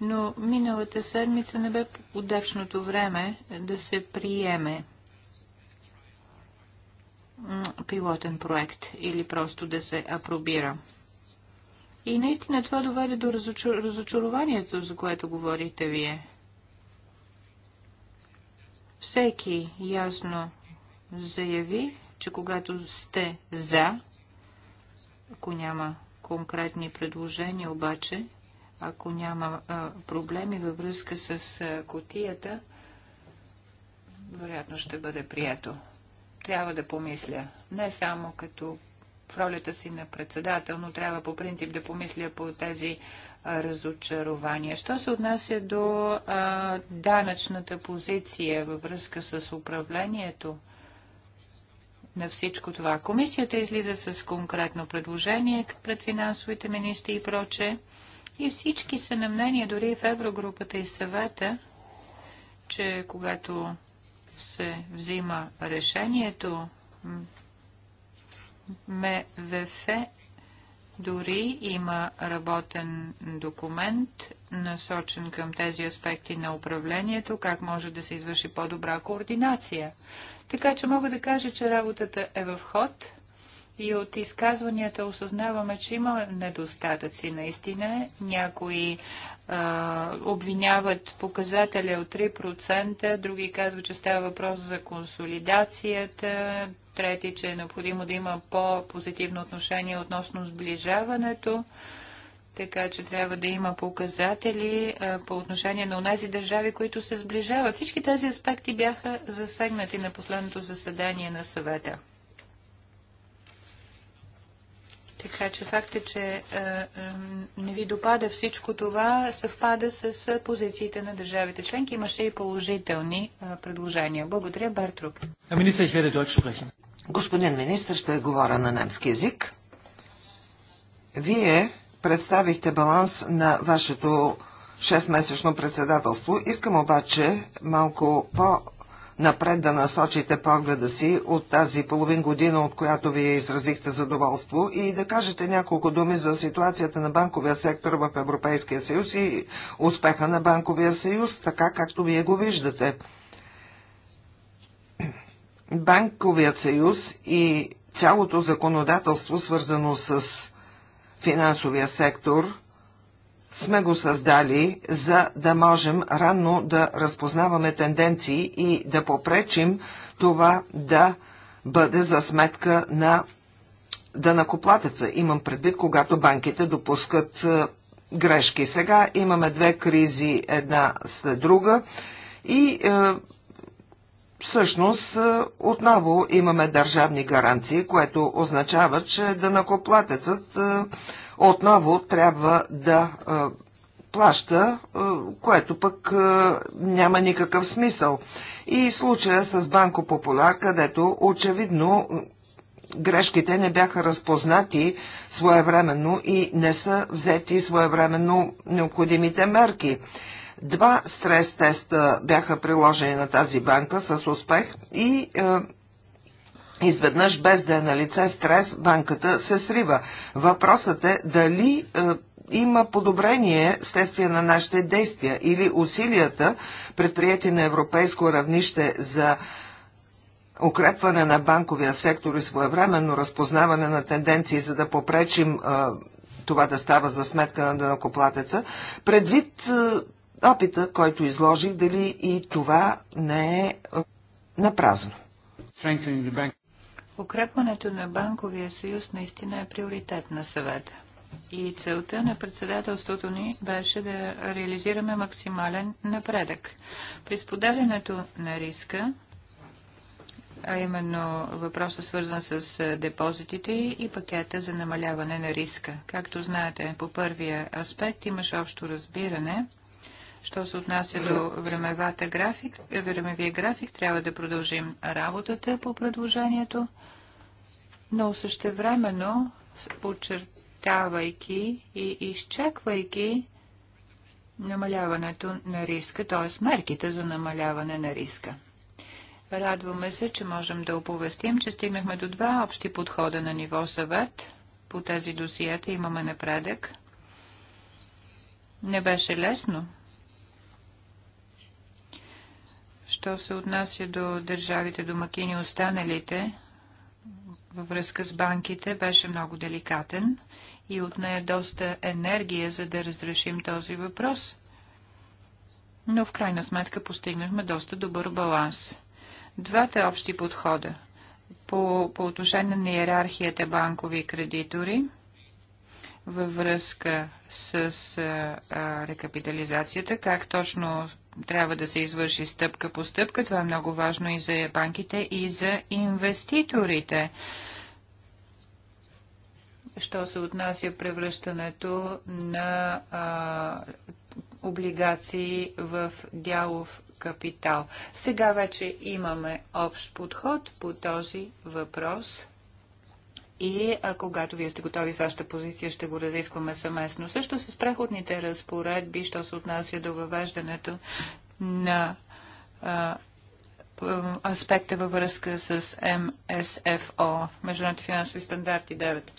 но миналата седмица не бе удачното време да се приеме пилотен проект или просто да се апробира. И наистина това доведе до разочар... разочарованието, за което говорите вие. Всеки ясно заяви, че когато сте за, ако няма конкретни предложения обаче, ако няма а, проблеми във връзка с а, котията, вероятно ще бъде прието трябва да помисля. Не само като в ролята си на председател, но трябва по принцип да помисля по тези разочарования. Що се отнася до а, данъчната позиция във връзка с управлението на всичко това? Комисията излиза с конкретно предложение пред финансовите министри и проче. И всички са на мнение, дори в Еврогрупата и съвета, че когато се взима решението, МВФ дори има работен документ, насочен към тези аспекти на управлението, как може да се извърши по-добра координация. Така че мога да кажа, че работата е в ход и от изказванията осъзнаваме, че има недостатъци. Наистина някои обвиняват показателя от 3%, други казват, че става въпрос за консолидацията, трети, че е необходимо да има по-позитивно отношение относно сближаването. Така че трябва да има показатели а, по отношение на тези държави, които се сближават. Всички тези аспекти бяха засегнати на последното заседание на съвета. Така че факта е, че е, е, не ви допада всичко това, съвпада с е, позициите на държавите членки. Имаше и положителни предложения. Благодаря, Бартрук. Господин министр, ще говоря на немски язик. Вие представихте баланс на вашето 6-месечно председателство. Искам обаче малко по напред да насочите погледа си от тази половин година, от която вие изразихте задоволство и да кажете няколко думи за ситуацията на банковия сектор в Европейския съюз и успеха на банковия съюз, така както вие го виждате. Банковият съюз и цялото законодателство, свързано с финансовия сектор – сме го създали, за да можем ранно да разпознаваме тенденции и да попречим това да бъде за сметка на данакоплатеца. Имам предвид, когато банките допускат е, грешки. Сега имаме две кризи, една след друга и е, всъщност е, отново имаме държавни гаранции, което означава, че данакоплатецът е, отново трябва да плаща, което пък няма никакъв смисъл. И случая с Банко Популяр, където очевидно грешките не бяха разпознати своевременно и не са взети своевременно необходимите мерки. Два стрес теста бяха приложени на тази банка с успех и изведнъж без да е на лице стрес, банката се срива. Въпросът е дали е, има подобрение следствие на нашите действия или усилията, предприяти на европейско равнище за укрепване на банковия сектор и своевременно разпознаване на тенденции, за да попречим е, това да става за сметка на дънакоплатеца, предвид е, опита, който изложих, дали и това не е, е напразно. Укрепването на банковия съюз наистина е приоритет на съвета. И целта на председателството ни беше да реализираме максимален напредък. При споделянето на риска, а именно въпроса свързан с депозитите и пакета за намаляване на риска. Както знаете, по първия аспект имаше общо разбиране – Що се отнася до времевата график, времевия график, трябва да продължим работата по предложението, но същевременно, подчертавайки и изчаквайки намаляването на риска, т.е. мерките за намаляване на риска. Радваме се, че можем да оповестим, че стигнахме до два общи подхода на ниво съвет. По тези досията имаме напредък. Не беше лесно, Що се отнася до държавите домакини останалите, във връзка с банките, беше много деликатен и отнея доста енергия, за да разрешим този въпрос. Но в крайна сметка постигнахме доста добър баланс. Двата общи подхода по, по отношение на иерархията банкови кредитори – във връзка с а, рекапитализацията, как точно трябва да се извърши стъпка по стъпка. Това е много важно и за банките, и за инвеститорите. Що се отнася превръщането на а, облигации в дялов капитал. Сега вече имаме общ подход по този въпрос и а, когато вие сте готови с вашата позиция, ще го разискваме съместно. Също с преходните разпоредби, що се отнася до въвеждането на а, аспекта във връзка с МСФО, Международните финансови стандарти 9.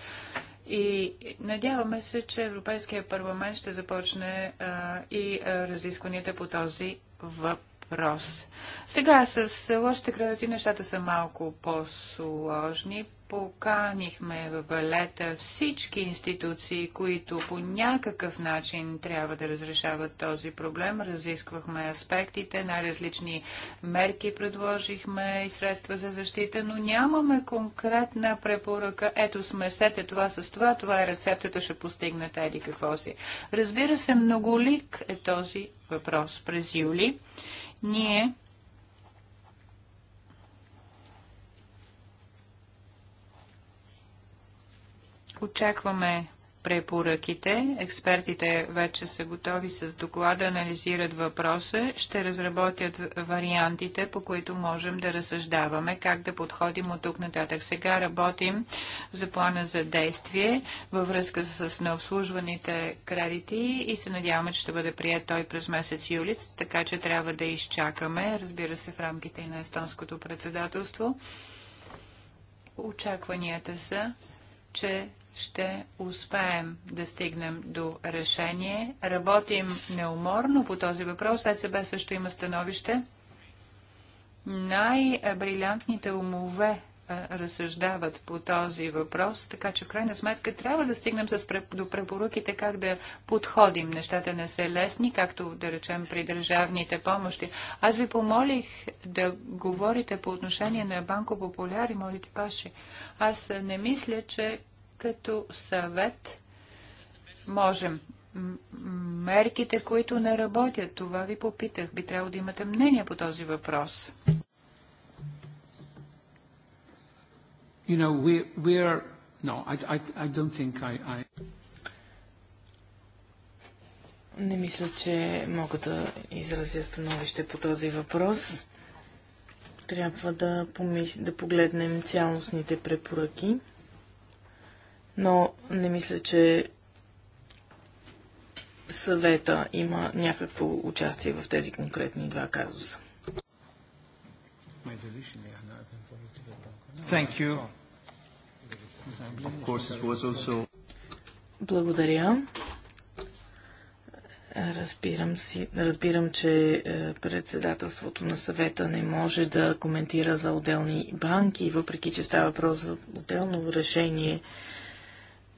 И надяваме се, че Европейския парламент ще започне а, и а, разискванията по този въпрос. Сега с лошите кредити нещата са малко по-сложни поканихме в балета всички институции, които по някакъв начин трябва да разрешават този проблем. Разисквахме аспектите, най-различни мерки предложихме и средства за защита, но нямаме конкретна препоръка. Ето смесете това с това, това е рецептата, ще постигнете еди какво си. Разбира се, многолик е този въпрос през юли. Ние Очакваме препоръките. Експертите вече са готови с доклада, анализират въпроса, ще разработят вариантите, по които можем да разсъждаваме как да подходим от тук нататък. Сега работим за плана за действие във връзка с необслужваните кредити и се надяваме, че ще бъде прият той през месец юли, така че трябва да изчакаме, разбира се, в рамките и на естонското председателство. Очакванията са, че ще успеем да стигнем до решение. Работим неуморно по този въпрос. ЕЦБ също има становище. Най-брилянтните умове разсъждават по този въпрос, така че в крайна сметка трябва да стигнем с, до препоръките как да подходим. Нещата не са лесни, както да речем при държавните помощи. Аз ви помолих да говорите по отношение на Банко Популяр и Молите Паши. Аз не мисля, че като съвет можем мерките, които не работят. Това ви попитах. Би трябвало да имате мнение по този въпрос. Не мисля, че мога да изразя становище по този въпрос. Трябва да, помис... да погледнем цялостните препоръки но не мисля, че съвета има някакво участие в тези конкретни два казуса. Also... Благодаря. Разбирам, си, разбирам, че е, председателството на съвета не може да коментира за отделни банки, въпреки че става въпрос за отделно решение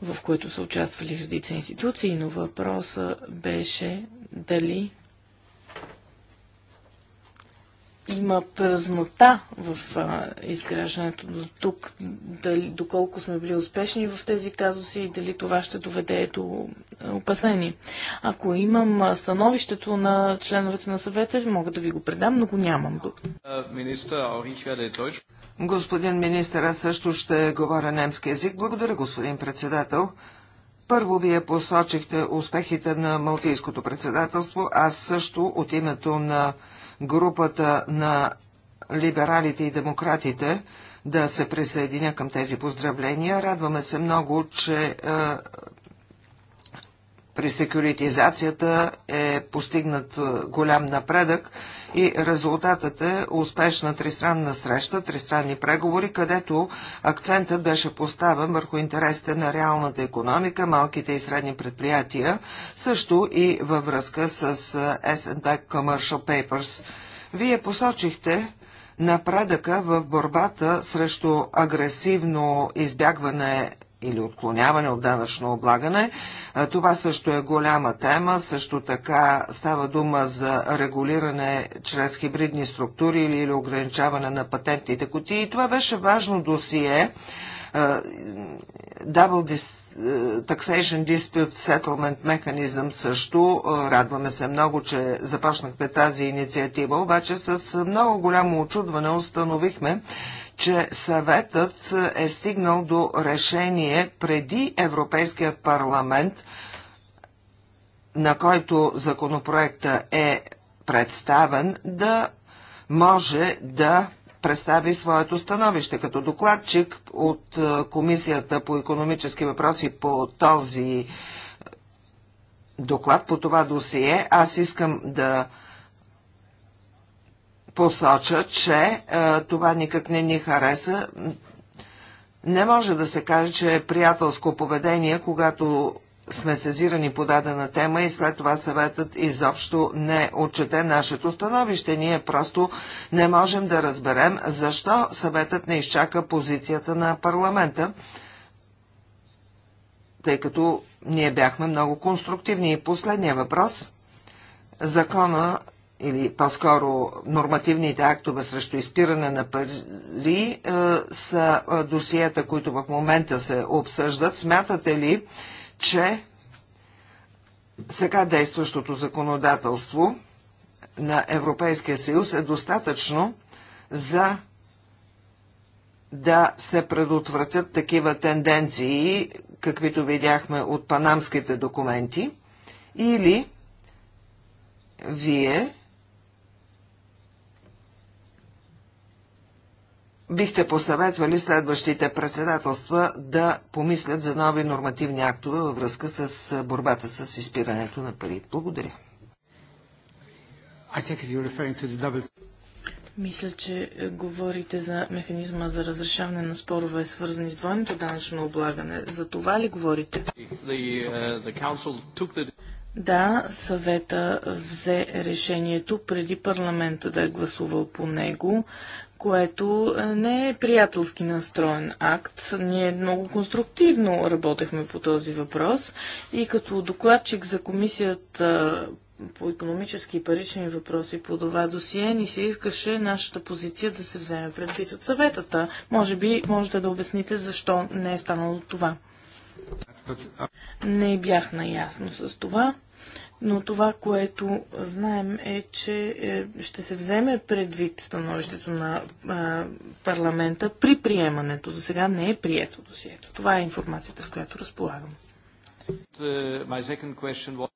в които са участвали редица институции, но въпросът беше дали има празнота в а, изграждането до тук, дали, доколко сме били успешни в тези казуси и дали това ще доведе до опасени. Ако имам становището на членовете на съвета, мога да ви го предам, но го нямам. Е господин министър, аз също ще говоря немски язик. Благодаря, господин председател. Първо вие посочихте успехите на Малтийското председателство. Аз също от името на групата на либералите и демократите да се присъединя към тези поздравления. Радваме се много, че е, при секюритизацията е постигнат е, голям напредък и резултатът е успешна тристранна среща, тристранни преговори, където акцентът беше поставен върху интересите на реалната економика, малките и средни предприятия, също и във връзка с S&P Commercial Papers. Вие посочихте, напредъка в борбата срещу агресивно избягване или отклоняване от данъчно облагане, това също е голяма тема. Също така става дума за регулиране чрез хибридни структури или ограничаване на патентните кутии. Това беше важно досие Double dis, Taxation Dispute Settlement Mechanism също. Радваме се много, че започнахте тази инициатива, обаче с много голямо очудване установихме, че съветът е стигнал до решение преди Европейският парламент, на който законопроекта е представен, да може да представи своето становище. Като докладчик от е, Комисията по економически въпроси по този е, доклад, по това досие, аз искам да посоча, че е, това никак не ни хареса. Не може да се каже, че е приятелско поведение, когато сме сезирани по дадена тема и след това съветът изобщо не отчете нашето становище. Ние просто не можем да разберем защо съветът не изчака позицията на парламента, тъй като ние бяхме много конструктивни. И последния въпрос. Закона или по-скоро нормативните актове срещу изпиране на пари е, са е, досиета, които в момента се обсъждат. Смятате ли, че сега действащото законодателство на Европейския съюз е достатъчно за да се предотвратят такива тенденции, каквито видяхме от панамските документи, или вие бихте посъветвали следващите председателства да помислят за нови нормативни актове във връзка с борбата с изпирането на пари? Благодаря. Мисля, че е, говорите за механизма за разрешаване на спорове, свързани с двойното данъчно облагане. За това ли говорите? The, uh, the... Да, съвета взе решението преди парламента да е гласувал по него което е, не е приятелски настроен акт. Ние много конструктивно работехме по този въпрос и като докладчик за комисията по економически и парични въпроси по това досие ни се искаше нашата позиция да се вземе предвид от съветата. Може би можете да обясните защо не е станало това. Не бях наясно с това но това, което знаем е, че е, ще се вземе предвид становището на парламента при приемането. За сега не е прието досието. Това е информацията, с която разполагам. Uh,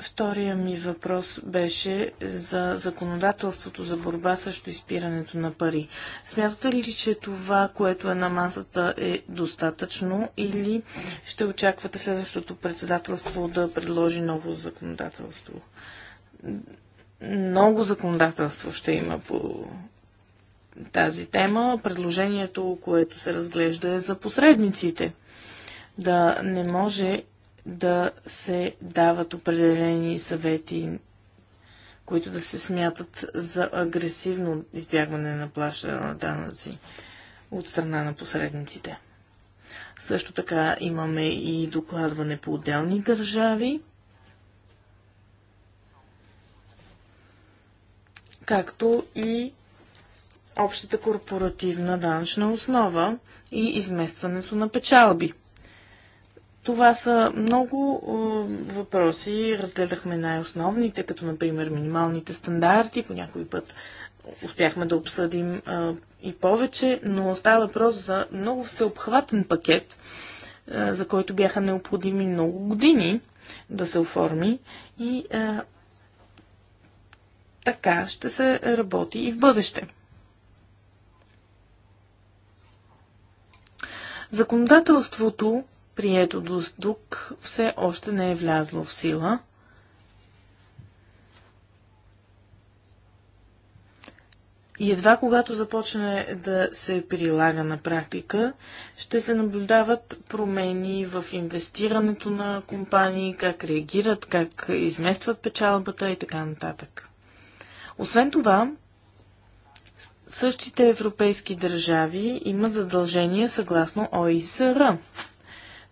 Втория ми въпрос беше за законодателството за борба срещу изпирането на пари. Смятате ли, че това, което е на масата, е достатъчно или ще очаквате следващото председателство да предложи ново законодателство? Много законодателство ще има по тази тема. Предложението, което се разглежда е за посредниците. Да не може да се дават определени съвети, които да се смятат за агресивно избягване на плащане на данъци от страна на посредниците. Също така имаме и докладване по отделни държави, както и общата корпоративна данъчна основа и изместването на печалби – това са много въпроси. Разгледахме най-основните, като например минималните стандарти. По някой път успяхме да обсъдим и повече, но става въпрос за много всеобхватен пакет, за който бяха необходими много години да се оформи и е, така ще се работи и в бъдеще. Законодателството прието до тук, все още не е влязло в сила. И едва когато започне да се прилага на практика, ще се наблюдават промени в инвестирането на компании, как реагират, как изместват печалбата и така нататък. Освен това, същите европейски държави имат задължения съгласно ОИСР.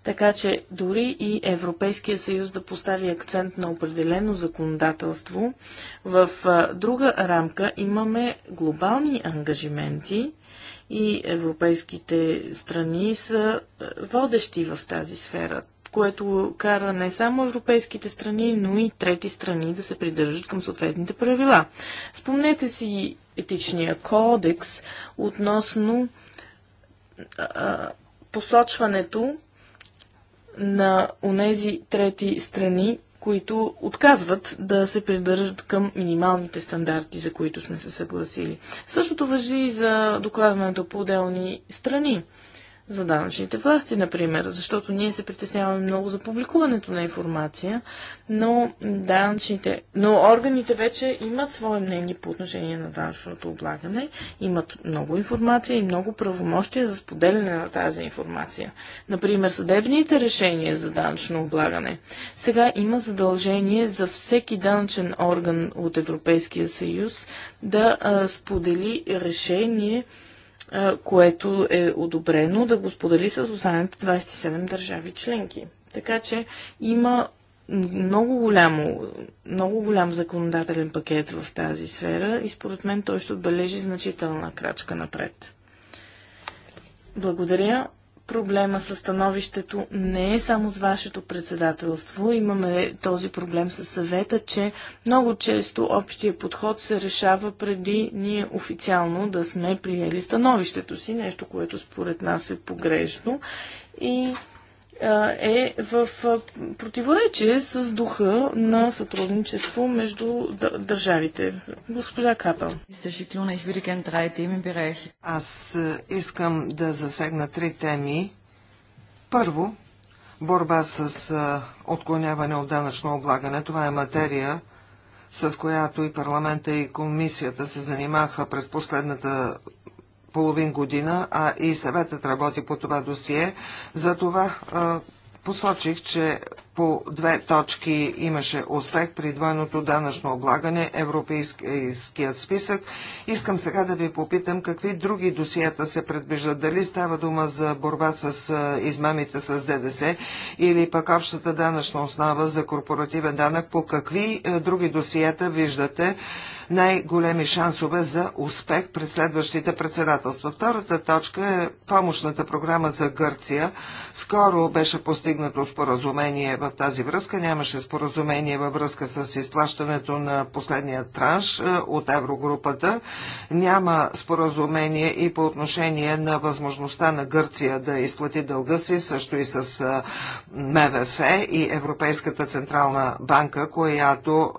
Така че дори и Европейския съюз да постави акцент на определено законодателство, в друга рамка имаме глобални ангажименти и европейските страни са водещи в тази сфера което кара не само европейските страни, но и трети страни да се придържат към съответните правила. Спомнете си етичния кодекс относно а, посочването на онези трети страни, които отказват да се придържат към минималните стандарти, за които сме се съгласили. Същото въжи и за докладването по отделни страни за данъчните власти, например, защото ние се притесняваме много за публикуването на информация, но, данъчните, но органите вече имат свое мнение по отношение на данъчното облагане, имат много информация и много правомощия за споделяне на тази информация. Например, съдебните решения за данъчно облагане. Сега има задължение за всеки данъчен орган от Европейския съюз да а, сподели решение, което е одобрено да го сподели с останалите 27 държави членки. Така че има много, голямо, много голям законодателен пакет в тази сфера и според мен той ще отбележи значителна крачка напред. Благодаря. Проблема с становището не е само с вашето председателство. Имаме този проблем с съвета, че много често общия подход се решава преди ние официално да сме приели становището си, нещо, което според нас е погрешно. И е в противоречие с духа на сътрудничество между държавите. Госпожа Капел. Аз искам да засегна три теми. Първо, борба с отклоняване от данъчно облагане. Това е материя, с която и парламента и комисията се занимаха през последната половин година, а и съветът работи по това досие. За това посочих, че по две точки имаше успех при двойното данъчно облагане, европейският списък. Искам сега да ви попитам какви други досията се предвиждат. Дали става дума за борба с измамите с ДДС или пък общата данъчна основа за корпоративен данък. По какви други досията виждате най-големи шансове за успех през следващите председателства. Втората точка е помощната програма за Гърция. Скоро беше постигнато споразумение в тази връзка. Нямаше споразумение във връзка с изплащането на последния транш е, от еврогрупата. Няма споразумение и по отношение на възможността на Гърция да изплати дълга си, също и с е, МВФ и Европейската централна банка, която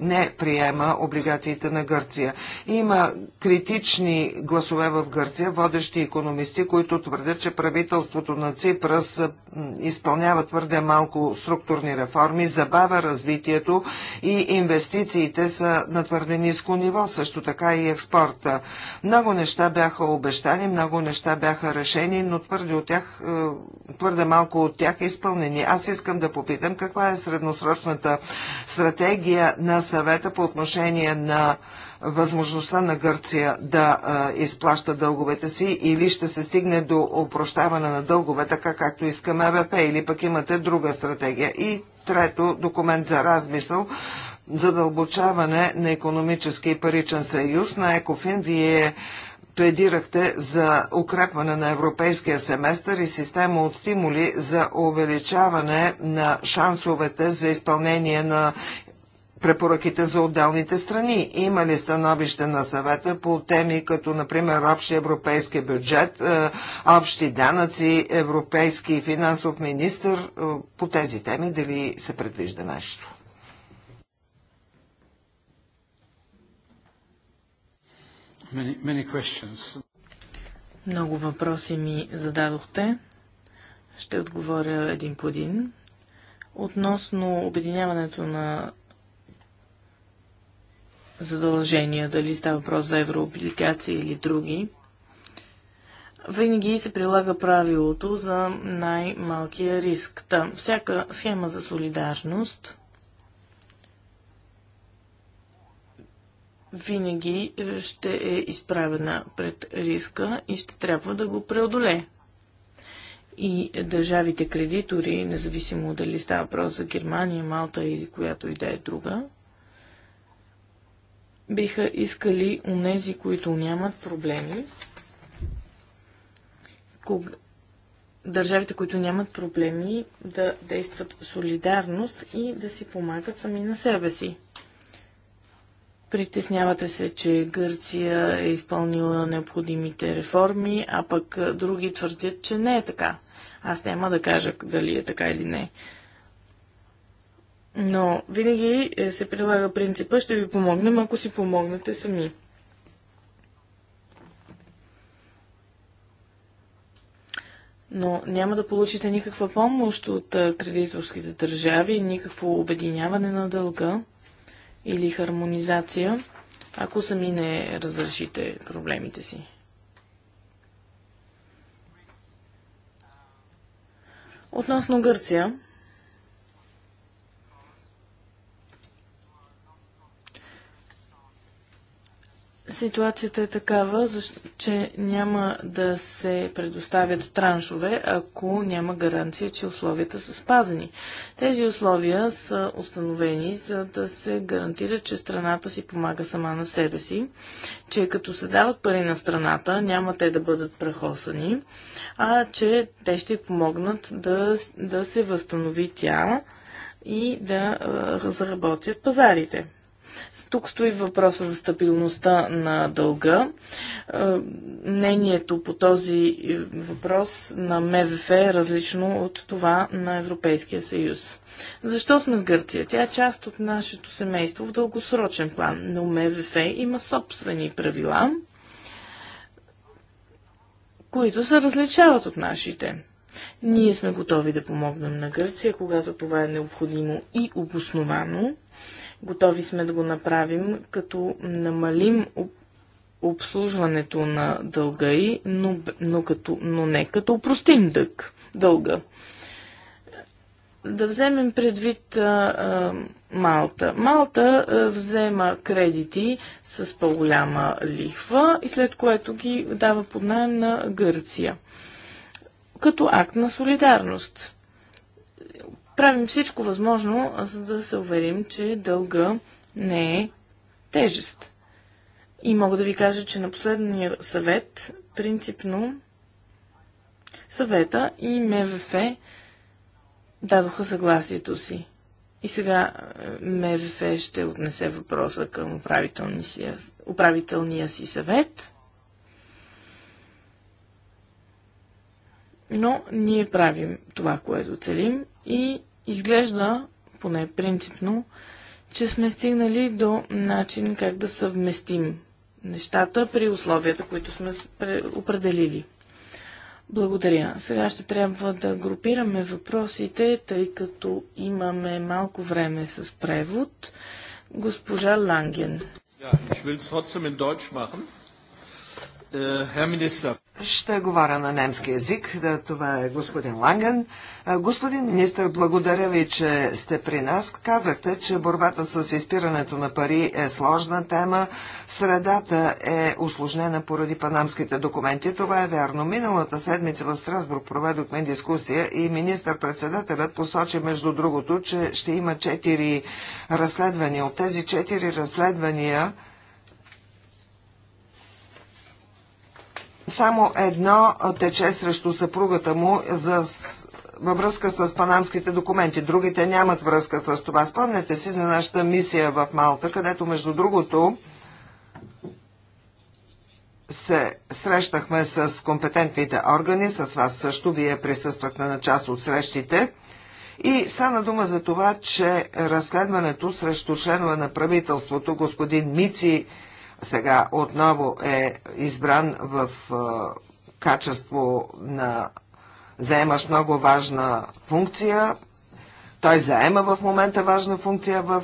е, не приема облигации инвестициите на Гърция. Има критични гласове в Гърция, водещи економисти, които твърдят, че правителството на Ципрас изпълнява твърде малко структурни реформи, забавя развитието и инвестициите са на твърде ниско ниво, също така и експорта. Много неща бяха обещани, много неща бяха решени, но твърде, от тях, е, твърде малко от тях е изпълнени. Аз искам да попитам каква е средносрочната стратегия на съвета по отношение на възможността на Гърция да а, изплаща дълговете си или ще се стигне до опрощаване на дългове, така както искаме ВП или пък имате друга стратегия. И трето, документ за размисъл, задълбочаване на економически и паричен съюз. На Екофин вие предирахте за укрепване на европейския семестър и система от стимули за увеличаване на шансовете за изпълнение на препоръките за отделните страни? Има ли становище на съвета по теми като, например, общи европейски бюджет, е, общи данъци, европейски финансов министр? Е, по тези теми дали се предвижда нещо? Many, many Много въпроси ми зададохте. Ще отговоря един по един. Относно обединяването на задължения, дали става въпрос за еврооблигации или други, винаги се прилага правилото за най-малкия риск. Та, всяка схема за солидарност винаги е, ще е изправена пред риска и ще трябва да го преодолее. И държавите кредитори, независимо дали става въпрос за Германия, Малта или която и да е друга, биха искали унези, които нямат проблеми, кога... държавите, които нямат проблеми, да действат солидарност и да си помагат сами на себе си. Притеснявате се, че Гърция е изпълнила необходимите реформи, а пък други твърдят, че не е така. Аз няма да кажа дали е така или не. Но винаги е, се прилага принципа, ще ви помогнем, ако си помогнете сами. но няма да получите никаква помощ от е, кредиторските държави, никакво обединяване на дълга или хармонизация, ако сами не разрешите проблемите си. Относно Гърция, Ситуацията е такава, че няма да се предоставят траншове, ако няма гаранция, че условията са спазени. Тези условия са установени, за да се гарантира, че страната си помага сама на себе си, че като се дават пари на страната, няма те да бъдат прехосани, а че те ще помогнат да, да се възстанови тя и да заработят пазарите. Тук стои въпроса за стабилността на дълга. Е, мнението по този въпрос на МВФ е различно от това на Европейския съюз. Защо сме с Гърция? Тя е част от нашето семейство в дългосрочен план, но МВФ има собствени правила, които се различават от нашите. Ние сме готови да помогнем на Гърция, когато това е необходимо и обосновано, Готови сме да го направим, като намалим обслужването на дълга и, но, но, като, но не като упростим дъг, дълга. Да вземем предвид а, а, Малта. Малта а, взема кредити с по-голяма лихва и след което ги дава под найем на Гърция. Като акт на солидарност правим всичко възможно, за да се уверим, че дълга не е тежест. И мога да ви кажа, че на последния съвет, принципно, съвета и МВФ дадоха съгласието си. И сега е, МВФ ще отнесе въпроса към управителния си, съвет. Но ние правим това, което целим и Изглежда, поне принципно, че сме стигнали до начин как да съвместим нещата при условията, които сме определили. Благодаря. Сега ще трябва да групираме въпросите, тъй като имаме малко време с превод. Госпожа Ланген. Ja, ich will es trotzdem in Deutsch machen. Äh, Herr Minister. Ще говоря на немски язик. Да, това е господин Ланген. Господин министр, благодаря ви, че сте при нас. Казахте, че борбата с изпирането на пари е сложна тема. Средата е осложнена поради панамските документи. Това е вярно. Миналата седмица в Страсбург проведохме дискусия и министр-председателят посочи, между другото, че ще има четири разследвания. От тези четири разследвания само едно тече срещу съпругата му за във връзка с панамските документи. Другите нямат връзка с това. Спомнете си за нашата мисия в Малта, където между другото се срещахме с компетентните органи, с вас също, вие присъствахте на част от срещите. И стана дума за това, че разследването срещу членове на правителството, господин Мици, сега отново е избран в качество на заемаш много важна функция. Той заема в момента важна функция в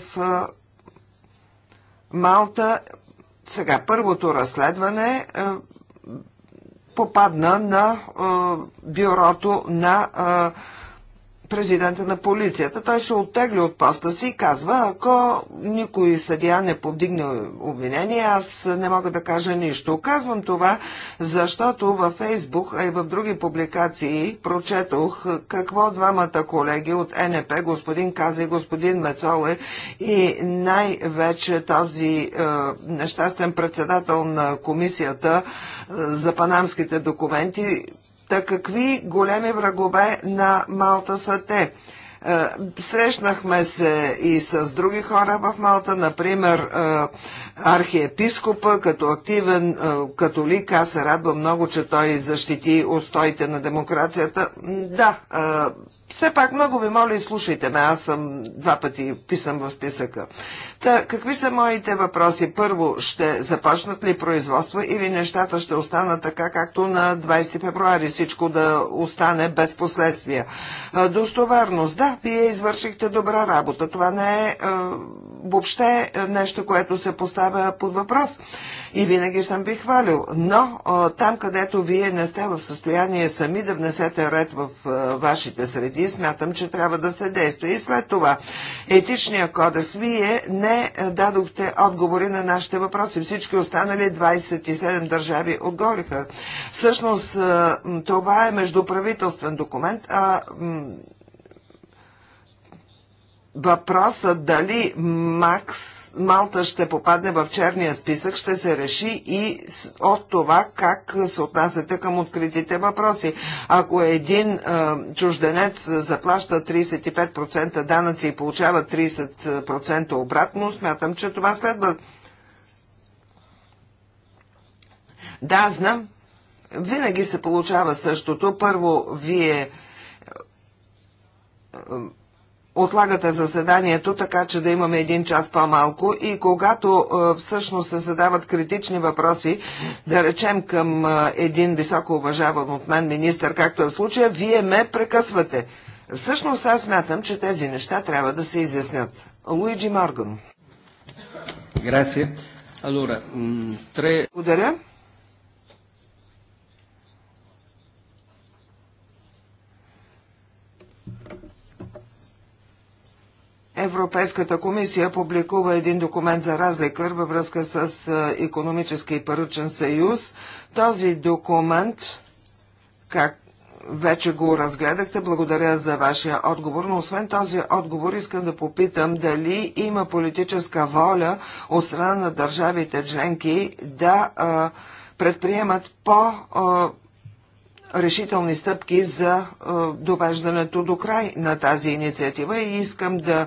Малта. Сега първото разследване попадна на бюрото на президента на полицията. Той се оттегли от поста си и казва, ако никой съдия не повдигне обвинение, аз не мога да кажа нищо. Казвам това, защото във Фейсбук, а и в други публикации прочетох какво двамата колеги от НП, господин Каза и господин Мецоле и най-вече този е, нещастен председател на комисията е, за панамските документи Та какви големи врагове на Малта са те? Е, срещнахме се и с други хора в Малта, например е, архиепископа, като активен е, католик. Аз се радвам много, че той защити устоите на демокрацията. Да, все пак много ви моля и слушайте ме, аз съм два пъти писан в списъка. Та, какви са моите въпроси? Първо, ще започнат ли производство или нещата ще останат така, както на 20 февруари всичко да остане без последствия? Достоверност. Да, вие извършихте добра работа. Това не е, е въобще е, нещо, което се поставя под въпрос. И винаги съм би хвалил. Но там, където вие не сте в състояние сами да внесете ред в вашите среди, смятам, че трябва да се действа. И след това, етичния кодекс, вие не е, дадохте отговори на нашите въпроси. Всички останали 27 държави отгориха. Всъщност, е, това е междуправителствен документ, а въпроса дали Макс Малта ще попадне в черния списък, ще се реши и от това как се отнасяте към откритите въпроси. Ако един е, чужденец заплаща 35% данъци и получава 30% обратно, смятам, че това следва. Да, знам. Винаги се получава същото. Първо, вие е, е, отлагате заседанието, така че да имаме един час по-малко и когато е, всъщност се задават критични въпроси, да речем към е, един високо уважаван от мен министр, както е в случая, вие ме прекъсвате. Всъщност аз смятам, че тези неща трябва да се изяснят. Луиджи Морган. Грация. Allora, tre... Благодаря. Европейската комисия публикува един документ за разлика във връзка с економически и паричен съюз. Този документ, как вече го разгледахте, благодаря за вашия отговор, но освен този отговор искам да попитам дали има политическа воля от страна на държавите членки да а, предприемат по а, решителни стъпки за довеждането до край на тази инициатива и искам да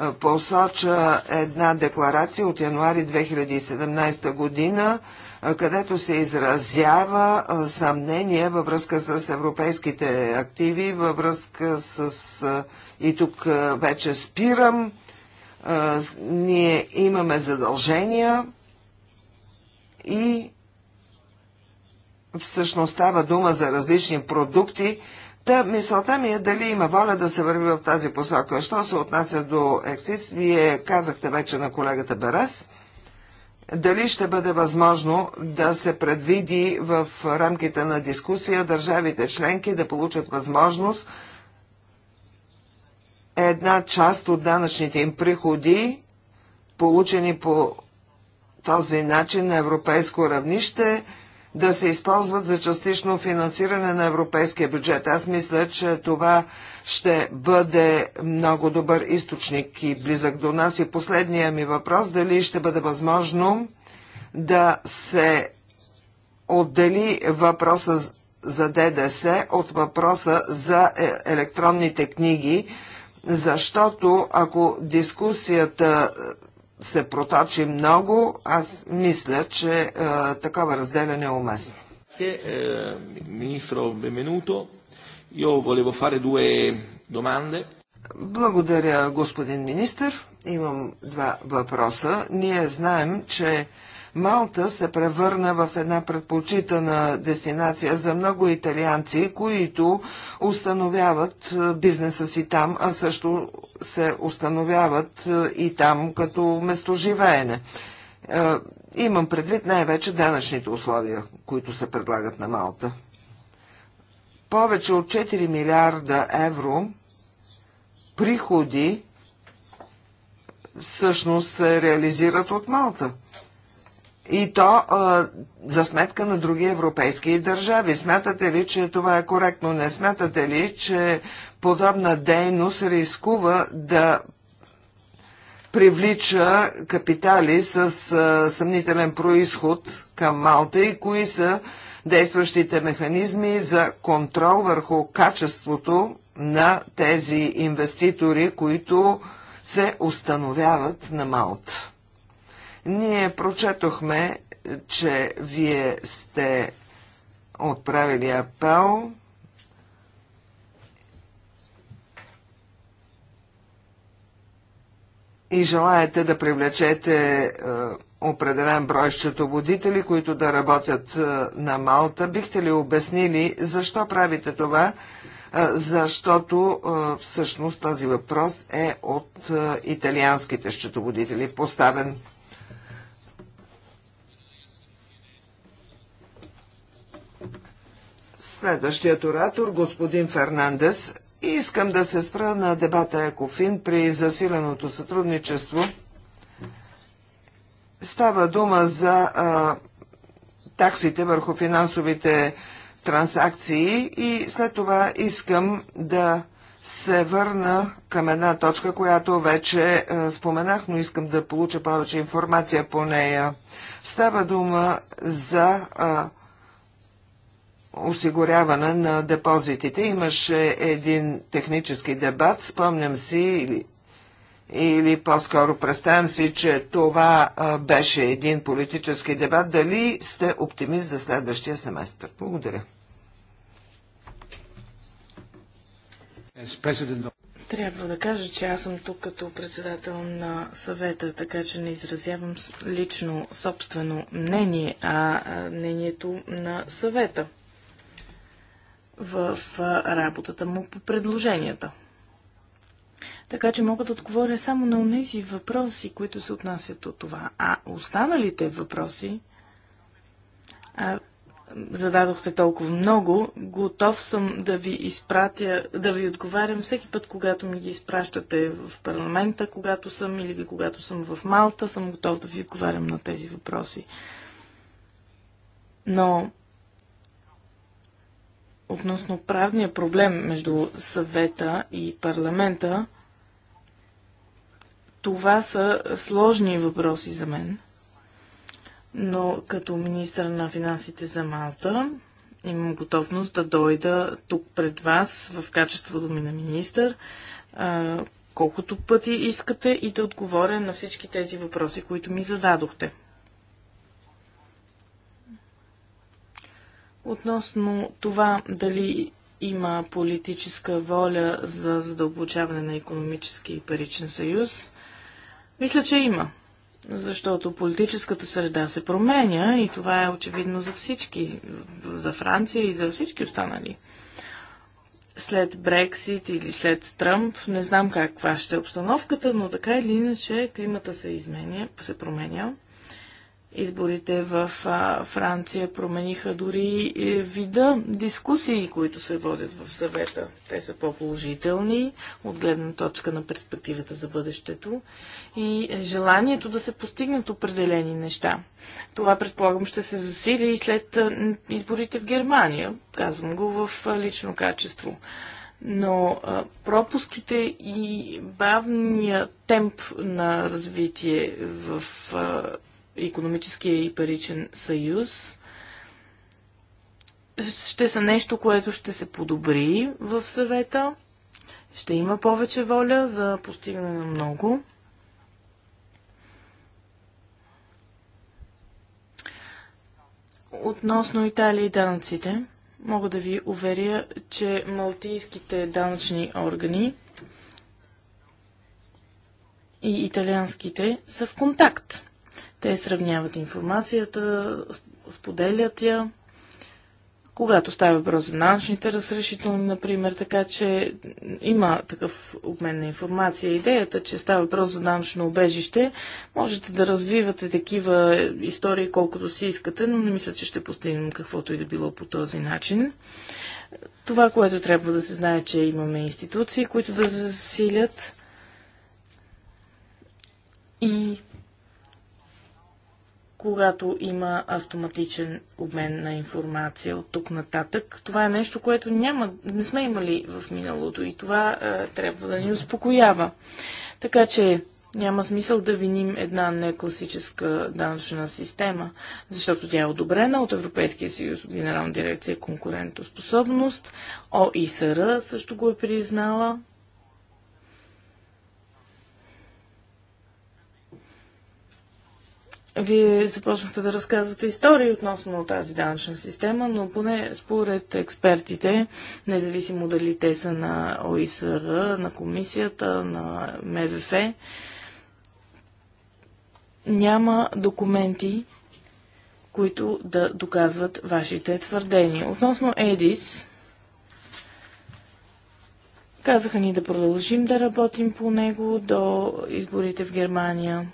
е, посоча една декларация от януари 2017 година, е, където се изразява е, съмнение във връзка с европейските активи, във връзка с... И тук вече спирам. Ние имаме задължения и всъщност става дума за различни продукти, Та мисълта ми е дали има воля да се върви в тази посока. Що се отнася до ексис, вие казахте вече на колегата Берес, дали ще бъде възможно да се предвиди в рамките на дискусия държавите членки да получат възможност една част от данъчните им приходи, получени по този начин на европейско равнище, да се използват за частично финансиране на европейския бюджет. Аз мисля, че това ще бъде много добър източник и близък до нас. И последния ми въпрос, дали ще бъде възможно да се отдели въпроса за ДДС от въпроса за е, електронните книги, защото ако дискусията се проточи много, аз мисля, че е, такова разделяне е уместно. Е, е, министро, бенвенуто. Io volevo fare due domande. Благодаря, господин министр. Имам два въпроса. Ние знаем, че Малта се превърна в една предпочитана дестинация за много италианци, които установяват е, бизнеса си там, а също се установяват е, и там като местоживеене. Е, имам предвид най-вече данъчните условия, които се предлагат на Малта. Повече от 4 милиарда евро приходи всъщност се реализират от Малта и то а, за сметка на други европейски държави. Смятате ли, че това е коректно? Не смятате ли, че подобна дейност рискува да привлича капитали с а, съмнителен происход към Малта и кои са действащите механизми за контрол върху качеството на тези инвеститори, които се установяват на Малта? Ние прочетохме, че вие сте отправили апел и желаете да привлечете е, определен брой счетоводители, които да работят е, на Малта. Бихте ли обяснили защо правите това? Е, защото всъщност този въпрос е от италианските счетоводители поставен. Следващият оратор, господин Фернандес, и искам да се спра на дебата Екофин при засиленото сътрудничество. Става дума за а, таксите върху финансовите транзакции и след това искам да се върна към една точка, която вече а, споменах, но искам да получа повече информация по нея. Става дума за а, осигуряване на депозитите. Имаше един технически дебат, спомням си, или, или по-скоро представям си, че това а, беше един политически дебат. Дали сте оптимист за следващия семестър? Благодаря. Трябва да кажа, че аз съм тук като председател на съвета, така че не изразявам лично собствено мнение, а мнението на съвета в работата му по предложенията. Така че мога да отговоря само на тези въпроси, които се отнасят от това. А останалите въпроси, а, зададохте толкова много, готов съм да ви изпратя, да ви отговарям всеки път, когато ми ги изпращате в парламента, когато съм или когато съм в Малта, съм готов да ви отговарям на тези въпроси. Но относно правния проблем между съвета и парламента, това са сложни въпроси за мен. Но като министър на финансите за Малта, имам готовност да дойда тук пред вас в качеството ми на министър, колкото пъти искате и да отговоря на всички тези въпроси, които ми зададохте. Относно това дали има политическа воля за задълбочаване на економически и паричен съюз, мисля, че има. Защото политическата среда се променя и това е очевидно за всички, за Франция и за всички останали. След Брексит или след Тръмп, не знам каква ще е обстановката, но така или иначе климата се изменя, се променя изборите в Франция промениха дори е, вида дискусии, които се водят в съвета. Те са по-положителни от гледна точка на перспективата за бъдещето и е, желанието да се постигнат определени неща. Това, предполагам, ще се засили и след е, изборите в Германия. Казвам го в лично качество но а, пропуските и бавния темп на развитие в а, економическия и паричен съюз ще са нещо, което ще се подобри в съвета. Ще има повече воля за постигане на много. Относно Италия и данъците, мога да ви уверя, че малтийските данъчни органи и италианските са в контакт. Те сравняват информацията, споделят я, когато става въпрос за научните разрешителни, например, така че има такъв обмен на информация. Идеята, че става въпрос за данъчно обежище, можете да развивате такива истории колкото си искате, но не мисля, че ще постигнем каквото и да било по този начин. Това, което трябва да се знае, че имаме институции, които да засилят и когато има автоматичен обмен на информация от тук нататък. Това е нещо, което няма, не сме имали в миналото и това е, трябва да ни успокоява. Така че няма смисъл да виним една некласическа данъчна система, защото тя е одобрена от Европейския съюз, от Генерална дирекция конкурентоспособност. ОИСР също го е признала Вие започнахте да разказвате истории относно тази данъчна система, но поне според експертите, независимо дали те са на ОИСР, на комисията, на МВФ, няма документи, които да доказват вашите твърдения. Относно ЕДИС, казаха ни да продължим да работим по него до изборите в Германия.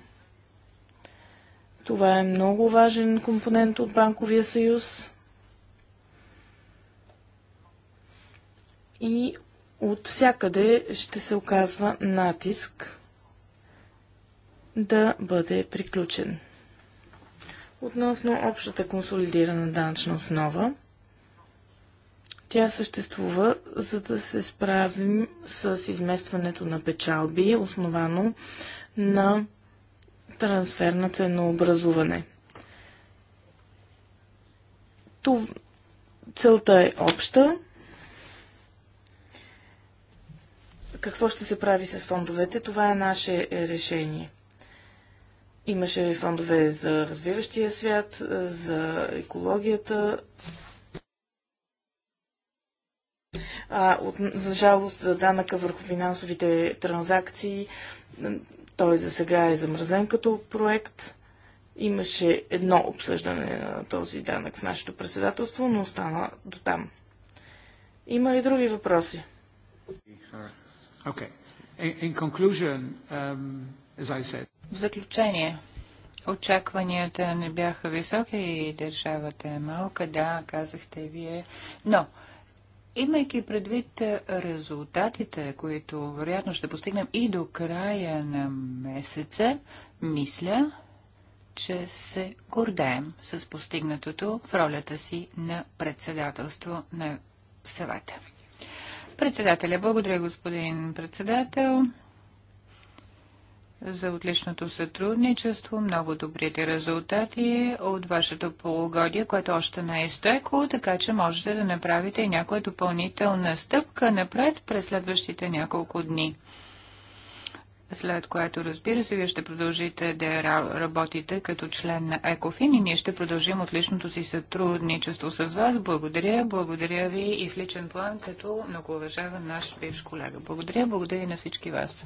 Това е много важен компонент от Банковия съюз и от всякъде ще се оказва натиск да бъде приключен. Относно общата консолидирана данъчна основа, тя съществува за да се справим с изместването на печалби, основано на трансфер на ценообразуване. Целта е обща. Какво ще се прави с фондовете? Това е наше решение. Имаше фондове за развиващия свят, за екологията. А, от, за жалост, данъка върху финансовите транзакции той за сега е замразен като проект. Имаше едно обсъждане на този данък в нашето председателство, но остана до там. Има ли други въпроси? Okay. In conclusion, um, as I said... В заключение, очакванията не бяха високи и държавата е малка, да, казахте вие, но Имайки предвид е, резултатите, които вероятно ще постигнем и до края на месеца, мисля, че се гордеем с постигнатото в ролята си на председателство на съвета. Председателя, благодаря господин председател за отличното сътрудничество, много добрите резултати от вашето полугодие, което още не е изтекло, така че можете да направите и някоя допълнителна стъпка напред през следващите няколко дни. След което, разбира се, вие ще продължите да работите като член на ЕКОФИН и ние ще продължим отличното си сътрудничество с вас. Благодаря, благодаря ви и в личен план като многоуважаван наш бивш колега. Благодаря, благодаря и на всички вас.